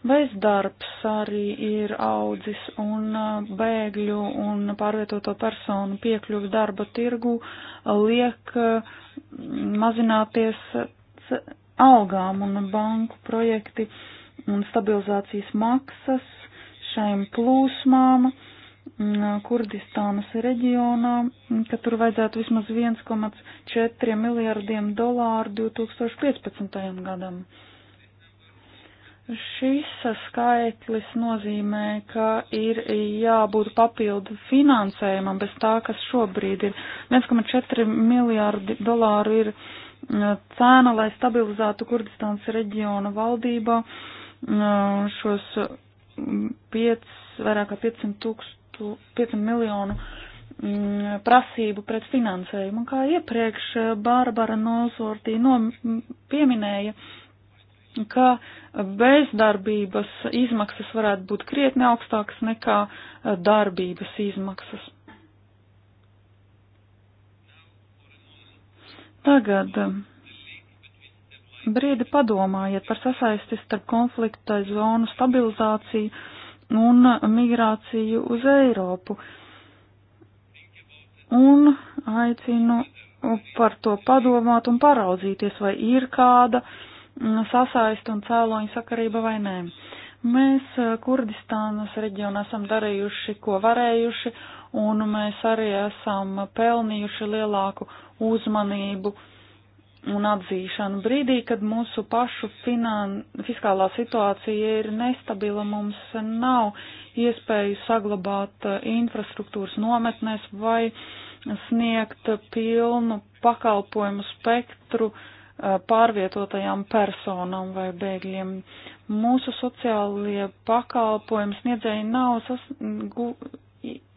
Bezdarbs arī ir audzis, un bēgļu un pārvietoto personu piekļuvi darba tirgu liek mazināties algām un banku projekti un stabilizācijas maksas šajām plūsmām Mm, Kurdistānas reģionā, ka tur vajadzētu vismaz 1,4 miljārdiem dolāru 2015. gadam. Šis skaitlis nozīmē, ka ir jābūt papildu finansējumam bez tā, kas šobrīd ir. 1,4 miljārdi dolāru ir mm, cēna, lai stabilizētu Kurdistānas reģiona valdībā mm, šos 5, vairāk kā 500 tūkstoši 5, 5 miljonu mm, prasību pret finansējumu. Un kā iepriekš eh, Bārbara Nozortī no, pieminēja, ka bezdarbības izmaksas varētu būt krietni augstākas nekā eh, darbības izmaksas. Tagad eh, brīdi padomājiet par sasaisti starp konflikta zonu stabilizāciju un migrāciju uz Eiropu. Un aicinu par to padomāt un paraudzīties, vai ir kāda mm, sasaista un cēloņa sakarība vai nē. Mēs eh, Kurdistānas reģionā esam darījuši, ko varējuši, un mēs arī esam pelnījuši lielāku uzmanību uh, un atzīšanu. Brīdī, kad mūsu pašu finan, fiskālā situācija ir nestabila, mums nav iespēju saglabāt eh, infrastruktūras nometnēs vai sniegt pilnu pakalpojumu spektru eh, pārvietotajām personām vai bēgļiem. Mūsu sociālie pakalpojumi sniedzēji nav sas, gu,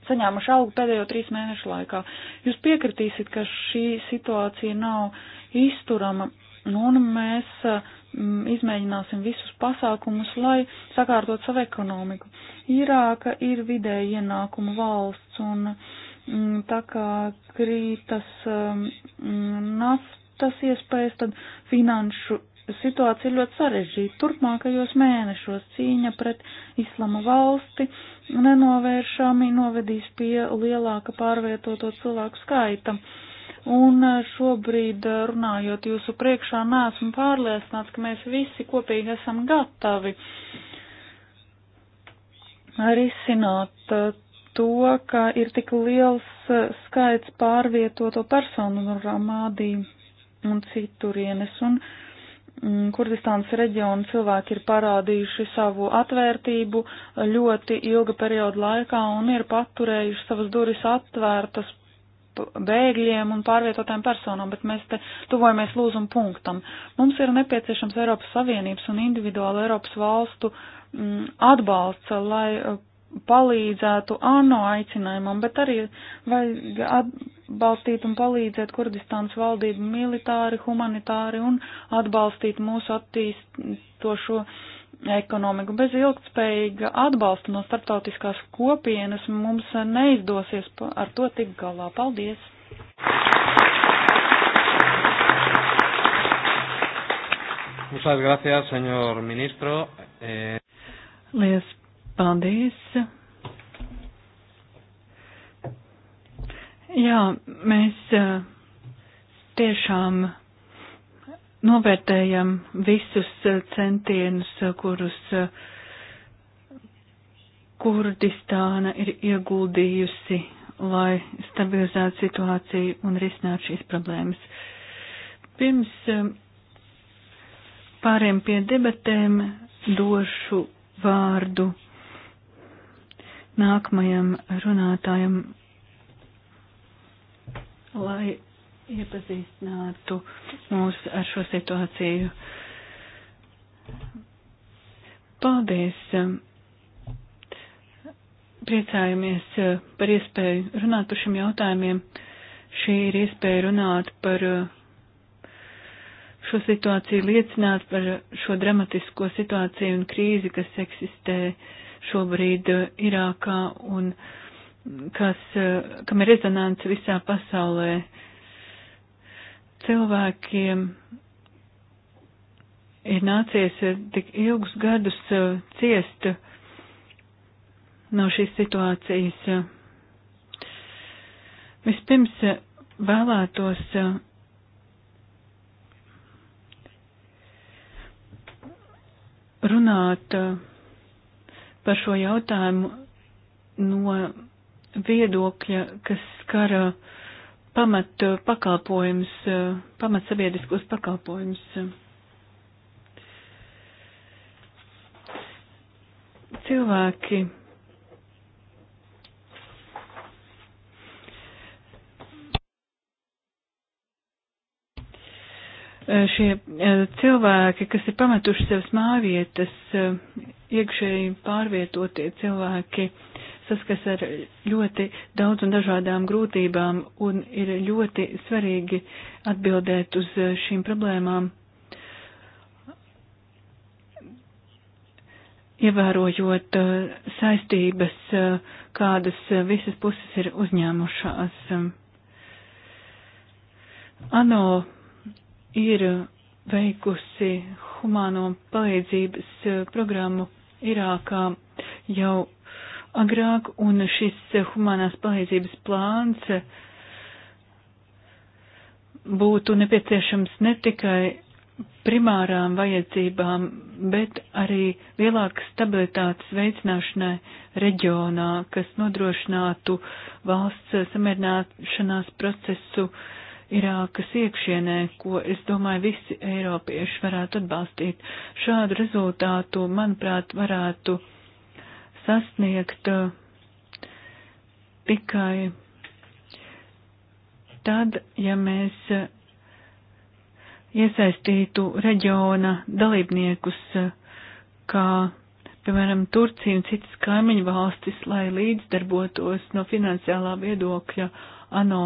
saņēmuši algu pēdējo trīs mēnešu laikā. Jūs piekritīsiet, ka šī situācija nav izturama. Un mēs mm, izmēģināsim visus pasākumus, lai sakārtot savu ekonomiku. Irāka ir vidēji ienākumu valsts, un mm, tā kā krītas mm, naftas iespējas, tad finanšu situācija ir ļoti sarežģīta. Turpmākajos mēnešos cīņa pret islama valsti nenovēršami novedīs pie lielāka pārvietoto cilvēku skaita. Un eh, šobrīd, eh, runājot jūsu priekšā, nesmu pārliecināts, ka mēs visi kopīgi esam gatavi risināt eh, to, ka ir tik liels skaits pārvietoto personu no Ramādī un citurienes. Un mm, Kurdistānas reģiona cilvēki ir parādījuši savu atvērtību ļoti ilga perioda laikā un ir paturējuši savas durvis atvērtas bēgļiem un pārvietotām personām, bet mēs te tuvojamies lūzuma punktam. Mums ir nepieciešams Eiropas Savienības un individuāli Eiropas valstu mm, atbalsts, lai eh, palīdzētu ANO aicinājumam, bet arī vajag atbalstīt un palīdzēt Kurdistānas valdību militāri, humanitāri un atbalstīt mūsu attīstošo uh, ekonomiku. Bez ilgtspējīga atbalsta no starptautiskās kopienas mums neizdosies ar to tik galā. Paldies! Muchas gracias, señor ministro. Eh... Lielas paldies. Jā, mēs eh, tiešām novērtējam visus eh, centienus, eh, kurus eh, Kurdistāna ir ieguldījusi, lai stabilizētu situāciju un risinātu šīs problēmas. Pirms pāriem pie debatēm došu vārdu nākamajam runātājam, lai iepazīstinātu mūs ar šo situāciju. Paldies! Priecājamies eh, par iespēju runāt par šiem jautājumiem. Šī ir iespēja runāt par eh, šo situāciju, liecināt par šo dramatisko situāciju un krīzi, kas eksistē šobrīd eh, Irākā un kas, kam ir rezonance visā pasaulē. Uh, cilvēkiem ir nācies eh, tik ilgus gadus eh, ciest eh, no šīs situācijas. Vispirms vēlētos runāt par šo jautājumu no viedokļa, kas skara uh, pamat eh, pakalpojums, eh, pamat sabiedriskos pakalpojums. Cilvēki eh, šie cilvēki, kas ir pametuši savas mājvietas, iekšēji pārvietotie cilvēki, saskas ar ļoti daudz un dažādām grūtībām un ir ļoti svarīgi atbildēt uz šīm problēmām, ievērojot uh, saistības, uh, kādas uh, visas puses ir uzņēmušās. ANO ir veikusi humāno palīdzības programmu Irākā jau agrāk, un šis humanās palīdzības plāns būtu nepieciešams ne tikai primārām vajadzībām, bet arī lielākas stabilitātes veicināšanai reģionā, kas nodrošinātu valsts samierināšanās procesu Irākas iekšienē, ko, es domāju, visi eiropieši varētu atbalstīt. Šādu rezultātu, manuprāt, varētu sasniegt uh, tikai tad, ja mēs uh, iesaistītu reģiona dalībniekus, uh, kā, piemēram, Turcija un citas kaimiņu valstis, lai līdzdarbotos no finansiālā viedokļa ANO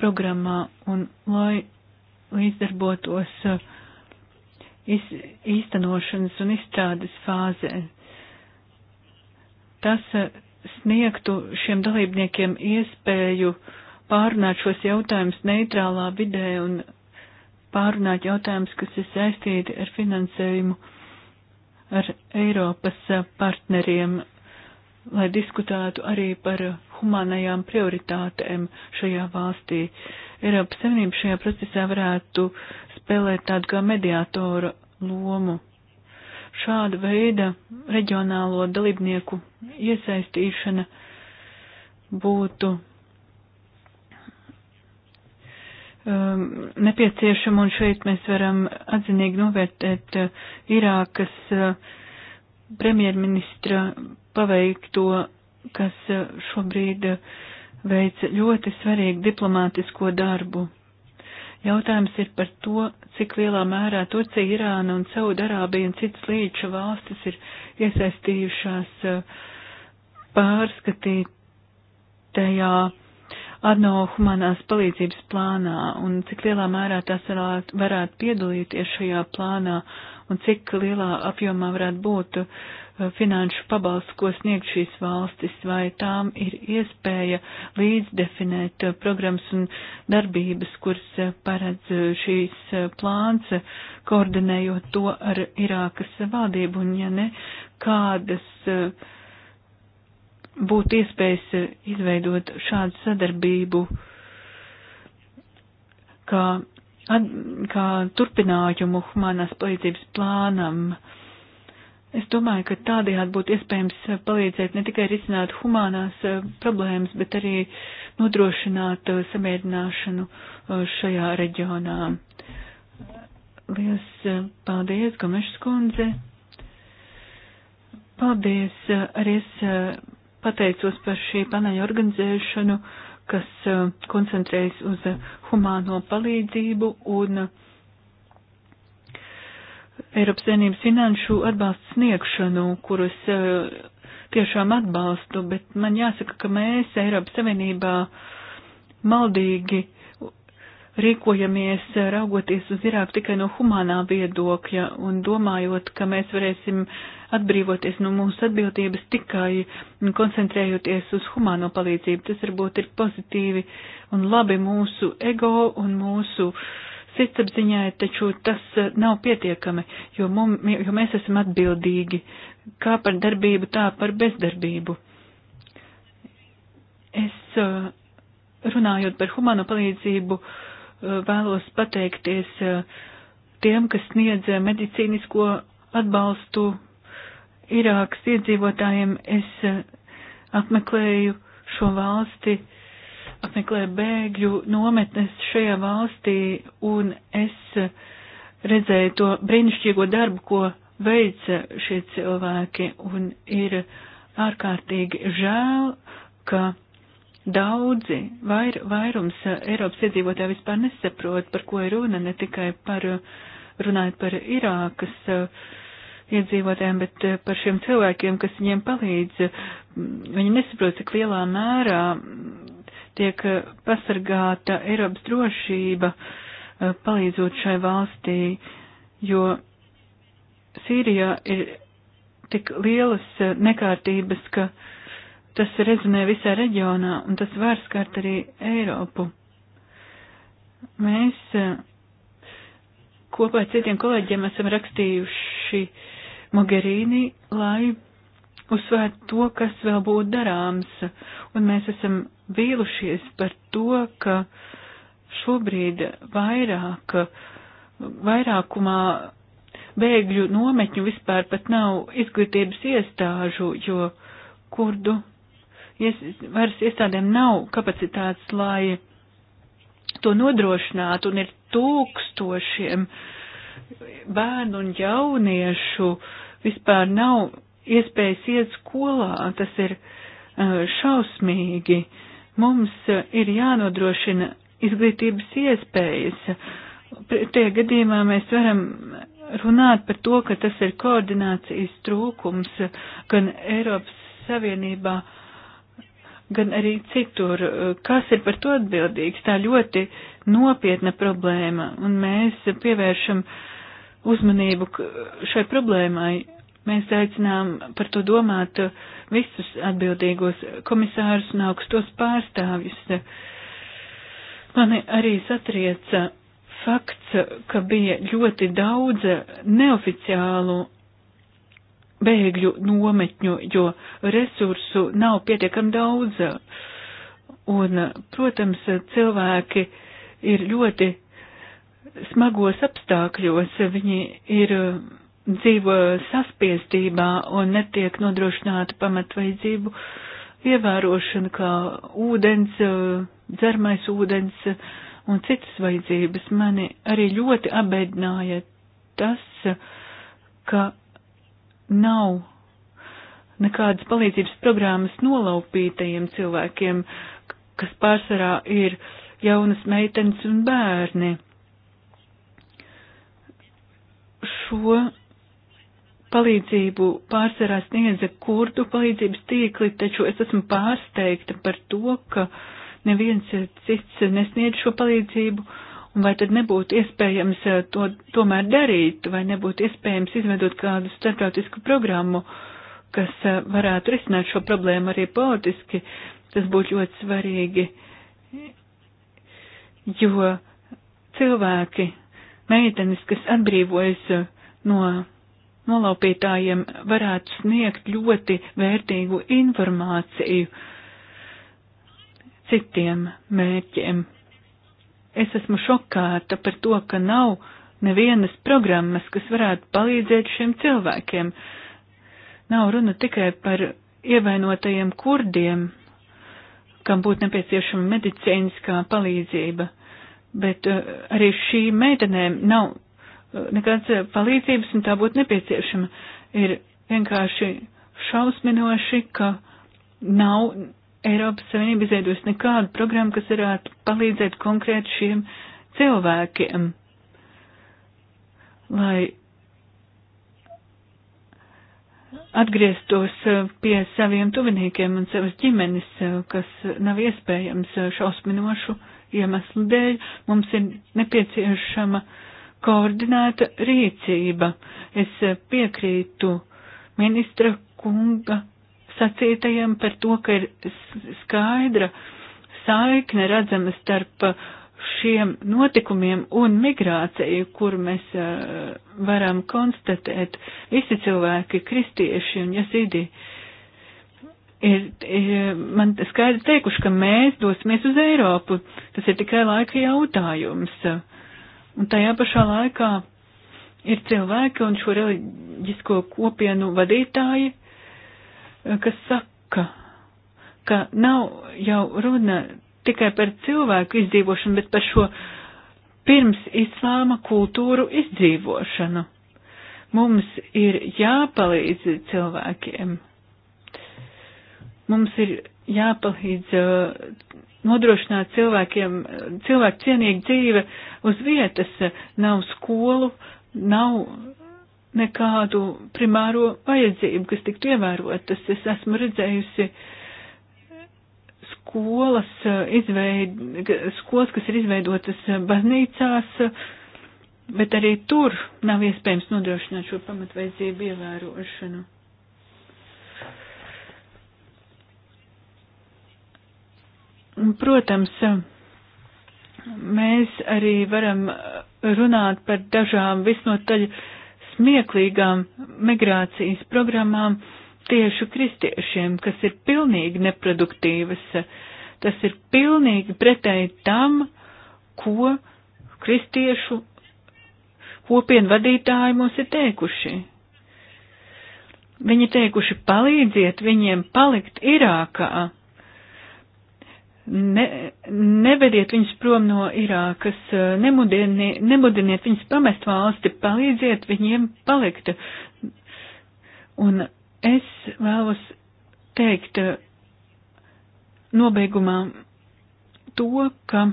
programmā un lai līdzdarbotos iz, īstenošanas un izstrādes fāzē. Tas eh, sniegtu šiem dalībniekiem iespēju pārunāt šos jautājumus neitrālā vidē un pārunāt jautājumus, kas ir saistīti ar finansējumu ar Eiropas eh, partneriem, lai diskutētu arī par humanajām prioritātēm šajā valstī. Eiropas Savienība šajā procesā varētu spēlēt tādu kā mediātora lomu šāda veida reģionālo dalībnieku iesaistīšana būtu um, nepieciešama, un šeit mēs varam atzinīgi novērtēt uh, Irākas uh, premjerministra paveikto, kas uh, šobrīd uh, veica ļoti svarīgu diplomātisko darbu. Jautājums ir par to, cik lielā mērā Turcija, Irāna un Saudarābija un citas līdšu valstis ir iesaistījušās eh, pārskatītajā ANO humanās palīdzības plānā un cik lielā mērā tas varētu, varētu piedalīties šajā plānā un cik lielā apjomā varētu būt uh, finanšu pabalstu, ko sniegt šīs valstis, vai tām ir iespēja līdzdefinēt uh, programmas un darbības, kuras uh, paredz šīs plāns, koordinējot to ar Irākas valdību, un ja ne, kādas uh, būtu iespējas eh, izveidot šādu sadarbību kā, ad, kā turpinājumu humanās palīdzības plānam. Es domāju, ka tādējādi būtu iespējams eh, palīdzēt ne tikai risināt humanās eh, problēmas, bet arī nodrošināt samierināšanu šajā reģionā. Lielas paldies, Gomešs kundze! Paldies! Arī es pateicos par šī paneļa organizēšanu, kas uh, koncentrējas uz uh, humāno palīdzību un uh, Eiropas Savienības finanšu atbalstu sniegšanu, kurus tiešām atbalstu, bet man jāsaka, ka mēs Eiropas Savienībā maldīgi rīkojamies raugoties uz Irāku tikai no humanā viedokļa un domājot, ka mēs varēsim atbrīvoties no mūsu atbildības tikai koncentrējoties uz humāno palīdzību. Tas varbūt ir pozitīvi un labi mūsu ego un mūsu sirdsapziņai, taču tas eh, nav pietiekami, jo, mum, jo mēs esam atbildīgi kā par darbību, tā par bezdarbību. Es eh, runājot par humāno palīdzību, uh, vēlos pateikties e, tiem, kas sniedz e, medicīnisko atbalstu Irākas iedzīvotājiem. Es e, apmeklēju šo valsti, apmeklēju bēgļu nometnes šajā valstī un es redzēju to brīnišķīgo darbu, ko veica šie cilvēki un ir ārkārtīgi žēl, ka Daudzi, vair, vairums eh, Eiropas iedzīvotāji vispār nesaprot, par ko ir runa, ne tikai par eh, runājot par Irākas eh, iedzīvotājiem, bet par šiem cilvēkiem, kas viņiem palīdz. Mm, viņi nesaprot, cik lielā mērā mm, tiek pasargāta Eiropas drošība, palīdzot šai valstī, jo Sīrijā ir tik lielas nekārtības, ka Tas rezonē visā reģionā, un tas var skart arī Eiropu. Mēs eh, kopā ar citiem kolēģiem esam rakstījuši Mogherini, lai uzsvērtu to, kas vēl būtu darāms, un mēs esam vīlušies par to, ka šobrīd vairāk, vairākumā bēgļu nometņu vispār pat nav izglītības iestāžu, jo kurdu ies, varas iestādēm nav kapacitātes, lai to nodrošinātu, un ir tūkstošiem bērnu un jauniešu vispār nav iespējas iet skolā. Tas ir šausmīgi. Mums ir jānodrošina izglītības iespējas. Tie gadījumā mēs varam runāt par to, ka tas ir koordinācijas trūkums gan Eiropas Savienībā, uh, gan arī citur. Kas ir par to atbildīgs? Tā ļoti nopietna problēma, un mēs pievēršam uzmanību šai problēmai. Mēs aicinām par to domāt visus atbildīgos komisārus un augstos pārstāvjus. Mani arī satrieca fakts, ka bija ļoti daudz neoficiālu bēgļu nometņu, jo resursu nav pietiekam daudz. Un, protams, cilvēki ir ļoti smagos apstākļos, viņi ir dzīvo saspiestībā un netiek nodrošināta pamatvajadzību ievērošana, kā ūdens, dzermais ūdens un citas vajadzības. Mani arī ļoti abēdināja tas, ka nav nekādas palīdzības programmas nolaupītajiem cilvēkiem, kas pārsvarā ir jaunas meitenes un bērni. Šo palīdzību pārsvarā sniedza kurdu palīdzības tīkli, taču es esmu pārsteigta par to, ka neviens cits nesniedz šo palīdzību. Uh, Vai tad nebūtu iespējams eh, to tomēr darīt, vai nebūtu iespējams izveidot kādu starptautisku programmu, kas eh, varētu risināt šo problēmu arī politiski? Tas būtu ļoti svarīgi, jo cilvēki, meitenes, kas atbrīvojas eh, no nolaupītājiem, varētu sniegt ļoti vērtīgu informāciju citiem mērķiem. Es esmu šokāta par to, ka nav nevienas programmas, kas varētu palīdzēt šiem cilvēkiem. Nav runa tikai par ievainotajiem kurdiem, kam būtu nepieciešama medicīniskā palīdzība, bet eh, arī šī meitenēm nav eh, nekādas eh, palīdzības un tā būtu nepieciešama. Ir vienkārši šausminoši, ka nav Eiropas Savienība izveidos nekādu programmu, kas varētu palīdzēt konkrēti šiem cilvēkiem, lai atgrieztos eh, pie saviem tuviniekiem un savas ģimenes, eh, kas nav iespējams eh, šausminošu iemeslu dēļ. Mums ir nepieciešama koordinēta rīcība. Es piekrītu ministra kunga sacītajam par to, ka ir skaidra saikne redzama starp šiem notikumiem un migrāciju, kur mēs uh, varam konstatēt visi cilvēki, kristieši un jasīdī. Ir, ir, man skaidri teikuši, ka mēs dosimies uz Eiropu. Tas ir tikai laika jautājums. Un tajā pašā laikā ir cilvēki un šo reliģisko kopienu vadītāji, kas saka, ka nav jau runa tikai par cilvēku izdzīvošanu, bet par šo pirms islāma kultūru izdzīvošanu. Mums ir jāpalīdz cilvēkiem. Mums ir jāpalīdz uh, nodrošināt cilvēkiem cilvēku cienīgu dzīve uz vietas. Nav skolu, nav nekādu primāro vajadzību, kas tiktu ievērotas. Es esmu redzējusi skolas, eh, izveid, skolas, kas ir izveidotas eh, baznīcās, bet arī tur nav iespējams nodrošināt šo pamatvajadzību ievērošanu. Protams, mēs arī varam eh, runāt par dažām visnotaļ uh, smieklīgām migrācijas programmām tieši kristiešiem, kas ir pilnīgi neproduktīvas. Tas ir pilnīgi pretēji tam, ko kristiešu kopienu vadītāji mums ir teikuši. Viņi teikuši palīdziet viņiem palikt Irākā, Ne, nevediet viņus prom no Irākas, nemudini, nemudiniet viņus pamest valsti, palīdziet viņiem palikt. Un es vēlos teikt nobeigumā to, ka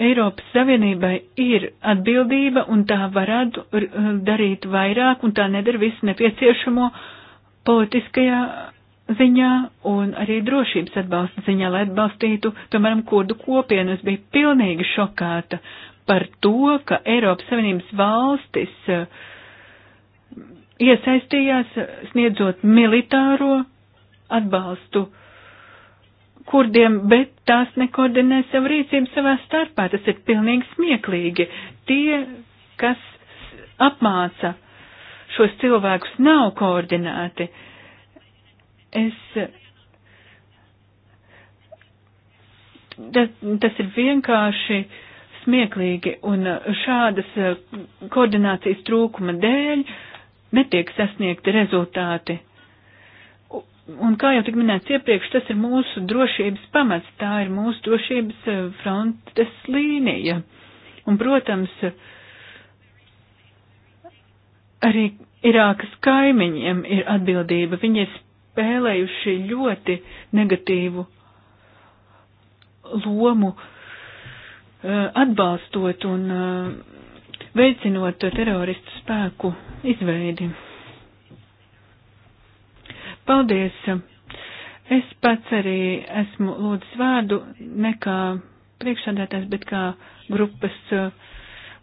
Eiropas Savienībai ir atbildība un tā varētu darīt vairāk un tā nedara visu nepieciešamo politiskajā ziņā un arī drošības atbalsta ziņā, lai atbalstītu, tomēr, kurdu kopienu. Es biju pilnīgi šokāta par to, ka Eiropas Savienības valstis eh, iesaistījās sniedzot militāro atbalstu kurdiem, bet tās nekoordinē savu rīcību savā starpā. Tas ir pilnīgi smieklīgi. Tie, kas apmāca šos cilvēkus, nav koordinēti. Uh, Es, tas, tas ir vienkārši smieklīgi, un šādas eh, koordinācijas trūkuma dēļ netiek sasniegti rezultāti. Un kā jau tik minēts iepriekš, tas ir mūsu drošības pamats, tā ir mūsu drošības eh, frontes līnija. Un, protams, arī Irākas kaimiņiem ir atbildība. Viņi ir spēlējuši ļoti negatīvu lomu eh, atbalstot un eh, veicinot teroristu spēku izveidi. Paldies! Es pats arī esmu lūdzis vārdu ne kā priekšsādātājs, bet kā grupas uh,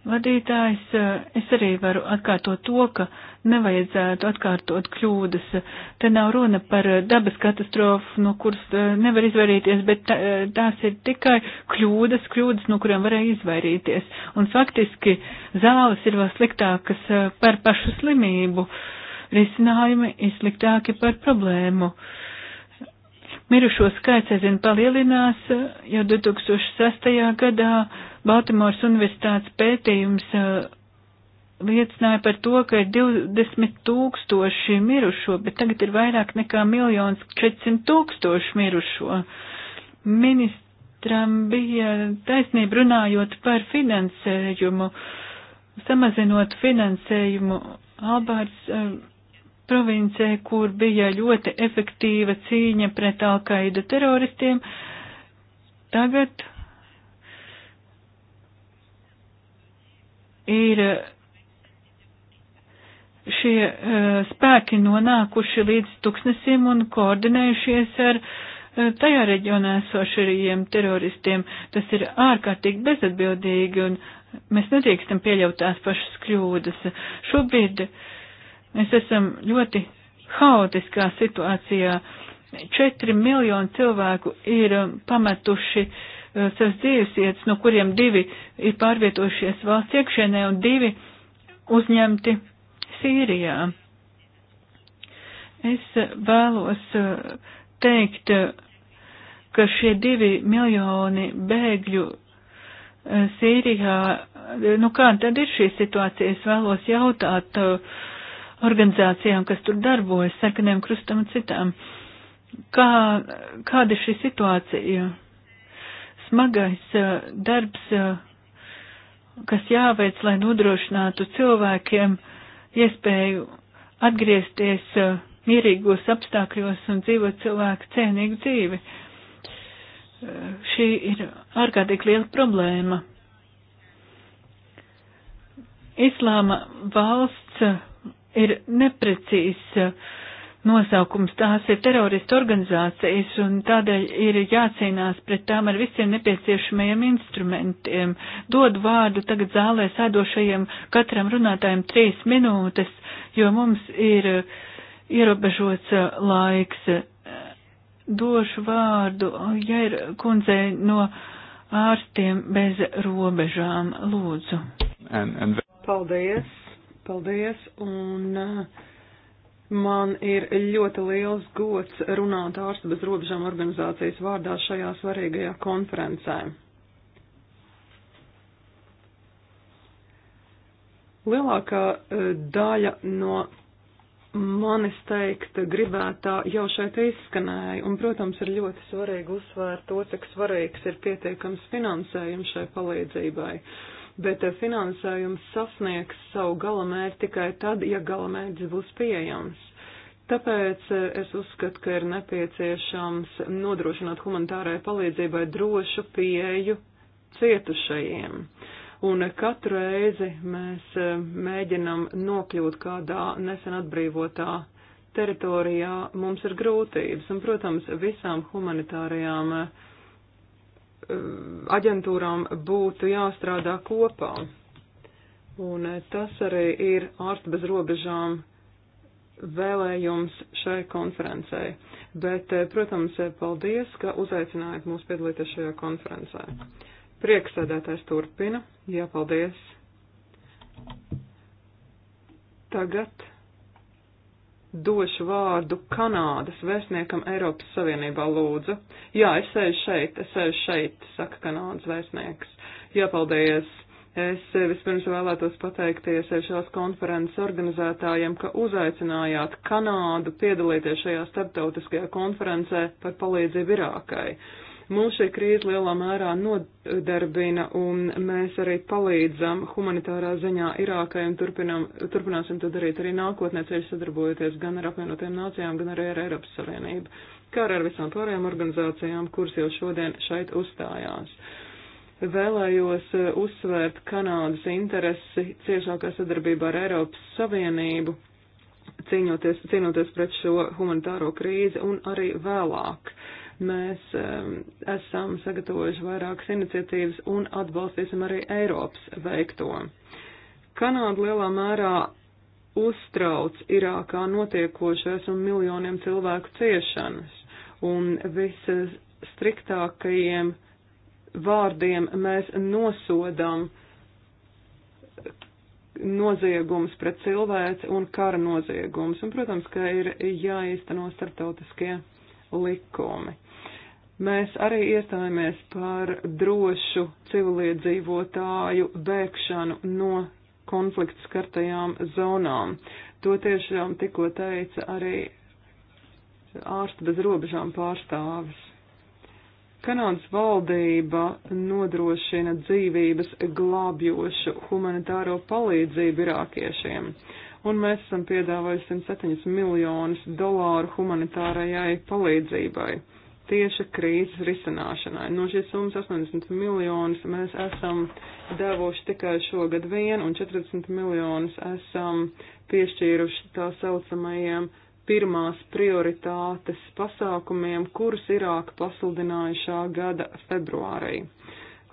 vadītājs, eh, es arī varu atkārtot to, ka nevajadzētu atkārtot kļūdas. Te nav runa par eh, dabas katastrofu, no kuras eh, nevar izvairīties, bet tās ir tikai kļūdas, kļūdas, no kurām varēja izvairīties. Un faktiski zāles ir vēl sliktākas par pašu slimību, risinājumi ir sliktāki par problēmu. Mirušo skaits, es zinu, palielinās jau 2006. gadā Baltimors Universitātes pētījums uh, liecināja par to, ka ir 20 tūkstoši mirušo, bet tagad ir vairāk nekā miljons 400 tūkstoši mirušo. Ministram bija taisnība runājot par finansējumu, samazinot finansējumu Albārs uh, provincē, kur bija ļoti efektīva cīņa pret Alkaida teroristiem. Tagad ir šie uh, spēki nonākuši līdz tuksnesim un koordinējušies ar uh, tajā reģionā esošajiem teroristiem. Tas ir ārkārtīgi bezatbildīgi un mēs nedrīkstam pieļaut tās pašas kļūdas. Šobrīd mēs esam ļoti haotiskā situācijā. Četri miljoni cilvēku ir pametuši uh, Eh, savas dzīvesvietas, no kuriem divi ir pārvietojušies valsts iekšienē un divi uzņemti Sīrijā. Es eh, vēlos eh, teikt, ka šie divi miljoni bēgļu Sīrijā, nu kā tad ir šī situācija? Es vēlos jautāt organizācijām, kas tur darbojas, sarkaniem krustam un citām. Kā, kāda ir šī situācija? smagais darbs, kas jāveic, lai nodrošinātu cilvēkiem iespēju atgriezties mierīgos apstākļos un dzīvot cilvēku cienīgu dzīvi. Šī ir ārkārtīgi liela problēma. Islāma valsts ir neprecīzs nosaukums. Tās ir teroristu organizācijas un tādēļ ir jācīnās pret tām ar visiem nepieciešamajiem instrumentiem. Dod vārdu tagad zālē sēdošajiem katram runātājiem trīs minūtes, jo mums ir uh, ierobežots uh, laiks. Došu vārdu, ja ir kundzei no ārstiem bez robežām, lūdzu. And, and... Paldies, paldies, un uh, Man ir ļoti liels gods runāt ārstu bez robežām organizācijas vārdā šajā svarīgajā konferencē. Lielākā eh, daļa no manis teikt gribētā jau šeit izskanēja, un, protams, ir ļoti svarīgi uzsvērt to, cik svarīgs ir pietiekams finansējums šai palīdzībai. Uh, bet eh, finansējums sasniegs savu galamērķi tikai tad, ja galamērķis būs pieejams. Tāpēc eh, es uzskatu, ka ir nepieciešams nodrošināt humanitārai palīdzībai drošu pieeju cietušajiem. Un eh, katru reizi mēs mēģinam nokļūt kādā nesen atbrīvotā teritorijā, mums ir grūtības. Un, protams, visām humanitārajām uh, aģentūrām būtu jāstrādā kopā. Un eh, tas arī ir ārsta bez robežām vēlējums šai konferencē. Bet, eh, protams, eh, paldies, ka uzaicinājāt mūs piedalīties šajā konferencē. Prieksēdētājs turpina. Jā, paldies. Tagad došu vārdu Kanādas vēstniekam Eiropas Savienībā lūdzu. Jā, es sēžu šeit, es sēžu šeit, saka Kanādas vēstnieks. Jā, paldies. Es vispirms vēlētos pateikties šās konferences organizētājiem, ka uzaicinājāt Kanādu piedalīties šajā starptautiskajā konferencē par palīdzību Irākai. Mūs šī krīze lielā mērā nodarbina, un mēs arī palīdzam humanitārā ziņā Irākai un turpinam, turpināsim to darīt arī nākotnē, ceļu sadarbojoties gan ar apvienotiem nācijām, gan arī ar Eiropas Savienību, kā ar visām pārējām organizācijām, kuras jau šodien šeit uzstājās vēlējos eh, uzsvērt Kanādas interesi ciešākā sadarbībā ar Eiropas Savienību, cīnoties, cīnoties pret šo humanitāro krīzi un arī vēlāk. Mēs um, esam sagatavojuši vairākas iniciatīvas un atbalstīsim arī Eiropas veikto. Kanāda lielā mērā uztrauc Irākā notiekošais un miljoniem cilvēku ciešanas, un visas striktākajiem vārdiem mēs nosodam noziegums pret cilvēci un kara noziegums. Un, protams, ka ir jāīsteno starptautiskie likumi. Mēs arī iestājāmies par drošu civiliedzīvotāju bēgšanu no konflikts skartajām zonām. To tiešām tikko teica arī ārsta bez robežām pārstāvis. Kanādas valdība nodrošina dzīvības glābjošu humanitāro palīdzību irākiešiem, un mēs esam piedāvājuši 107 miljonus dolāru humanitārajai palīdzībai tieši krīzes risināšanai. No šīs summas 80 miljonus mēs esam devuši tikai šogad vien, un 40 miljonus esam piešķīruši tā saucamajiem pirmās prioritātes pasākumiem, kurus Irāka pasludināja šā gada februārī.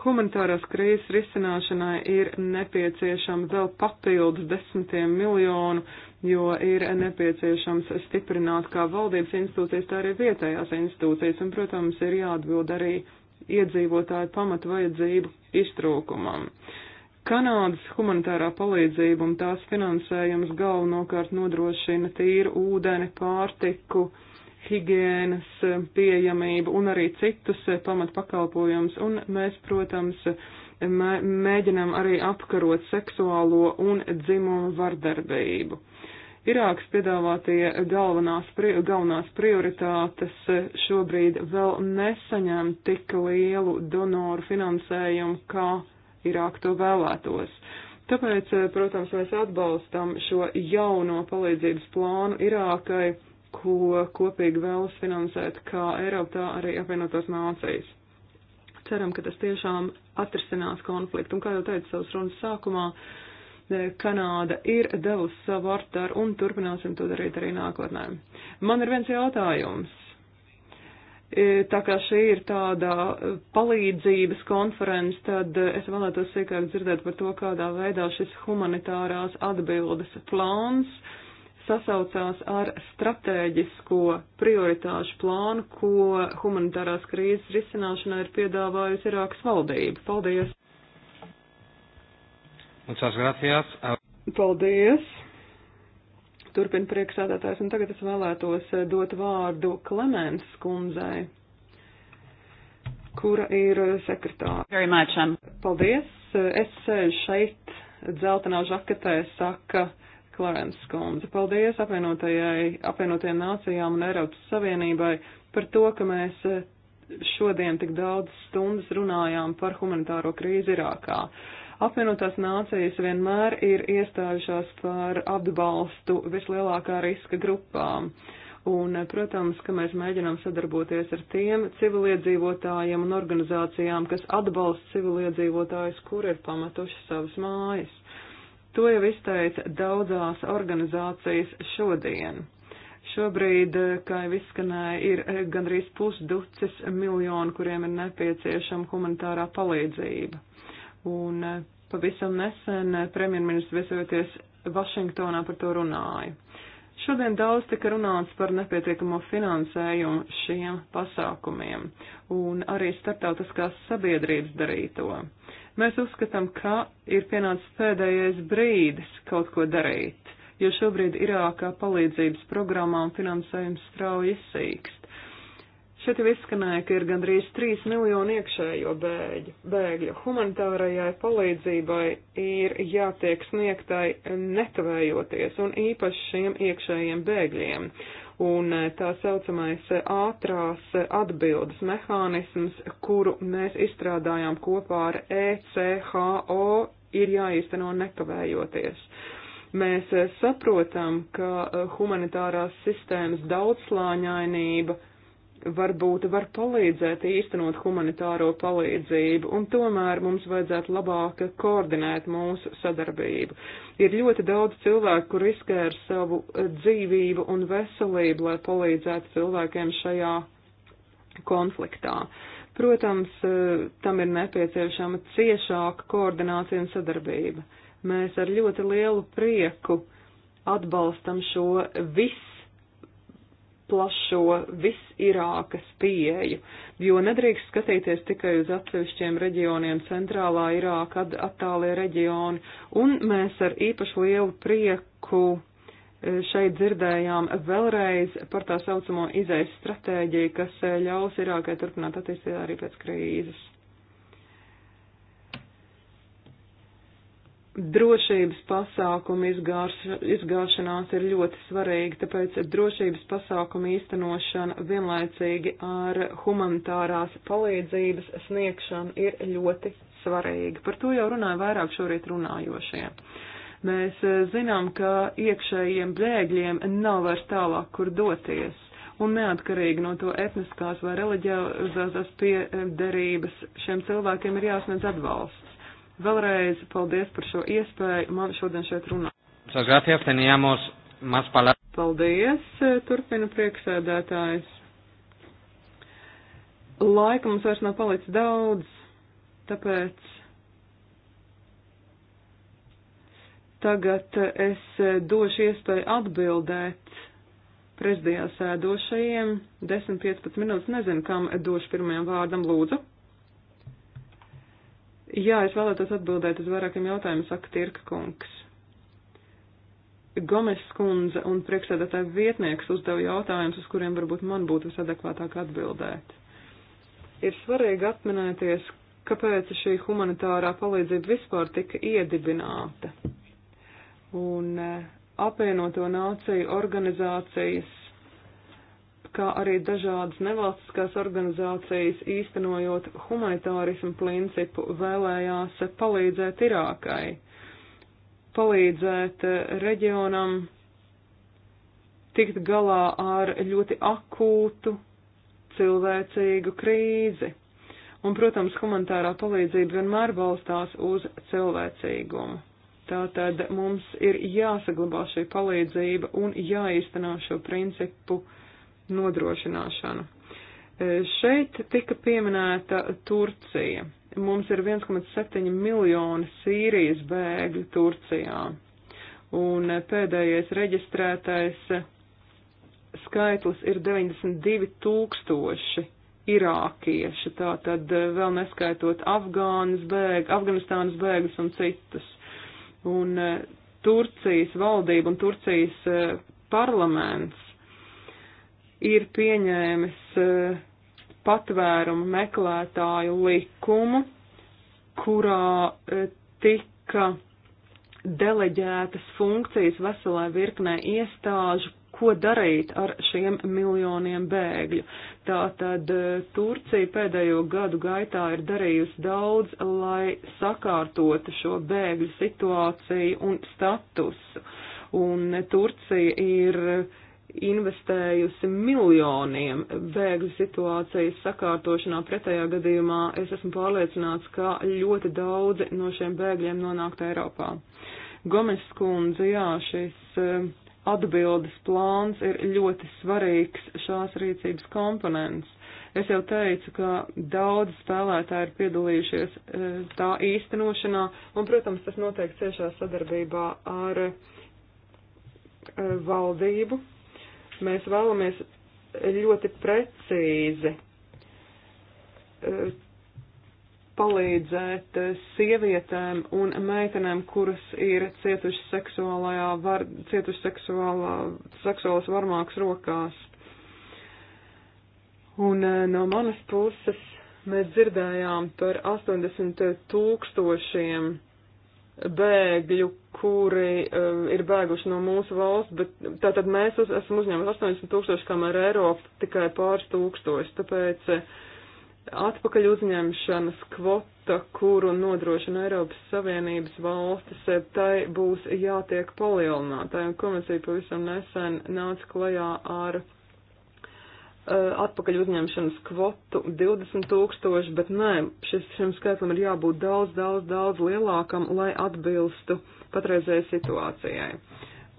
Humanitārās krīzes risināšanai ir nepieciešama vēl papildus desmitiem miljonu, jo ir nepieciešams stiprināt kā valdības institūcijas, tā arī vietējās institūcijas, un, protams, ir jāatbild arī iedzīvotāju pamatu vajadzību iztrūkumam. Kanādas humanitārā palīdzība un tās finansējums galvenokārt nodrošina tīru ūdeni, pārtiku, higienas pieejamību un arī citus eh, pamatpakalpojumus, un mēs, protams, mēģinam arī apkarot seksuālo un dzimumu vardarbību. Irākas piedāvātie galvenās, galvenās prioritātes eh, šobrīd vēl nesaņem tik lielu donoru finansējumu, kā Irāka to vēlētos. Tāpēc, eh, protams, mēs atbalstam šo jauno palīdzības plānu Irākai, ko kopīgi vēlas finansēt kā Eiropa, tā arī apvienotās nācijas. Ceram, ka tas tiešām atrisinās konfliktu. Un, kā jau teicu savas runas sākumā, uh, Kanāda ir devusi savu artaru un turpināsim to darīt arī nākotnē. Man ir viens jautājums. E, tā kā šī ir tāda e, palīdzības konference, tad es vēlētos sīkāk dzirdēt par to, kādā veidā šis humanitārās atbildes plāns sasaucās ar strateģisko prioritāšu plānu, ko humanitārās krīzes risināšanai ir piedāvājusi Irākas valdība. Paldies! Muchas gracias. Paldies. Turpin priekšsādātājs, un tagad es vēlētos eh, dot vārdu Klemens kundzei, kura ir eh, sekretāra. Very much. Um. Paldies. Es sēžu šeit dzeltenā žaketē, saka Klemens kundze. Paldies apvienotajām nācijām un Eiropas Savienībai par to, ka mēs eh, šodien tik daudz stundas runājām par humanitāro krīzi Irākā. Uh, Apvienotās nācijas vienmēr ir iestājušās par atbalstu vislielākā riska grupām. Un, protams, ka mēs mēģinām sadarboties ar tiem civiliedzīvotājiem un organizācijām, kas atbalsta civiliedzīvotājus, kur ir pametuši savas mājas. To jau izteica daudzās organizācijas šodien. Šobrīd, kā jau izskanēja, ir gandrīz pusducis miljonu, kuriem ir nepieciešama humanitārā palīdzība. Un eh, pavisam nesen eh, premjerministrs viesojoties Vašingtonā par to runāja. Šodien daudz tika runāts par nepietiekamo finansējumu šiem pasākumiem un arī starptautiskās sabiedrības darīto. Mēs uzskatām, ka ir pienācis pēdējais brīdis kaut ko darīt, jo šobrīd Irākā palīdzības programmām finansējums strauji izsīkst. Šeit jau izskanēja, ka ir gandrīz 3 miljoni iekšējo bēģu, bēgļu. Humanitārajai palīdzībai ir jātiek sniegtai netavējoties un īpaši šiem iekšējiem bēgļiem. Un eh, tā saucamais eh, ātrās eh, atbildes mehānisms, kuru mēs izstrādājām kopā ar ECHO, ir jāīsteno nekavējoties. Mēs saprotam, ka humanitārās sistēmas daudzslāņainība varbūt var palīdzēt īstenot humanitāro palīdzību, un tomēr mums vajadzētu labāk koordinēt mūsu sadarbību. Ir ļoti daudz cilvēku, kur riskē ar savu eh, dzīvību un veselību, lai palīdzētu cilvēkiem šajā konfliktā. Protams, eh, tam ir nepieciešama ciešāka koordinācija un sadarbība. Mēs ar ļoti lielu prieku atbalstam šo visu plašo visirākas pieeju, jo nedrīkst skatīties tikai uz atsevišķiem reģioniem, centrālā Irāka, attālie reģioni, un mēs ar īpaši lielu prieku e, šeit dzirdējām vēlreiz par tā saucamo izaisa stratēģiju, kas e, ļaus Irākai turpināt attīstību arī pēc krīzes. drošības pasākumu izgārš, izgāšanās ir ļoti svarīga, tāpēc drošības pasākumu īstenošana vienlaicīgi ar humanitārās palīdzības sniegšanu ir ļoti svarīga. Par to jau runāja vairāk šorīt runājošie. Mēs eh, zinām, ka iekšējiem bēgļiem nav vairs tālāk, kur doties, un neatkarīgi no to etniskās vai reliģiozās piederības šiem cilvēkiem ir jāsniedz atbalsts Vēlreiz paldies par šo iespēju man šodien šeit runāt. Paldies, turpina prieksēdētājs. Laika mums vairs nav palicis daudz, tāpēc tagad es došu iespēju atbildēt prezidijā sēdošajiem 10-15 minūtes. Nezinu, kam došu pirmajam vārdam lūdzu. Jā, es vēlētos atbildēt uz vairākiem jautājumiem, saka Tirka kungs. Gomes skundze un priekšsēdētāja vietnieks uzdeva jautājumus, uz kuriem varbūt man būtu visadekvātāk atbildēt. Ir svarīgi atminēties, kāpēc šī humanitārā palīdzība vispār tika iedibināta. Un eh, apvienoto nāciju organizācijas kā arī dažādas nevalstiskās organizācijas īstenojot humanitārismu principu vēlējās palīdzēt Irākai, palīdzēt reģionam tikt galā ar ļoti akūtu cilvēcīgu krīzi. Un, protams, humanitārā palīdzība vienmēr balstās uz cilvēcīgumu. Tātad mums ir jāsaglabā šī palīdzība un jāīstenā šo principu uh, nodrošināšanu. E, šeit tika pieminēta Turcija. Mums ir 1,7 miljoni Sīrijas bēgļu Turcijā. Un e, pēdējais reģistrētais skaitlis ir 92 tūkstoši irākieši, tātad e, vēl neskaitot Afgānas bēg, Afganistānas bēgļus un citus. Un Turcijas valdība un Turcijas parlaments ir pieņēmis eh, patvērumu meklētāju likumu, kurā eh, tika deleģētas funkcijas veselē virknē iestāžu, ko darīt ar šiem miljoniem bēgļu. Tātad eh, Turcija pēdējo gadu gaitā ir darījusi daudz, lai sakārtotu šo bēgļu situāciju un statusu. Un Turcija ir uh, investējusi miljoniem bēgļu situācijas sakārtošanā. Pretējā gadījumā es esmu pārliecināts, ka ļoti daudzi no šiem bēgļiem nonākt Eiropā. Gomes skundze, jā, šis eh, atbildes plāns ir ļoti svarīgs šās rīcības komponents. Es jau teicu, ka daudz spēlētāji ir piedalījušies eh, tā īstenošanā, un, protams, tas notiek ciešā sadarbībā ar eh, valdību, Mēs vēlamies ļoti precīzi e, palīdzēt sievietēm un meitenēm, kuras ir cietušas seksuālajā, var, cietuši seksuālā, seksuālas varmākas rokās. Un e, no manas puses mēs dzirdējām par 80 tūkstošiem bēgļu, kuri uh, ir bēguši no mūsu valsts, bet tātad mēs uz, esam uzņēmuši 80 tūkstoši, kamēr Eiropa tikai pāris tūkstoši, tāpēc eh, atpakaļ uzņemšanas kvota, kuru nodrošina Eiropas Savienības valstis, eh, tai būs jātiek palielinātai, un komisija pavisam nesen nāca klajā ar Eh, atpakaļ uzņemšanas kvotu 20 tūkstoši, bet nē, šis, šim skaitlim ir jābūt daudz, daudz, daudz lielākam, lai atbilstu patreizējai situācijai.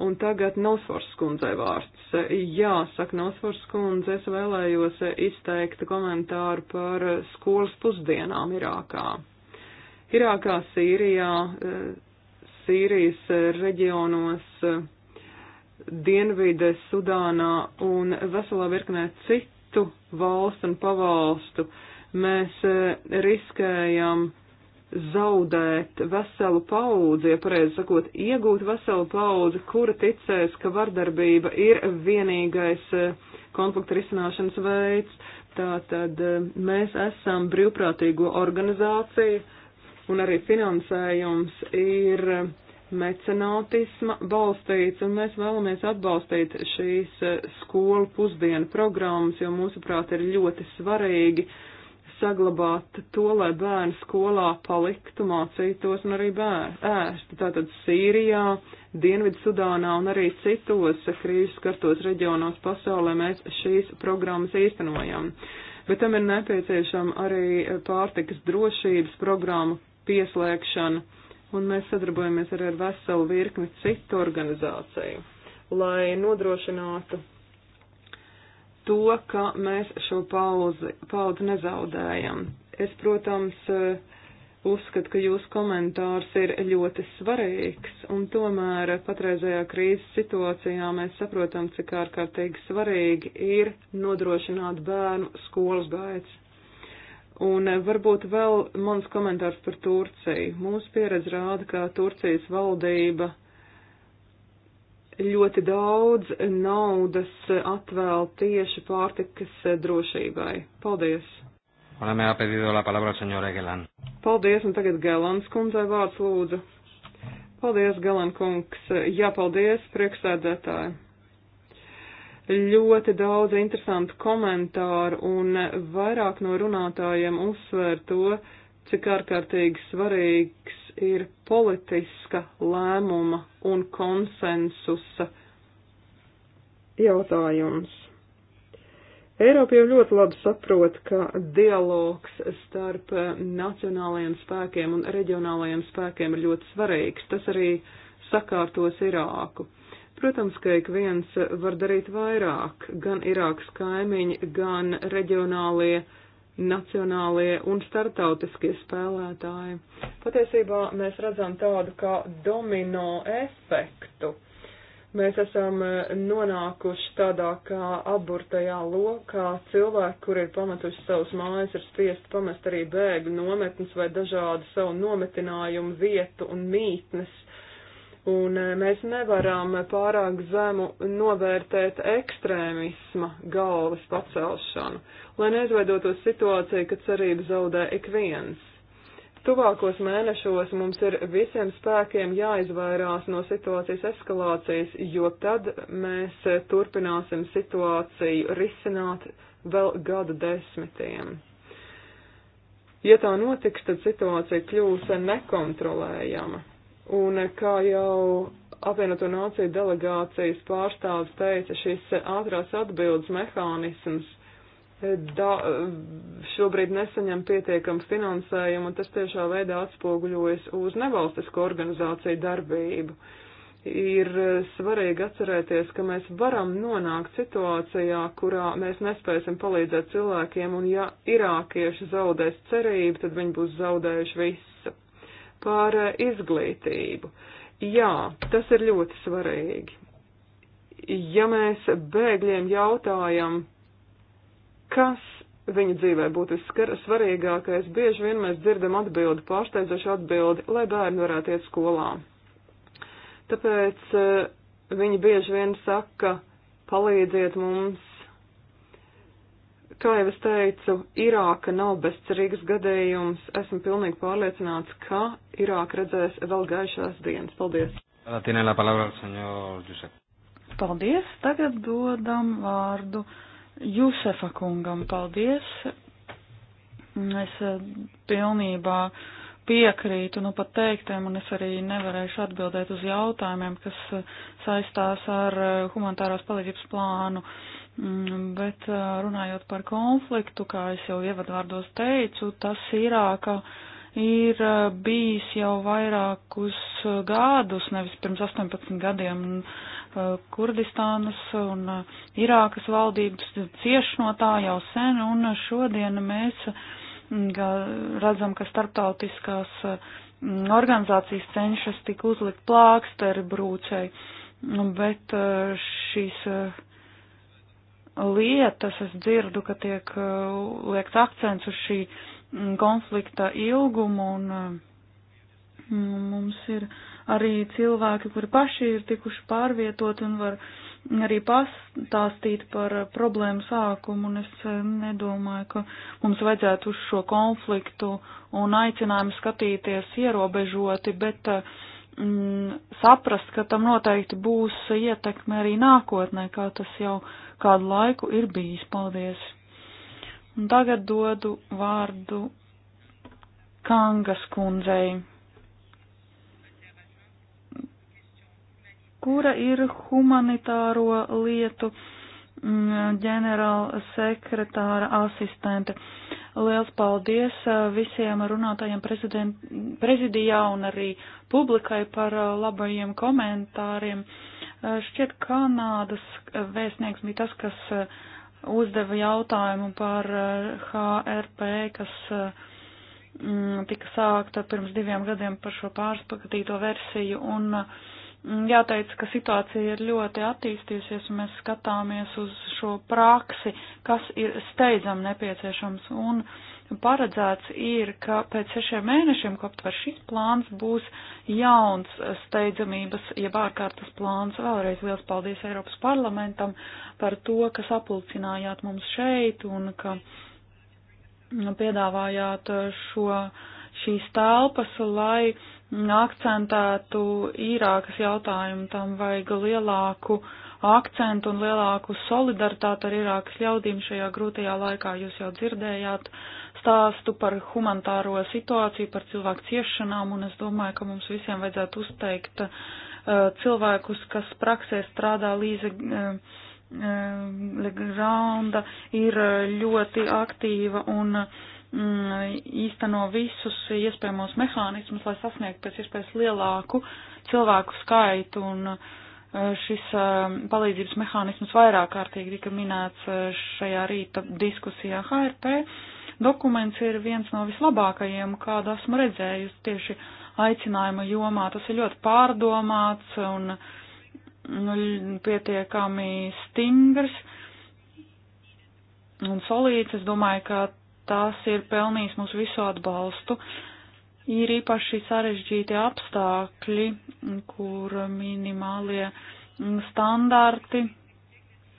Un tagad Nosfors kundzei vārds. Eh, jā, saka Nosfors kundze, es vēlējos eh, izteikt komentāru par skolas pusdienām Irākā. Irākā, Sīrijā, Sīrijas reģionos Dienvidē, Sudānā un veselā virknē citu valstu un pavalstu mēs e, riskējam zaudēt veselu paudzi, ja pareizi sakot, iegūt veselu paudzi, kura ticēs, ka vardarbība ir vienīgais e, konflikta risināšanas veids. Tātad e, mēs esam brīvprātīgo organizāciju un arī finansējums ir mecenātisma balstīts, un mēs vēlamies atbalstīt šīs e, skolu pusdienu programmas, jo mūsuprāt ir ļoti svarīgi saglabāt to, lai bērni skolā paliktu, mācītos un arī bērni ēstu. Tātad Sīrijā, Dienvidsudānā un arī citos krīzes kartos reģionos pasaulē mēs šīs programmas īstenojam. Bet tam ir nepieciešama arī e, pārtikas drošības programma pieslēgšana un mēs sadarbojamies arī ar veselu virkni citu organizāciju, lai nodrošinātu to, ka mēs šo pauzi, paudzi nezaudējam. Es, protams, uzskatu, ka jūsu komentārs ir ļoti svarīgs, un tomēr patreizajā krīzes situācijā mēs saprotam, cik ārkārtīgi svarīgi ir nodrošināt bērnu skolas gaitas Un eh, varbūt vēl mans komentārs par Turciju. Mūsu pieredze rāda, ka Turcijas valdība ļoti daudz naudas atvēl tieši pārtikas eh, drošībai. Paldies! Paldies, un tagad Gelans kundzei vārds lūdzu. Paldies, Gelan kungs. Jā, paldies, priekšsēdētāji ļoti daudz interesantu komentāru un vairāk no runātājiem uzsver to, cik ārkārtīgi svarīgs ir politiska lēmuma un konsensusa jautājums. Eiropa jau ļoti labi saprot, ka dialogs starp nacionālajiem spēkiem un reģionālajiem spēkiem ir ļoti svarīgs. Tas arī sakārtos Irāku. Protams, ka ik viens var darīt vairāk, gan Irākas kaimiņi, gan reģionālie, nacionālie un startautiskie spēlētāji. Patiesībā mēs redzam tādu kā domino efektu. Mēs esam e, nonākuši tādā kā aburtajā lokā. Cilvēki, kur ir pametuši savus mājas, ir spiest pamest arī bēgļu nometnes vai dažādu savu nometinājumu vietu un mītnes. Uh, Un eh, mēs nevaram pārāk zemu novērtēt ekstrēmisma galvas pacelšanu, lai neizveidotos situācija, kad cerību zaudē ik viens. Tuvākos mēnešos mums ir visiem spēkiem jāizvairās no situācijas eskalācijas, jo tad mēs turpināsim situāciju risināt vēl gadu desmitiem. Ja tā notiks, tad situācija kļūs nekontrolējama. Un eh, kā jau apvienoto nāciju delegācijas pārstāvis teica, šis eh, ātrās atbildes mehānisms eh, da, šobrīd nesaņem pietiekamu finansējumu, un tas tiešā veidā atspoguļojas uz nevalstisko organizāciju darbību. Ir svarīgi atcerēties, ka mēs varam nonākt situācijā, kurā mēs nespēsim palīdzēt cilvēkiem, un ja irākieši zaudēs cerību, tad viņi būs zaudējuši visu par eh, izglītību. Jā, tas ir ļoti svarīgi. Ja mēs bēgļiem jautājam, kas viņa dzīvē būtu svarīgākais, bieži vien mēs dzirdam atbildi, pārsteidzošu atbildi, lai bērni varētu iet skolā. Tāpēc eh, viņi bieži vien saka, palīdziet mums kā jau es teicu, Irāka nav bezcerīgs gadījums. Esmu pilnīgi pārliecināts, ka Irāka redzēs vēl gaišās dienas. Paldies! Paldies! Tagad dodam vārdu Jusefa kungam. Paldies! Es eh, pilnībā piekrītu, nu pat teiktiem, un es arī nevarēšu atbildēt uz jautājumiem, kas eh, saistās ar eh, humanitārās palīdzības plānu Mm, bet runājot par konfliktu, kā es jau ievadvārdos teicu, tas Irāka ir bijis jau vairākus gadus, nevis pirms 18 gadiem. Kurdistānas un Irākas valdības cieš no tā jau sen, un šodien mēs redzam, ka starptautiskās organizācijas cenšas tik uzlikt plāksteri brūcei, nu, bet šīs lietas, es dzirdu, ka tiek uh, liekts akcents uz šī mm, konflikta ilgumu un uh, mm, mums ir arī cilvēki, kuri paši ir tikuši pārvietot un var arī pastāstīt par problēmu sākumu, un es uh, nedomāju, ka mums vajadzētu uz šo konfliktu un aicinājumu skatīties ierobežoti, bet mm, saprast, ka tam noteikti būs ietekme arī nākotnē, kā tas jau ir kādu laiku ir bijis. Paldies! Un tagad dodu vārdu Kangas kundzei, kura ir humanitāro lietu mm, ģenerāla sekretāra asistente. Liels paldies visiem runātājiem prezidijā un arī publikai par labajiem komentāriem. Uh, Eh, šķiet, Kanādas vēstnieks bija tas, kas eh, uzdeva jautājumu par HRP, eh, kas mm, tika sākta pirms diviem gadiem par šo pārspakatīto versiju, un mm, jāteic, ka situācija ir ļoti attīstījusies, un mēs skatāmies uz šo praksi, kas ir steidzam nepieciešams, un uh, paredzēts ir, ka pēc sešiem mēnešiem, ko aptver šis plāns, būs jauns steidzamības, jeb ārkārtas plāns. Vēlreiz liels paldies Eiropas parlamentam par to, ka sapulcinājāt mums šeit un ka nu, piedāvājāt šo, šīs telpas, lai akcentētu īrākas jautājumu, tam vajag lielāku akcentu un lielāku solidaritāti ar Irākas ļaudīm šajā grūtajā laikā. Jūs jau dzirdējāt stāstu par humanitāro situāciju, par cilvēku ciešanām, un es domāju, ka mums visiem vajadzētu uzteikt uh, cilvēkus, kas praksē strādā līdzi. Uh, uh, Legranda ir uh, ļoti aktīva un mm, īsteno visus iespējamos mehānismus, lai sasniegtu pēc iespējas lielāku cilvēku skaitu un uh, šis palīdzības mehānisms vairāk kārtīgi tika minēts šajā rīta diskusijā HRP dokuments ir viens no vislabākajiem, kādu esmu redzējusi tieši aicinājuma jomā. Tas ir ļoti pārdomāts un nu, pietiekami stingrs un solīts. Es domāju, ka tas ir pelnījis mūsu visu atbalstu. Ir īpaši sarežģīti apstākļi, kur minimālie standarti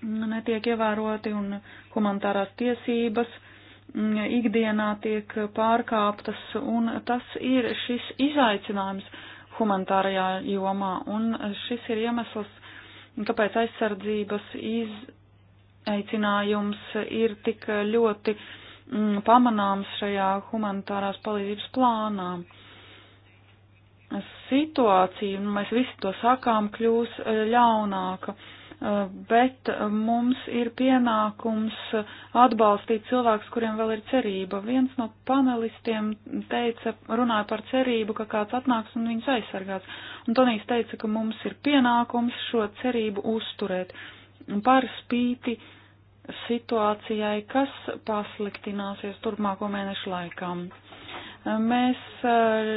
netiek ievēroti un humanitārās tiesības ikdienā tiek pārkāptas, un tas ir šis izaicinājums humanitārajā jomā, un šis ir iemesls, kāpēc aizsardzības izaicinājums ir tik ļoti mm, pamanāms šajā humanitārās palīdzības plānā situācija, un nu, mēs visi to sakām, kļūs ļaunāka. Eh, bet mums ir pienākums atbalstīt cilvēkus, kuriem vēl ir cerība. Viens no panelistiem teica, runāja par cerību, ka kāds atnāks un viņus aizsargās. Un Tonijs teica, ka mums ir pienākums šo cerību uzturēt par spīti situācijai, kas pasliktināsies turpmāko mēnešu laikā. Eh, mēs eh,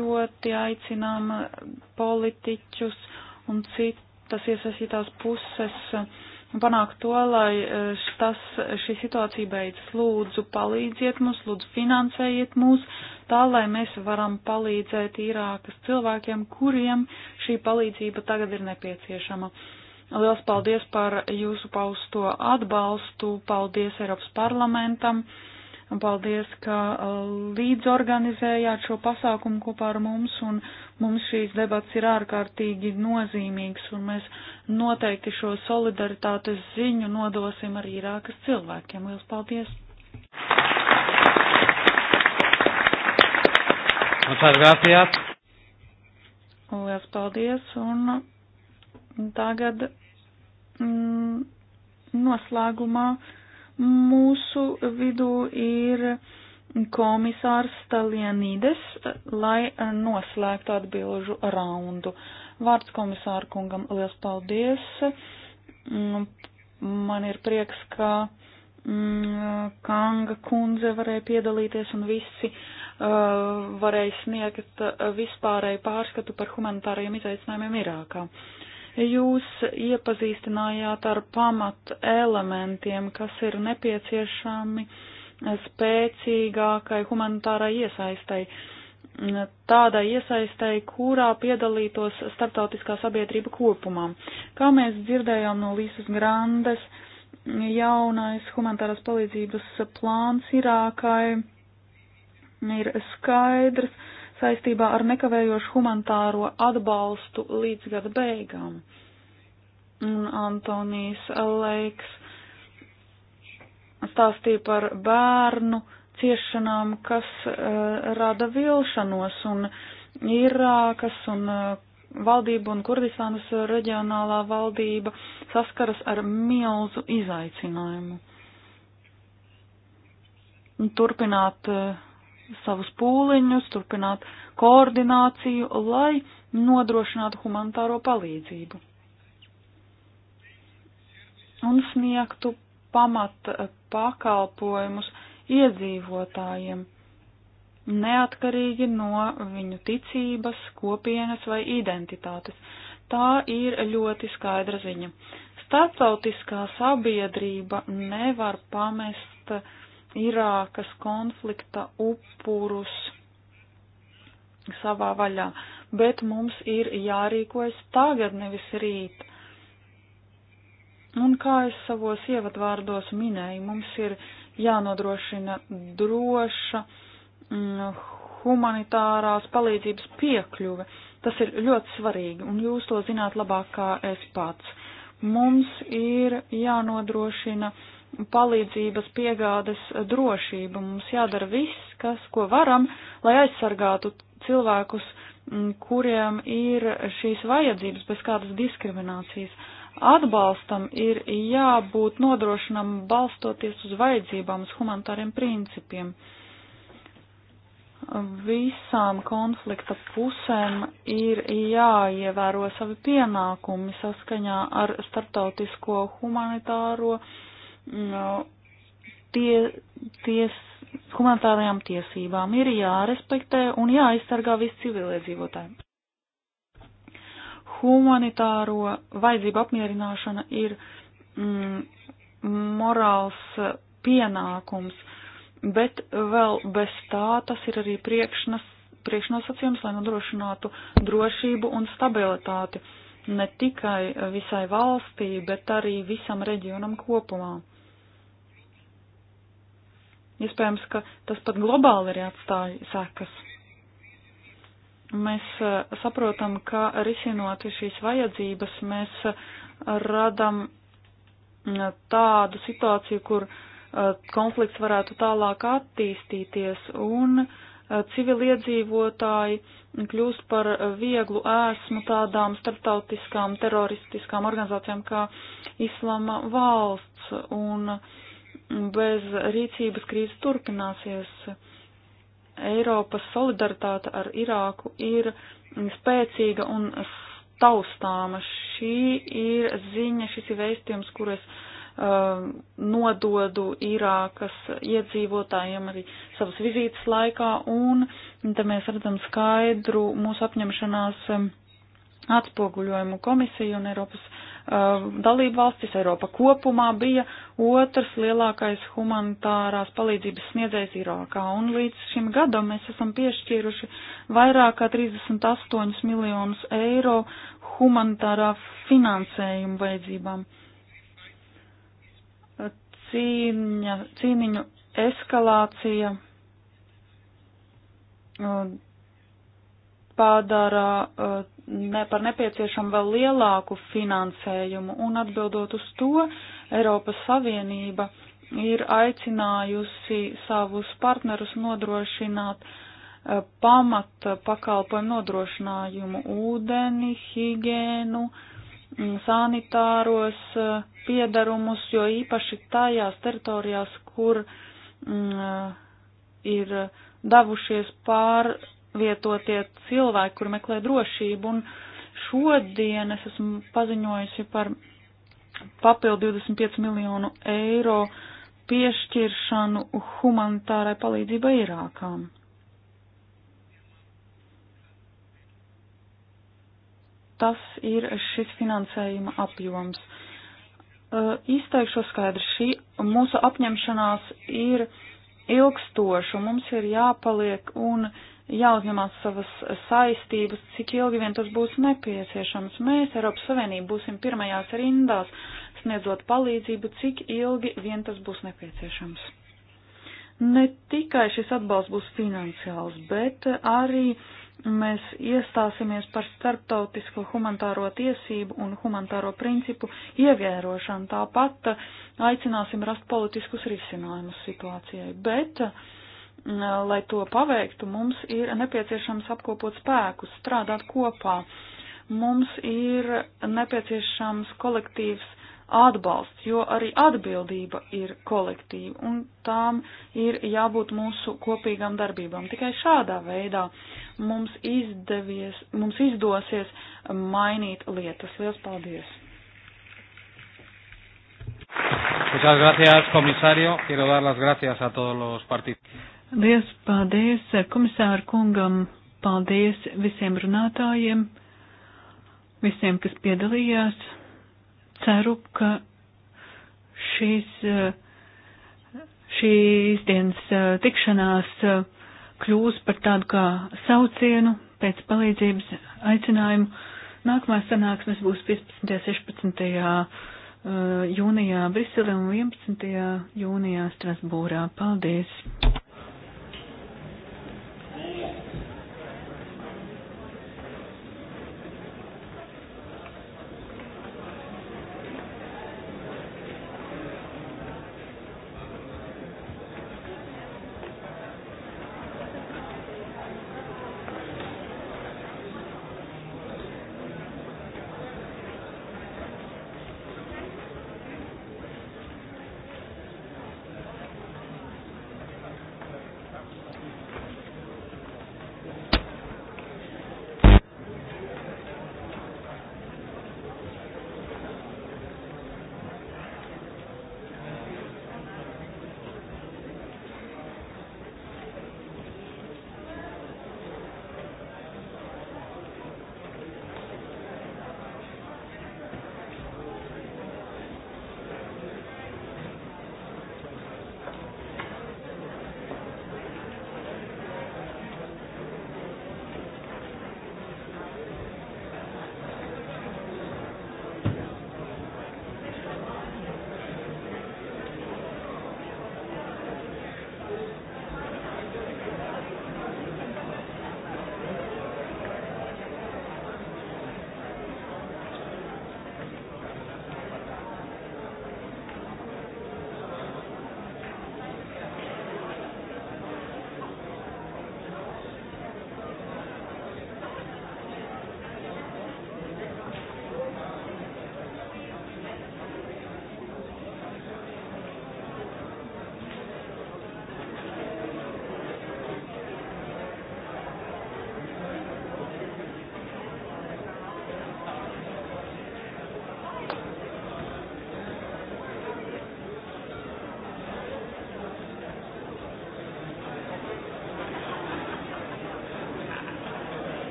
ļoti aicinām politiķus un citu tas iesaistītās puses panākt to, lai eh, tas, šī situācija beidzas. Lūdzu, palīdziet mums, lūdzu, finansējiet mūs, tā lai mēs varam palīdzēt Irākas cilvēkiem, kuriem šī palīdzība tagad ir nepieciešama. Liels paldies par jūsu pausto atbalstu, paldies Eiropas parlamentam, paldies, ka eh, līdzorganizējāt šo pasākumu kopā ar mums un uh, Mums šīs debats ir ārkārtīgi nozīmīgs, un mēs noteikti šo solidaritātes ziņu nodosim arī Irākas cilvēkiem. Lielas paldies! Lielas paldies, un tagad mm, noslēgumā mūsu vidū ir komisārs Stalienīdes, lai eh, noslēgtu atbilžu raundu. Vārds komisāra kungam liels paldies. Mm, man ir prieks, ka mm, Kanga kundze varēja piedalīties un visi eh, varēja sniegt eh, vispārēju pārskatu par humanitāriem izaicinājumiem Irākā. Jūs iepazīstinājāt ar pamat elementiem, kas ir nepieciešami uh, spēcīgākai humanitārai iesaistai. Tādai iesaistai, kurā piedalītos starptautiskā sabiedrība kopumā. Kā mēs dzirdējām no Līsas Grandes, jaunais humanitārās palīdzības plāns Irākai ir skaidrs saistībā ar nekavējošu humanitāro atbalstu līdz gada beigām. Antonijs Leiks stāstīja par bērnu ciešanām, kas uh, rada vilšanos un Irākas un uh, valdība un Kurdistānas reģionālā valdība saskaras ar milzu izaicinājumu. Turpināt uh, savus pūliņus, turpināt koordināciju, lai nodrošinātu humanitāro palīdzību un sniegtu pamat eh, pakalpojumus iedzīvotājiem, neatkarīgi no viņu ticības, kopienas vai identitātes. Tā ir ļoti skaidra ziņa. Startautiskā sabiedrība nevar pamest Irākas konflikta upurus savā vaļā, bet mums ir jārīkojas tagad, nevis rīt. Un kā es savos ievadvārdos minēju, mums ir jānodrošina droša mm, humanitārās palīdzības piekļuve. Tas ir ļoti svarīgi, un jūs to zināt labāk kā es pats. Mums ir jānodrošina palīdzības piegādes drošība. Mums jādara viss, kas, ko varam, lai aizsargātu cilvēkus, mm, kuriem ir šīs vajadzības bez kādas diskriminācijas atbalstam ir jābūt nodrošinam balstoties uz vajadzībām, uz humanitāriem principiem. Visām konflikta pusēm ir jāievēro savi pienākumi saskaņā ar starptautisko humanitāro no, mm, tie, ties, humanitārajām tiesībām. Ir jārespektē un jāaizsargā visi civiliedzīvotāji humanitāro vajadzību apmierināšana ir mm, morāls pienākums, bet vēl bez tā tas ir arī priekšnas, priekšnosacījums, lai nodrošinātu drošību un stabilitāti ne tikai visai valstī, bet arī visam reģionam kopumā. Iespējams, ka tas pat globāli arī atstāja sekas. Mēs eh, saprotam, ka risinot šīs vajadzības, mēs eh, radam mm, tādu situāciju, kur eh, konflikts varētu tālāk attīstīties un civiliedzīvotāji kļūst par vieglu ēsmu tādām starptautiskām teroristiskām organizācijām kā Islama valsts un bez rīcības krīze turpināsies. Uh, Eiropas solidaritāte ar Irāku ir spēcīga un taustāma. Šī ir ziņa, šis ir vēstījums, kur es uh, nododu Irākas iedzīvotājiem arī savas vizītes laikā, un te mēs redzam skaidru mūsu apņemšanās uh, atspoguļojumu komisija un Eiropas uh, dalību valstis Eiropa kopumā bija otrs lielākais humanitārās palīdzības sniedzējs Irākā. Un līdz šim gadam mēs esam piešķīruši vairāk kā 38 miljonus eiro humanitārā finansējuma vajadzībām. Uh, cīņa, cīniņu eskalācija. Uh, padara eh, ne par nepieciešamu vēl lielāku finansējumu, un atbildot uz to, Eiropas Savienība ir aicinājusi savus partnerus nodrošināt eh, pamat pakalpojumu nodrošinājumu ūdeni, higienu, mm, sanitāros eh, piedarumus, jo īpaši tajās teritorijās, kur mm, ir devušies pār lietotie cilvēki, kur meklē drošību. Un šodien es esmu paziņojusi par papildu 25 miljonu eiro piešķiršanu humanitārai palīdzībai Irākām. Tas ir šis finansējuma apjoms. Uh, izteikšu skaidri, šī mūsu apņemšanās ir ilgstoša, mums ir jāpaliek un uh, jāuzņemās savas saistības, cik ilgi vien tas būs nepieciešams. Mēs, Eiropas Savienība, būsim pirmajās rindās, sniedzot palīdzību, cik ilgi vien tas būs nepieciešams. Ne tikai šis atbalsts būs finansiāls, bet arī mēs iestāsimies par starptautisko humanitāro tiesību un humanitāro principu ievērošanu. Tāpat aicināsim rast politiskus risinājumus situācijai. Bet uh, Mm, lai to paveiktu, mums ir nepieciešams apkopot spēkus, strādāt kopā. Mums ir nepieciešams kolektīvs atbalsts, jo arī atbildība ir kolektīva, un tām ir jābūt mūsu kopīgām darbībām. Tikai šādā veidā mums, izdevies, mums izdosies mainīt lietas. Lielas paldies! Muchas gracias, comisario. Quiero dar las gracias a todos los partidos. Liels paldies eh, komisāru kungam, paldies visiem runātājiem, visiem, kas piedalījās. Ceru, ka šīs, eh, šīs dienas eh, tikšanās kļūs par tādu kā saucienu pēc palīdzības aicinājumu. Nākamā sanāksmes būs 15. un 16. jūnijā Briselē un 11. jūnijā Strasbūrā. Paldies!